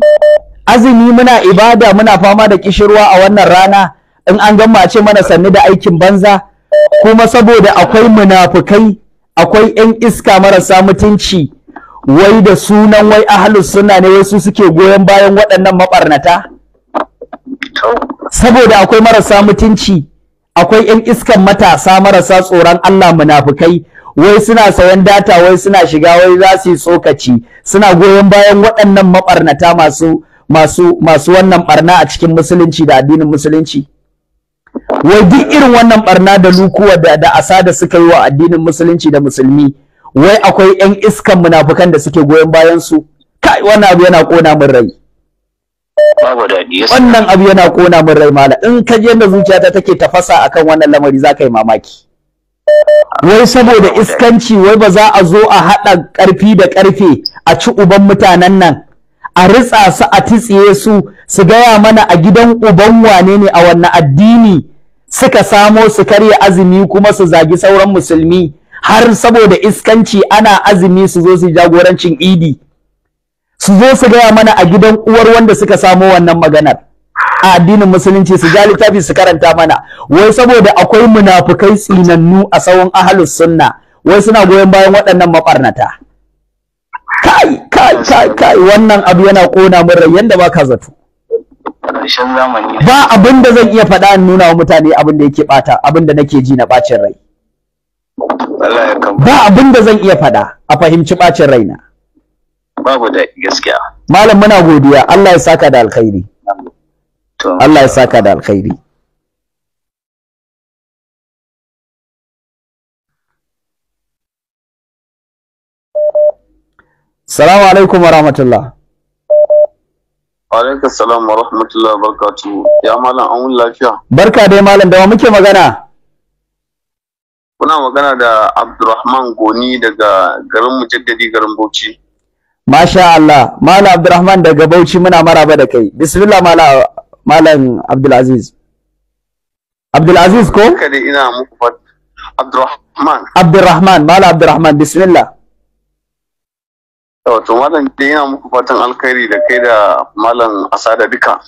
azumi muna ibada muna fama da kishirwa a wannan rana in an gama ce mana sannu da aikin banza kuma saboda akwai munafukai akwai 'yan iska marasa mutunci wai da sunan wai ahalus suna ne wasu suke goyon bayan waɗannan maɓarnata saboda akwai marasa mutunci akwai 'yan iskan matasa marasa tsoron Allah munafukai wai suna sayan data wai suna shiga wai za su yi tsokaci suna goyon bayan waɗannan maɓarnata masu masu masu wannan barna a cikin musulunci da addinin musulunci wai duk irin wannan barna da lukuwa da da asada suka yi wa addinin musulunci da musulmi wai akwai yan iskan munafukan da suke goyon bayan su kai wannan abu yana kona min rai wannan abu yana kona min rai mala in ka je da zuciyata take tafasa akan wannan lamari za ka yi mamaki wai saboda iskanci wai ba za a zo a haɗa ƙarfi da ƙarfe a ci uban mutanen nan a ritsa su a titsiye su su gaya mana a gidan uban wane ne a wannan addini suka samo su karya azumi kuma su zagi sauran musulmi har saboda iskanci ana azumi su zo su jagorancin idi su zo su gaya mana a gidan uwar wanda suka samo wannan maganar a addinin musulunci su ja littafi su karanta mana wai saboda akwai munafukai tsinannu a tsawon ahalus sunna wai suna goyon bayan waɗannan maɓarnata kai kai kai kai wannan abu yana kona min rai yanda baka zato ba abin da zan iya faɗa in nuna wa mutane abin da yake bata abin da nake ji na bacin rai ba abin da zan iya faɗa a fahimci bacin raina babu da gaskiya malam muna godiya Allah ya saka da alkhairi Allah ya saka da alkhairi Salamu alaikum wa rahmatullah. Alaikum salam wa rahmatullah barkatu. Ya malam an wuni lafiya. Barka dai malam da wa muke magana. Kuna magana da Abdurrahman Goni daga garin Mujaddadi garin Bauchi. Masha Allah, Malam Abdurrahman daga Bauchi muna maraba da kai. Bismillah Malam Malam Abdulaziz. Abdulaziz ko? Kada ina muku Abdurrahman. Abdurrahman, Malam Abdurrahman, bismillah. wato malam dai yana muku fatan alkhairi da kai da malam asada duka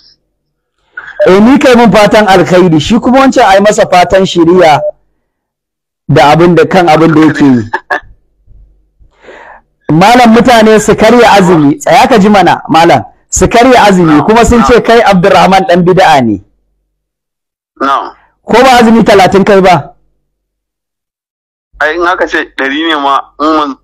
eh ni kai mun fatan alkhairi shi kuma wancan ai masa fatan shiriya da abin da kan abin da yake yi malam mutane su karya azumi tsaya ka ji mana malam su karya azumi kuma sun ce kai abdurrahman dan bid'a ne ko ba azumi talatin kai ba ai in aka ce ɗari ne ma in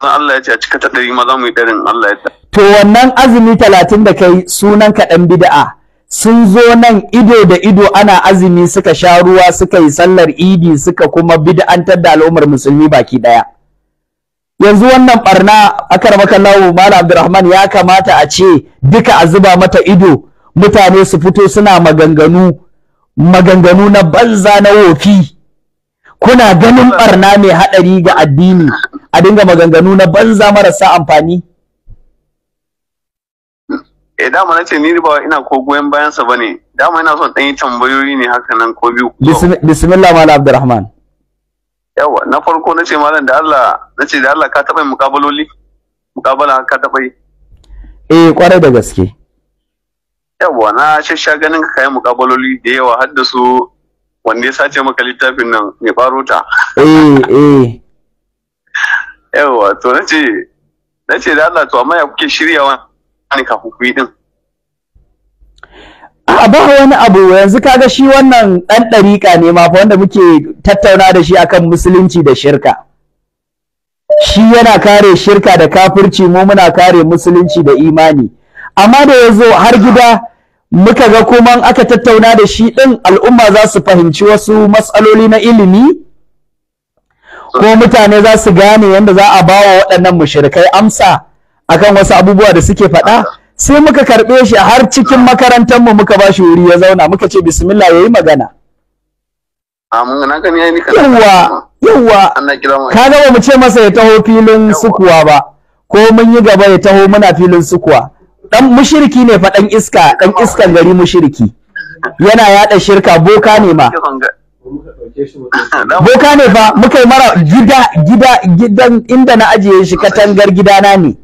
Allah ya ce a cika ta ɗari ma mu yi ɗarin Allah ya ta. To wannan azumi talatin da kai sunan ka ɗan bida'a sun zo nan ido da ido ana azumi suka sha ruwa suka yi sallar idi suka kuma bid'antar da al'ummar musulmi baki ɗaya. Yanzu wannan barna akar makallahu Malam Abdulrahman ya kamata a ce duka a zuba mata ido mutane su fito suna maganganu maganganu na banza na wofi kuna ganin ɓarna mai haɗari ga addini a dinga maganganu na banza marasa amfani eh dama na ce ni ba ina ko goyon bayan sa bane dama ina son dan yi tambayoyi ne haka nan ko biyu bismillah malam abdurrahman yawa na farko na ce malam da Allah na ce da Allah ka taɓa yin mukabaloli mukabala ka taɓa yi eh kwarai da gaske yawa na shasha ganin ka kayan mukabaloli da yawa har da su wanda ya sace maka littafin nan mai ɓaro ta eh eh yawa to na ce da Allah to amma ya kuke shirya ne kafin din a ba wani abu yanzu kaga shi wannan ɗan ɗariƙa ne ma wanda muke tattauna da shi akan musulunci da shirka shi yana kare shirka da kafirci mu muna kare musulunci da imani amma da ya zo har gida muka ga kuma aka tattauna da shi ɗin al'umma za su fahimci wasu matsaloli na ilimi ko mutane za su gane yadda za a bawa waɗannan mushrikai amsa akan wasu abubuwa da suke faɗa sai muka karɓe shi har cikin makarantar mu muka bashi wuri ya zauna muka ce bismillah yayi magana ah, yawwa yawwa ka mu ce masa ya taho filin sukuwa ba ko mun yi gaba ya taho muna filin sukuwa dan mushiriki ne fa dan iska ɗan iskan gari mushiriki yana yaɗa shirka boka ne ma boka ne fa muka yi mara gida gida gidan inda na ajiye shi katangar gidana ne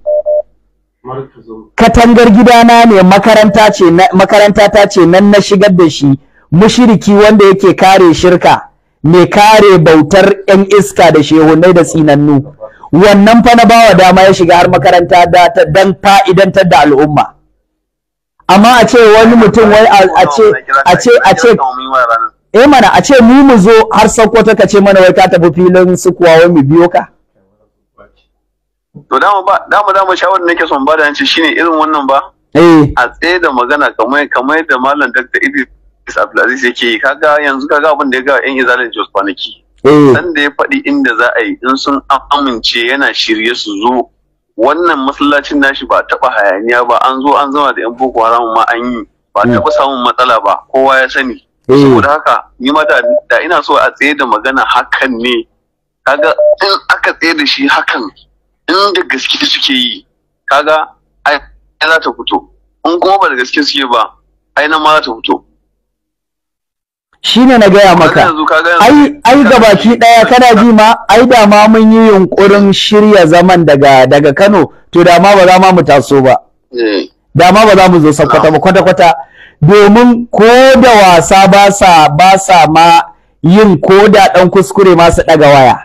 katangar gidana ne makaranta ce makaranta ta ce nan na shigar da shi mushiriki wanda yake kare shirka mai kare bautar yan iska da shehunai da tsinannu wannan fa na bawa dama ya shiga har makaranta da ta dan fa'idantar da al'umma amma a ce wani mutum wai a ce a ce a ce eh mana a ce mu mu zo har sako ka ce mana wai ka tafi filin kuwa wai mu biyo ka to dama ba dama dama da nake son bada yanci shine irin wannan ba eh a tsaye da magana kamar kamar da mallam Dr. Idris Abdulaziz yake yi kaga yanzu kaga abin da ya ga yan izalin Jos kwanaki eh. san da ya faɗi inda za a yi in sun amince yana shirye su zo wannan masallacin nashi ba taba hayaniya ba an zo an zama da yan boko haram ma an yi ba taba samun matsala ba kowa ya sani saboda eh. haka ni ma da ina so a tsaye da magana hakan ne kaga in aka tsaye da shi hakan inda gaske suke yi kaga ai za ta fito in kuma ba da gaske suke ba ai nan ma za ta fito shine na gaya maka ai ai gabaki daya kana ji ma ai da ma mun yi yunkurin shirya zaman daga daga Kano to da ma ba za ma mu taso ba eh. da ma ba za mu zo sakwata ba kwata kwata domin ko da wasa ba sa ba sa ma yin ko da ɗan kuskure ma su ɗaga waya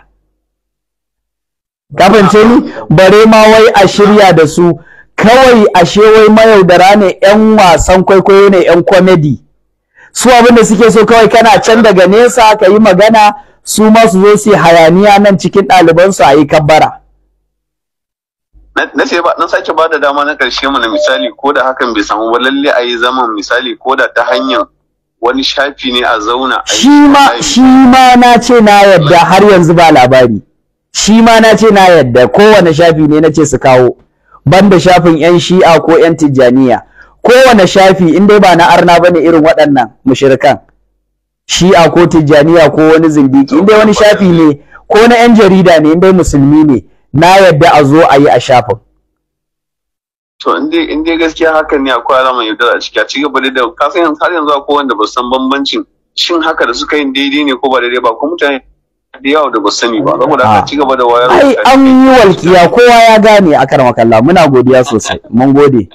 kafance ni bare ma wai a shirya da su kawai ashe wai mayaudara ne 'yan wasan kwaikwayo ne 'yan komedi su abin da suke so kawai kana can daga nesa ka yi magana su ma su zo su hayaniya nan cikin ɗalibansu a yi kabbara na ce ba dan sake bada dama na karshe mana misali ko da hakan bai samu ba lalle a yi zaman misali ko da ta hanyar wani shafi ne a zauna shi ma shi ma na ce na yadda har yanzu ba labari shi ma na ce na yadda kowane shafi ne na ce su kawo banda shafin yan shi'a ko yan tijjaniya kowane shafi in dai ba na arna ba ne irin waɗannan mushrikan shi'a ko tijjaniya ko wani zindiki in dai wani shafi ne ko na yan jarida ne in dai musulmi ne na yadda a zo a yi a shafin to in dai gaskiya hakan ne akwai alamar yadda a ciki a ci gaba da ka san har yanzu akwai wanda ba san bambancin shin haka da suka yi daidai ne ko ba daidai ba ko mutane da yawa da ba sani ba saboda haka ci gaba da wayar ai an yi walkiya kowa ya gane a karma kalla muna godiya sosai mun gode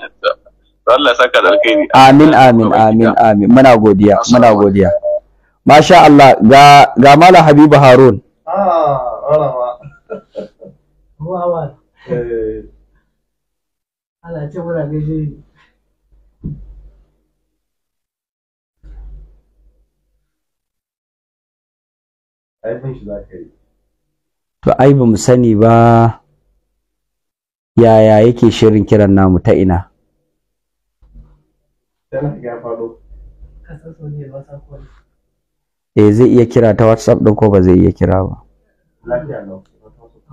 Allah ya saka da alkhairi amin amin amin amin muna godiya muna godiya masha Allah ga ga Malam Habibu Harun ah Eh. to ai ba mu sani ba yaya yake shirin kiran namu ta ina eh zai iya kira ta whatsapp ɗin ko ba zai iya kira ba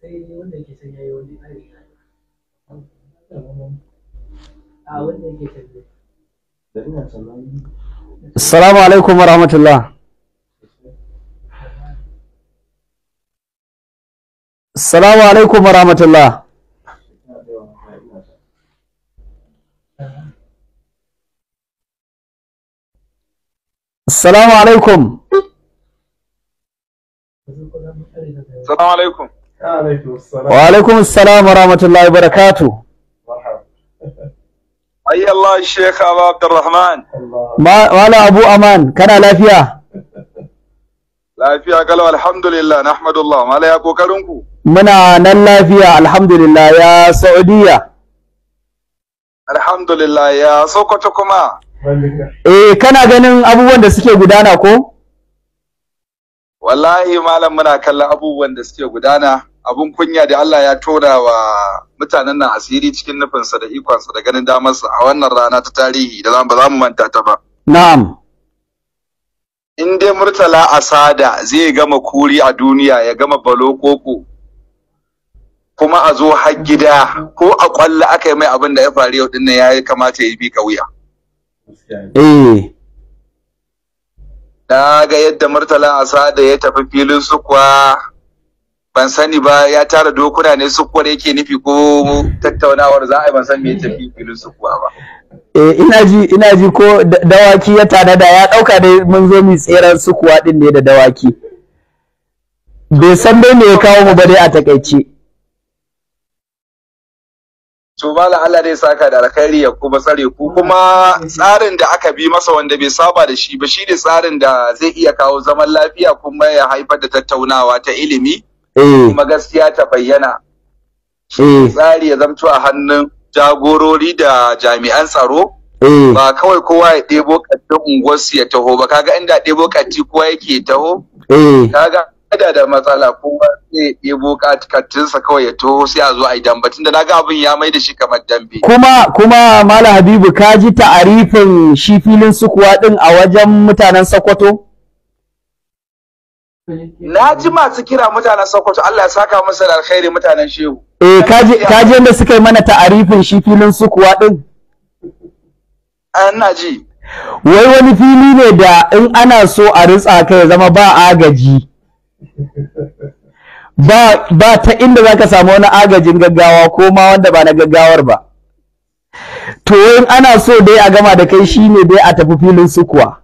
sai wanda yake son yayi wani a wanda yake Assalamu alaikum wa rahmatullah. Assalamu alaikum wa rahmatullah. Assalamu alaikum. Assalamu alaikum. wa alaikum assalam wa rahmatullahi wa barakatuh ayyallah abu abdurrahman mala kana lafiya lafiya kalau alhamdulillah nahmadullah mala ya kokarin ku muna nan lafiya alhamdulillah ya saudiya alhamdulillah ya sokoto kuma eh kana ganin abubuwan da suke gudana ko wallahi malam muna kallon abubuwan da suke gudana abun kunya da Allah ya tona wa mutanen nan asiri cikin nufinsa da ikonsa da ganin damarsa a wannan rana ta tarihi da ba za mu manta ta ba. Na'am. In dai Murtala Asada zai gama kuri a duniya ya gama balo koko kuma a zo har gida ko a kwalla aka mai abin da ya faru yau dinnan ya kamata ya bi kauya. Eh. Na ga yadda Murtala Asada ya tafi filin su kuwa ban sani ba ya tara dokuna ne sukuwar yake nufi ko tattaunawar za a yi ban san me tafi filin sukuwa ba eh ina ji ina ji ko dawaki ya tada da ya dauka dai mun zo mu tseren sukuwa din ne da dawaki bai san dai me ya kawo mu ba dai a takaice to mala Allah dai saka da alkhairi ya kuma tsare ku kuma tsarin da aka bi masa wanda bai saba da shi ba shi ne tsarin da zai iya kawo zaman lafiya kuma ya haifar da tattaunawa ta ilimi Eh. kuma gaskiya ta bayyana eh. tsari ya zamto a hannun jagorori da jami'an tsaro eh. ba kawai kowa ya ɗebo ƙatti unguwarsu ya taho ba kaga inda ɗebo ƙarfi kowa yake taho kaga da da matsala kowa zai ɗebo kattinsa kawai ya taho sai a zo a yi damba tunda na ga abin ya mai da shi kamar dambe. Kuma kuma Malam Habibu ka ji ta'arifin shi filin sukuwa ɗin a wajen mutanen Sokoto? na ji masu kira mutanen Sokoto Allah ya saka masa da alkhairi mutanen Shehu eh ka je inda suka yi mana ta'arifin shi filin su kuwa din eh, ina ji wai wani fili ne da in ana so a ritsa kai ya zama ba agaji ba ba ta inda zaka samu wani agajin gaggawa ko ma wanda ba na gaggawar ba to in ana so dai a gama da kai shi ne dai a tafi filin sukuwa.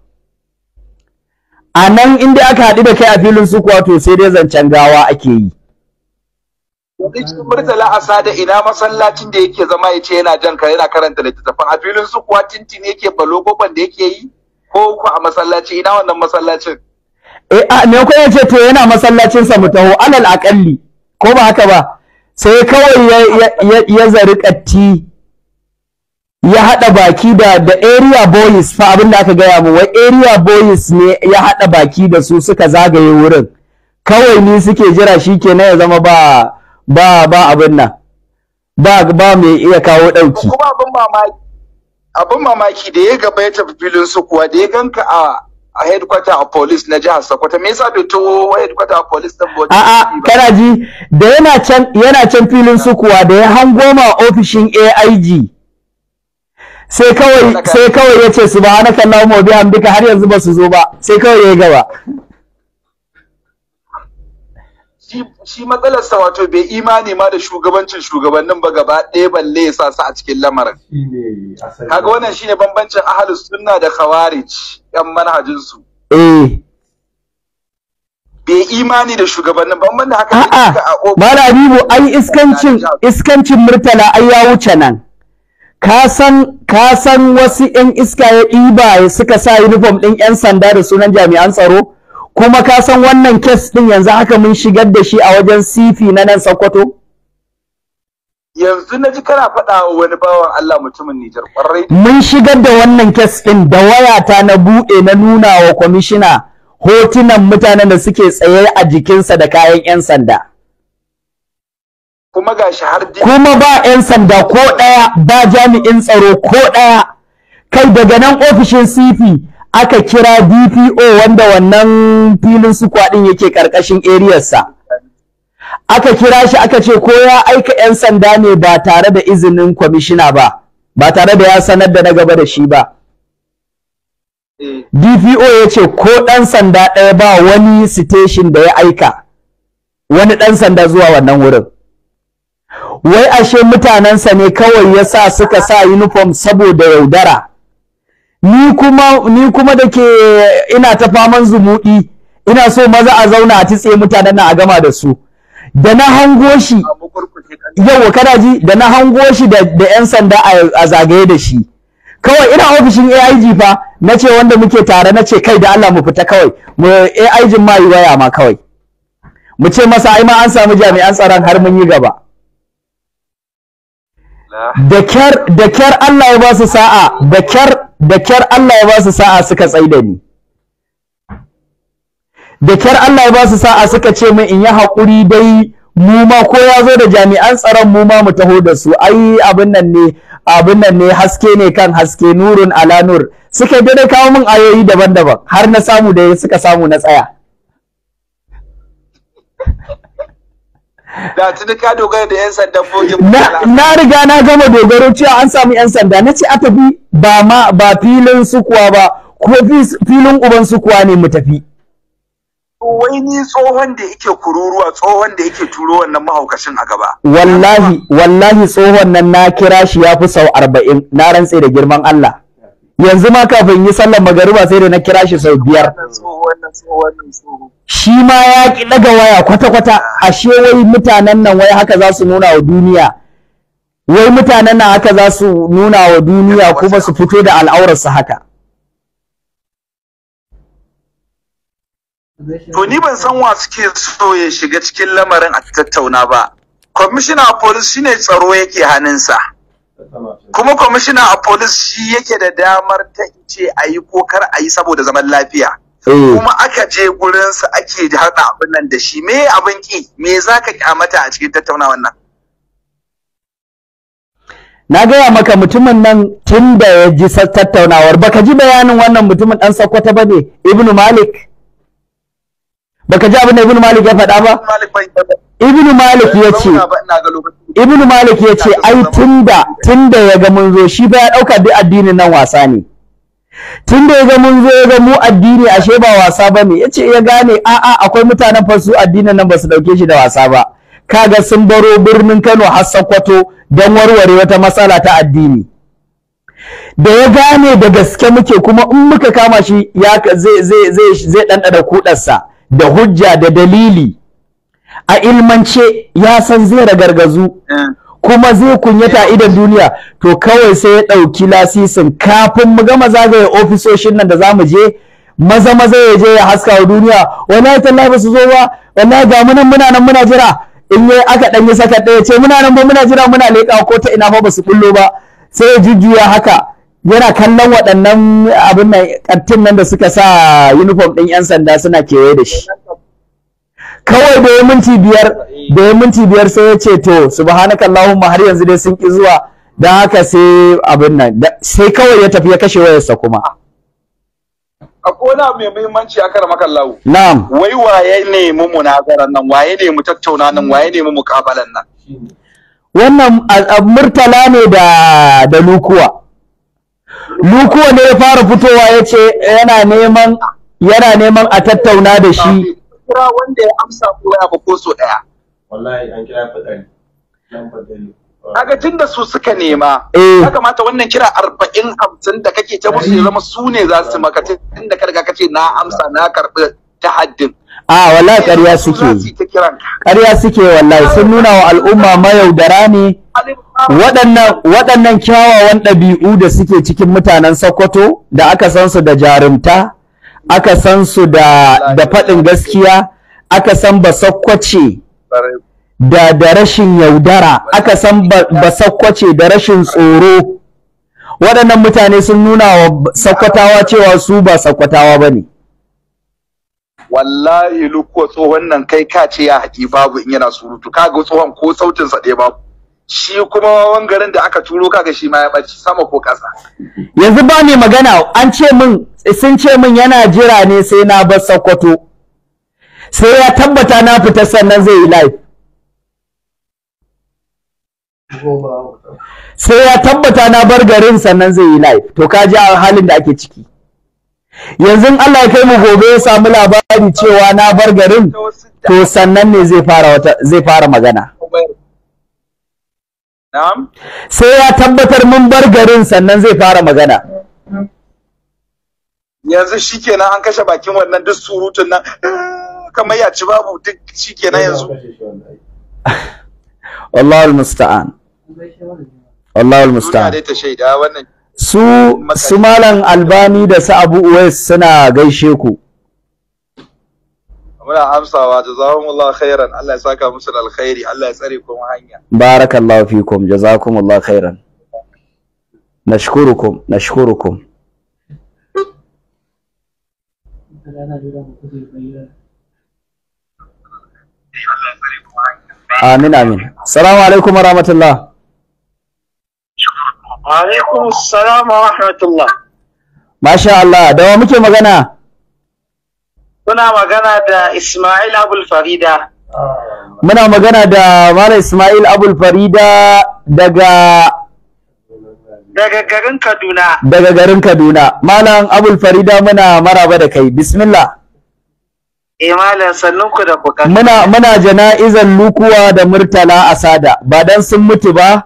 a nan inda aka haɗu da kai a filin su kuwa to sai dai zancen gawa ake yi Murtala a sada ina masallacin da yake zama ya ce yana jan ka yana karanta littattafan a filin su kuwa tintin yake balogoban da yake yi ko ku a masallaci ina wannan masallacin eh a me ko yace to yana masallacin sa mu taho alal aqalli ko ba haka ba sai kawai ya ya, ya zari katti ya haɗa baki da da area boys fa abin da aka gaya mu wai area boys ne ya haɗa baki da su suka zagaye wurin kawai ni suke jira shi ke ya zama ba ba ba abin nan ba ba mai iya kawo ɗauki. Kuma abin mamaki abin mamaki da ya gaba ya tafi filin su kuwa da ya ganka a a headquarter a police na jihar Sokoto me yasa bai to headquarter a police din Bauchi a'a kana ji da yana can yana can filin su kuwa da ya hango ma ofishin AIG sai kawai sai kawai yace subhanaka allahumma wa bihamdika har yanzu ba su zo ba sai kawai yayi gaba shi matsalarsa wato bai imani ma da shugabancin shugabannin ba gaba ɗaya balle ya sa su a cikin lamarin kaga wannan shine bambancin ahlus sunna da khawarij yan manhajin su eh bai imani da shugabannin ban banda haka a'a malami ai iskancin iskancin murtala ai ya wuce nan ka san wasu 'yan iska ya ɗiba suka sa uniform ɗin 'yan sanda da sunan jami'an tsaro kuma ka san wannan kes ɗin yanzu haka mun shigar da shi a wajen sifi na nan sokoto yanzu na ji kana faɗa wani bawan Allah mutumin Nijar ƙwarai mun shigar da wannan kes ɗin da wayata na buɗe na nuna wa kwamishina hotunan mutanen da suke tsaye a jikinsa da kayan 'yan sanda kuma gashi har kuma ba 'yan sanda ko ɗaya ba jami'in tsaro ko ɗaya kai daga nan ofishin CP aka kira DPO wanda wannan filin su yake ƙarƙashin sa aka kira shi aka ce ko ya aika 'yan sanda ne ba tare da izinin kwamishina ba ba tare da ya sanar da na gaba da shi ba eh. DPO ya ce ko ɗan sanda ɗaya ba wani siteshin da ya aika wani ɗan sanda zuwa wannan wurin wai ashe mutanensa ne kawai yasa suka sa uniform saboda yaudara ni kuma ni kuma da ke ina ta faman zumuɗi ina so maza a zauna a titse mutanen nan a gama da su da na hango shi yau kada ji da na hango shi da 'yan sanda a zagaye da shi kawai ina ofishin AIG fa na ce wanda muke tare na ce kai da Allah mu fita kawai mu AIG ma yi waya ma kawai mu ce masa ai ma an samu jami'an tsaron har mun yi gaba da kyar Allah ya ba su sa'a da kyar da kyar Allah ya ba su sa'a suka tsaida ni da kyar Allah ya ba su sa'a suka ce min in yi haƙuri dai mu ma ko ya zo da jami'an tsaron mu ma mu taho da su ai abin nan ne abin nan ne haske ne kan haske nurun ala nur suka dai kawo min ayoyi daban-daban har na samu da suka samu na tsaya na riga na gama dogaro cewa an samu 'yan sanda na ce a tafi ba ma ba filin sukuwa ba ko filin uban sukuwa ne mu tafi wai ni tsohon da yake kururuwa tsohon da yake turo wannan mahaukacin a gaba wallahi wallahi tsohon nan na kira shi ya fi sau arba'in na rantse da girman Allah yanzu ma kafin yi sallar magariba sai da na kira shi sau biyar shi ma ya ki daga waya kwata-kwata ashe wai mutanen nan wai haka za su nuna wa duniya wai mutanen nan haka za su nuna wa duniya kuma su fito da al'aurarsu haka to ni ban san wa suke so ya shiga cikin lamarin a tattauna ba kwamishina polis shine tsaro yake hannunsa kuma kwamishina a polis shi yake da damar ta ce a yi ko kar a yi saboda zaman lafiya eh. kuma aka je gurinsa ake harɗa abin nan da shi me abin ki me za ka kyamata a cikin tattauna nan na gaya maka mutumin nan tun da ya ji tattaunawar baka ji bayanin wannan mutumin ɗan sakwata ba ne ibnu malik baka ji abin da ibnu malik ya faɗa ba ibnu malik ya ce ibn malik ya ce ai tunda tunda ya ga mun zo shi ba ya ɗauka duk addinin nan wasa ne tunda ya ga mun zo ya ga mu addini ashe ba wasa ba ne ya ce ya gane a'a akwai mutanen fa addinin nan ba su ɗauke shi da wasa ba kaga sun baro birnin kano har sokoto don warware wata matsala ta addini da ya gane da gaske muke kuma in muka kama shi ya zai zai zai zai ɗanɗana kuɗarsa da hujja da dalili a ilmance ya san zai ragargazu eh. kuma zai kunyata eh. idan duniya to kawai sai ya ɗauki lasisin kafin mu gama zagaye ofisoshin nan da za mu je maza maza ya je ya haska wa duniya wallahi tallahi ba su zo ba wallahi ga mu nan muna nan muna jira in yayi aka ɗan yi saka ɗaya ce muna nan ba muna jira muna leƙa ko ta ina ba su bullo ba sai ya jujjuya haka yana kallon waɗannan abin nan nan da suka sa uniform ɗin 'yan sanda suna kewaye da shi kawai da ya minti biyar da ya minti biyar sai ya ce to subhanakallahumma har yanzu dai sun ki zuwa dan haka sai abin nan sai kawai ya tafi ya kashe wayarsa kuma A kona mai muhimmanci a kara maka Na'am. Wai waye ne mu munazaran nan waye ne mu tattauna nan waye ne mu mukabalan nan. Wannan murtala ne da da lukuwa. Lukuwa ne ya fara fitowa yace yana neman yana neman a tattauna da shi kira wanda ya amsa ko ya ba ko so daya wallahi an kira fadari nan fadari kaga tunda su suka nema eh. ya kamata wannan kira arba'in hamsin da kake ta musu zama su ne za su maka tunda ka riga ka ce na amsa na karɓi ta haddin a wallahi ƙarya suke ƙarya suke wallahi sun nuna wa al'umma mayaudara ne waɗannan waɗannan kyawawan ɗabi'u da suke cikin mutanen Sokoto da aka san su da jarumta aka san su da da faɗin gaskiya aka san sakkwace da da rashin yaudara aka san ba sakkwace da rashin tsoro waɗannan mutane sun nuna wa sakkwatawa cewa su ba sakkwatawa ba ne wallahi lukuwa tsohon nan kai ka ce ya haƙi babu in yana surutu kaga tsohon ko sautinsa ɗaya babu shi kuma wawan garin da aka turo kaga shi ma ya ɓaci sama ko ƙasa. Yanzu ba ni magana an ce min sun ce min yana jira ne sai na bar Sokoto. Sai ya tabbata na fita sannan zai yi live. Sai ya tabbata na bar garin sannan zai yi live. To ka ji halin da ake ciki. Yanzu Allah ya kai mu gobe ya samu labari cewa na bar garin to sannan ne zai fara magana. sai ya tabbatar mun bar garin sannan zai fara magana yanzu shikenan an kashe bakin wannan duk surutun nan ah, kamar ya ci babu duk shikenan yanzu Allahul musta'an Allahul musta'an su su malam albani da su abu uwais suna gaishe ku muna amsawa jazakumullahu khairan Allah ya saka musu da alkhairi Allah ya tsare kuma hanya barakallahu fikum jazakumullahu khairan nashkurukum nashkurukum Amin amin. Assalamu alaikum wa rahmatullah. Wa alaikum assalam wa rahmatullah. Masha Allah, dawa muke magana? Muna magana da Ismail Abul Farida. Muna magana da Mala Ismail Abul Farida daga daga garin Kaduna. Daga garin Kaduna. Malam Abul Farida muna maraba da kai. Bismillah. E malam sannun ku da kuka. Muna muna jana'izan lukuwa da murtala asada ba dan sun mutu ba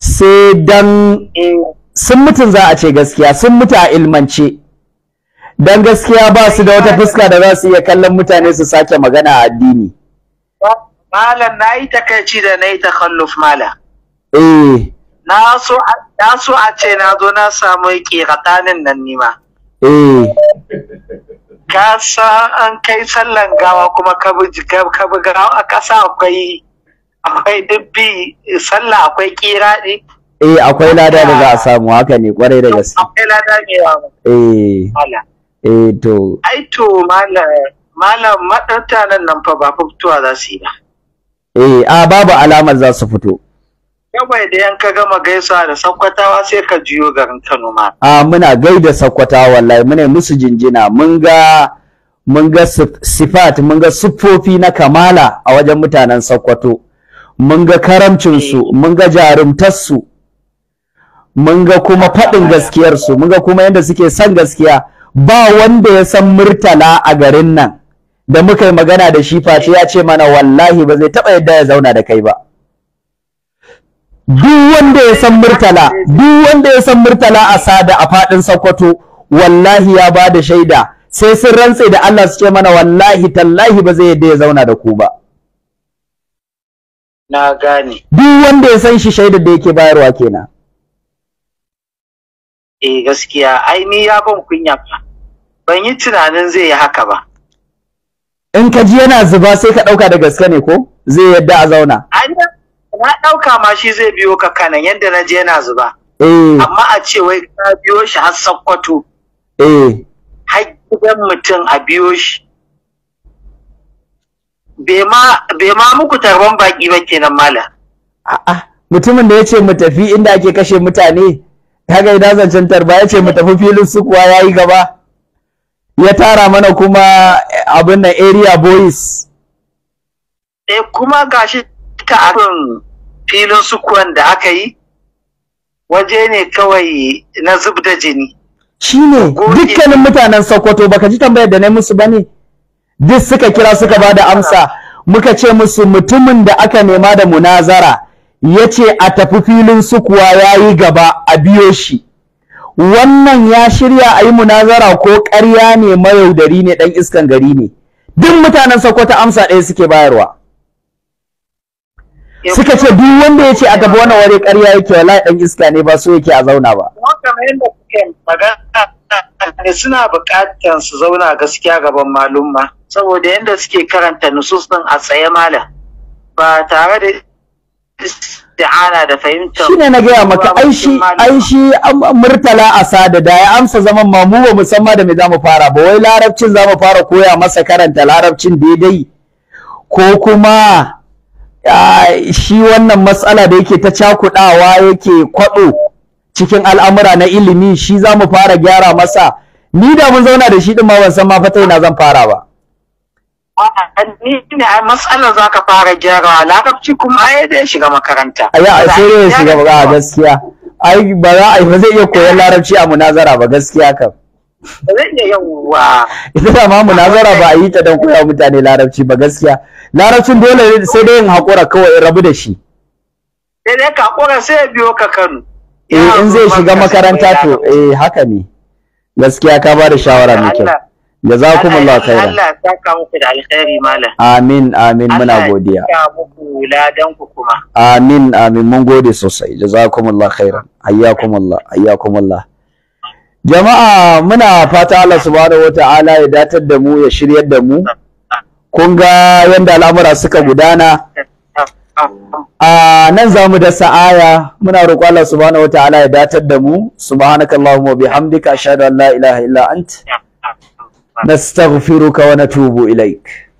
sai dan eh. sun mutun za a ce gaskiya sun mutu a ilmance. dan gaskiya ba su da wata fuska da za su iya kallon mutane su sake magana a addini malam na yi takaici da na yi takalluf malam eh na so a ce na zo na samu katanin nan nima eh ka san an kai sallan gawa kuma ka bi gawa a ƙasa akwai akwai dubbi sallah akwai kiraɗi eh akwai lada da za a samu haka ne kwarai da gaske akwai lada ne eh eh to ai to malam malam matattanan nan fa ba fitowa za su yi ba eh a babu alamar za su fito kawai da yanka gama gaisa da sakkwatawa sai ka jiyo garin Kano a muna gaida sakkwatawa wallahi muna musu jinjina mun ga mun ga sifat mun ga siffofi na kamala a wajen mutanen sakkwato mun ga karamcinsu eh. mun ga jarumtarsu mun ga kuma faɗin gaskiyarsu mun ga kuma yadda suke son gaskiya ba wanda ya san murtala a garin nan da muka yi magana da shi face ya ce mana wallahi ba zai taɓa yadda ya zauna da kai ba duk wanda ya san murtala duk wanda ya san murtala a sada a faɗin sokoto wallahi ya ba da shaida sai sun rantse da Allah su ce mana wallahi tallahi ba zai yadda ya zauna da ku ba na gane duk wanda ya san shi shaida da yake bayarwa kenan E, gaskiya ai ni ya ban kunya ban yi tunanin zai yi haka ba in ka ji yana zuba sai ka ɗauka da gaske ne ko zai yadda a zauna na ɗauka ma shi zai biyo ka kanan yadda na je yana zuba eh. amma a ce wai ka biyo shi har sakkwato eh. har gidan mutum a biyo shi bai ma muku tarban baki ba kenan mala a'a mutumin da ya ce mu tafi inda ake kashe mutane kaga ina zancen tarba ya ce mu tafi filin sukuwa ya yi gaba ya tara mana kuma eh, abin da area boys eh kuma gashi ta abin filin sukuwan da aka yi waje ne kawai na zub da jini Shi ne dukkanin mutanen Sokoto baka ji tambayar da na musu ba ne. duk suka kira suka ba da amsa muka ce musu mutumin da aka nema da munazara ya ce a tafi filin sukuwa ya yi gaba a biyo shi wannan ya shirya a yi munazara ko ƙarya ne mayaudari ne ɗan iskan gari ne duk mutanen sokoto amsa ɗaya suke bayarwa suka ce duk wanda ya ce a tafi wannan wani ƙarya yake wallahi ɗan iska ne ba so yake a zauna ba suna buƙatar su zauna gaskiya gaban malumma saboda yadda suke karanta nusus ɗin a tsaye malam ba tare da isti'ana da shine na gaya maka ai shi ai shi murtala asada da ya amsa zaman ma musamman da me zamu fara ba wai larabcin zamu fara koya masa karanta larabcin daidai ko kuma shi wannan matsala da yake ta cakudawa yake kwado cikin al'amura na ilimi shi zamu fara gyara masa ni da mun zauna da shi din ma ban san ma fata ina zan fara ba ni ne ai matsalar ka fara gyarawa larabci kuma ai da ya shiga makaranta ai a sai ya shiga ba gaskiya ai ba za a yi ba zai iya koyon larabci a munazara ba gaskiya kam zai iya yawwa ita ma munazara ba a yi ta don koya mutane larabci ba gaskiya larabcin dole sai dai yin haƙura kawai rabu da shi sai dai ka haƙura sai ya biyo ka Kano eh in zai shiga makaranta to eh haka ne gaskiya ka ba da shawara mai kyau جزاكم الله خيرا الله يسعدك muku الخير alkhairi امين امين amin غوديا امين امين من غودي سوسي جزاكم الله خيرا حياكم الله حياكم الله jama'a muna fata Allah subhanahu wata'ala ya datar da mu ya shiryar da mu kun ga yanda al'amura suka gudana a nan za mu dasa aya muna roƙo Allah subhanahu wata'ala ya datar da mu subhanakallahumma bihamdika ashhadu an la ilaha illa anta نستغفرك ونتوب إليك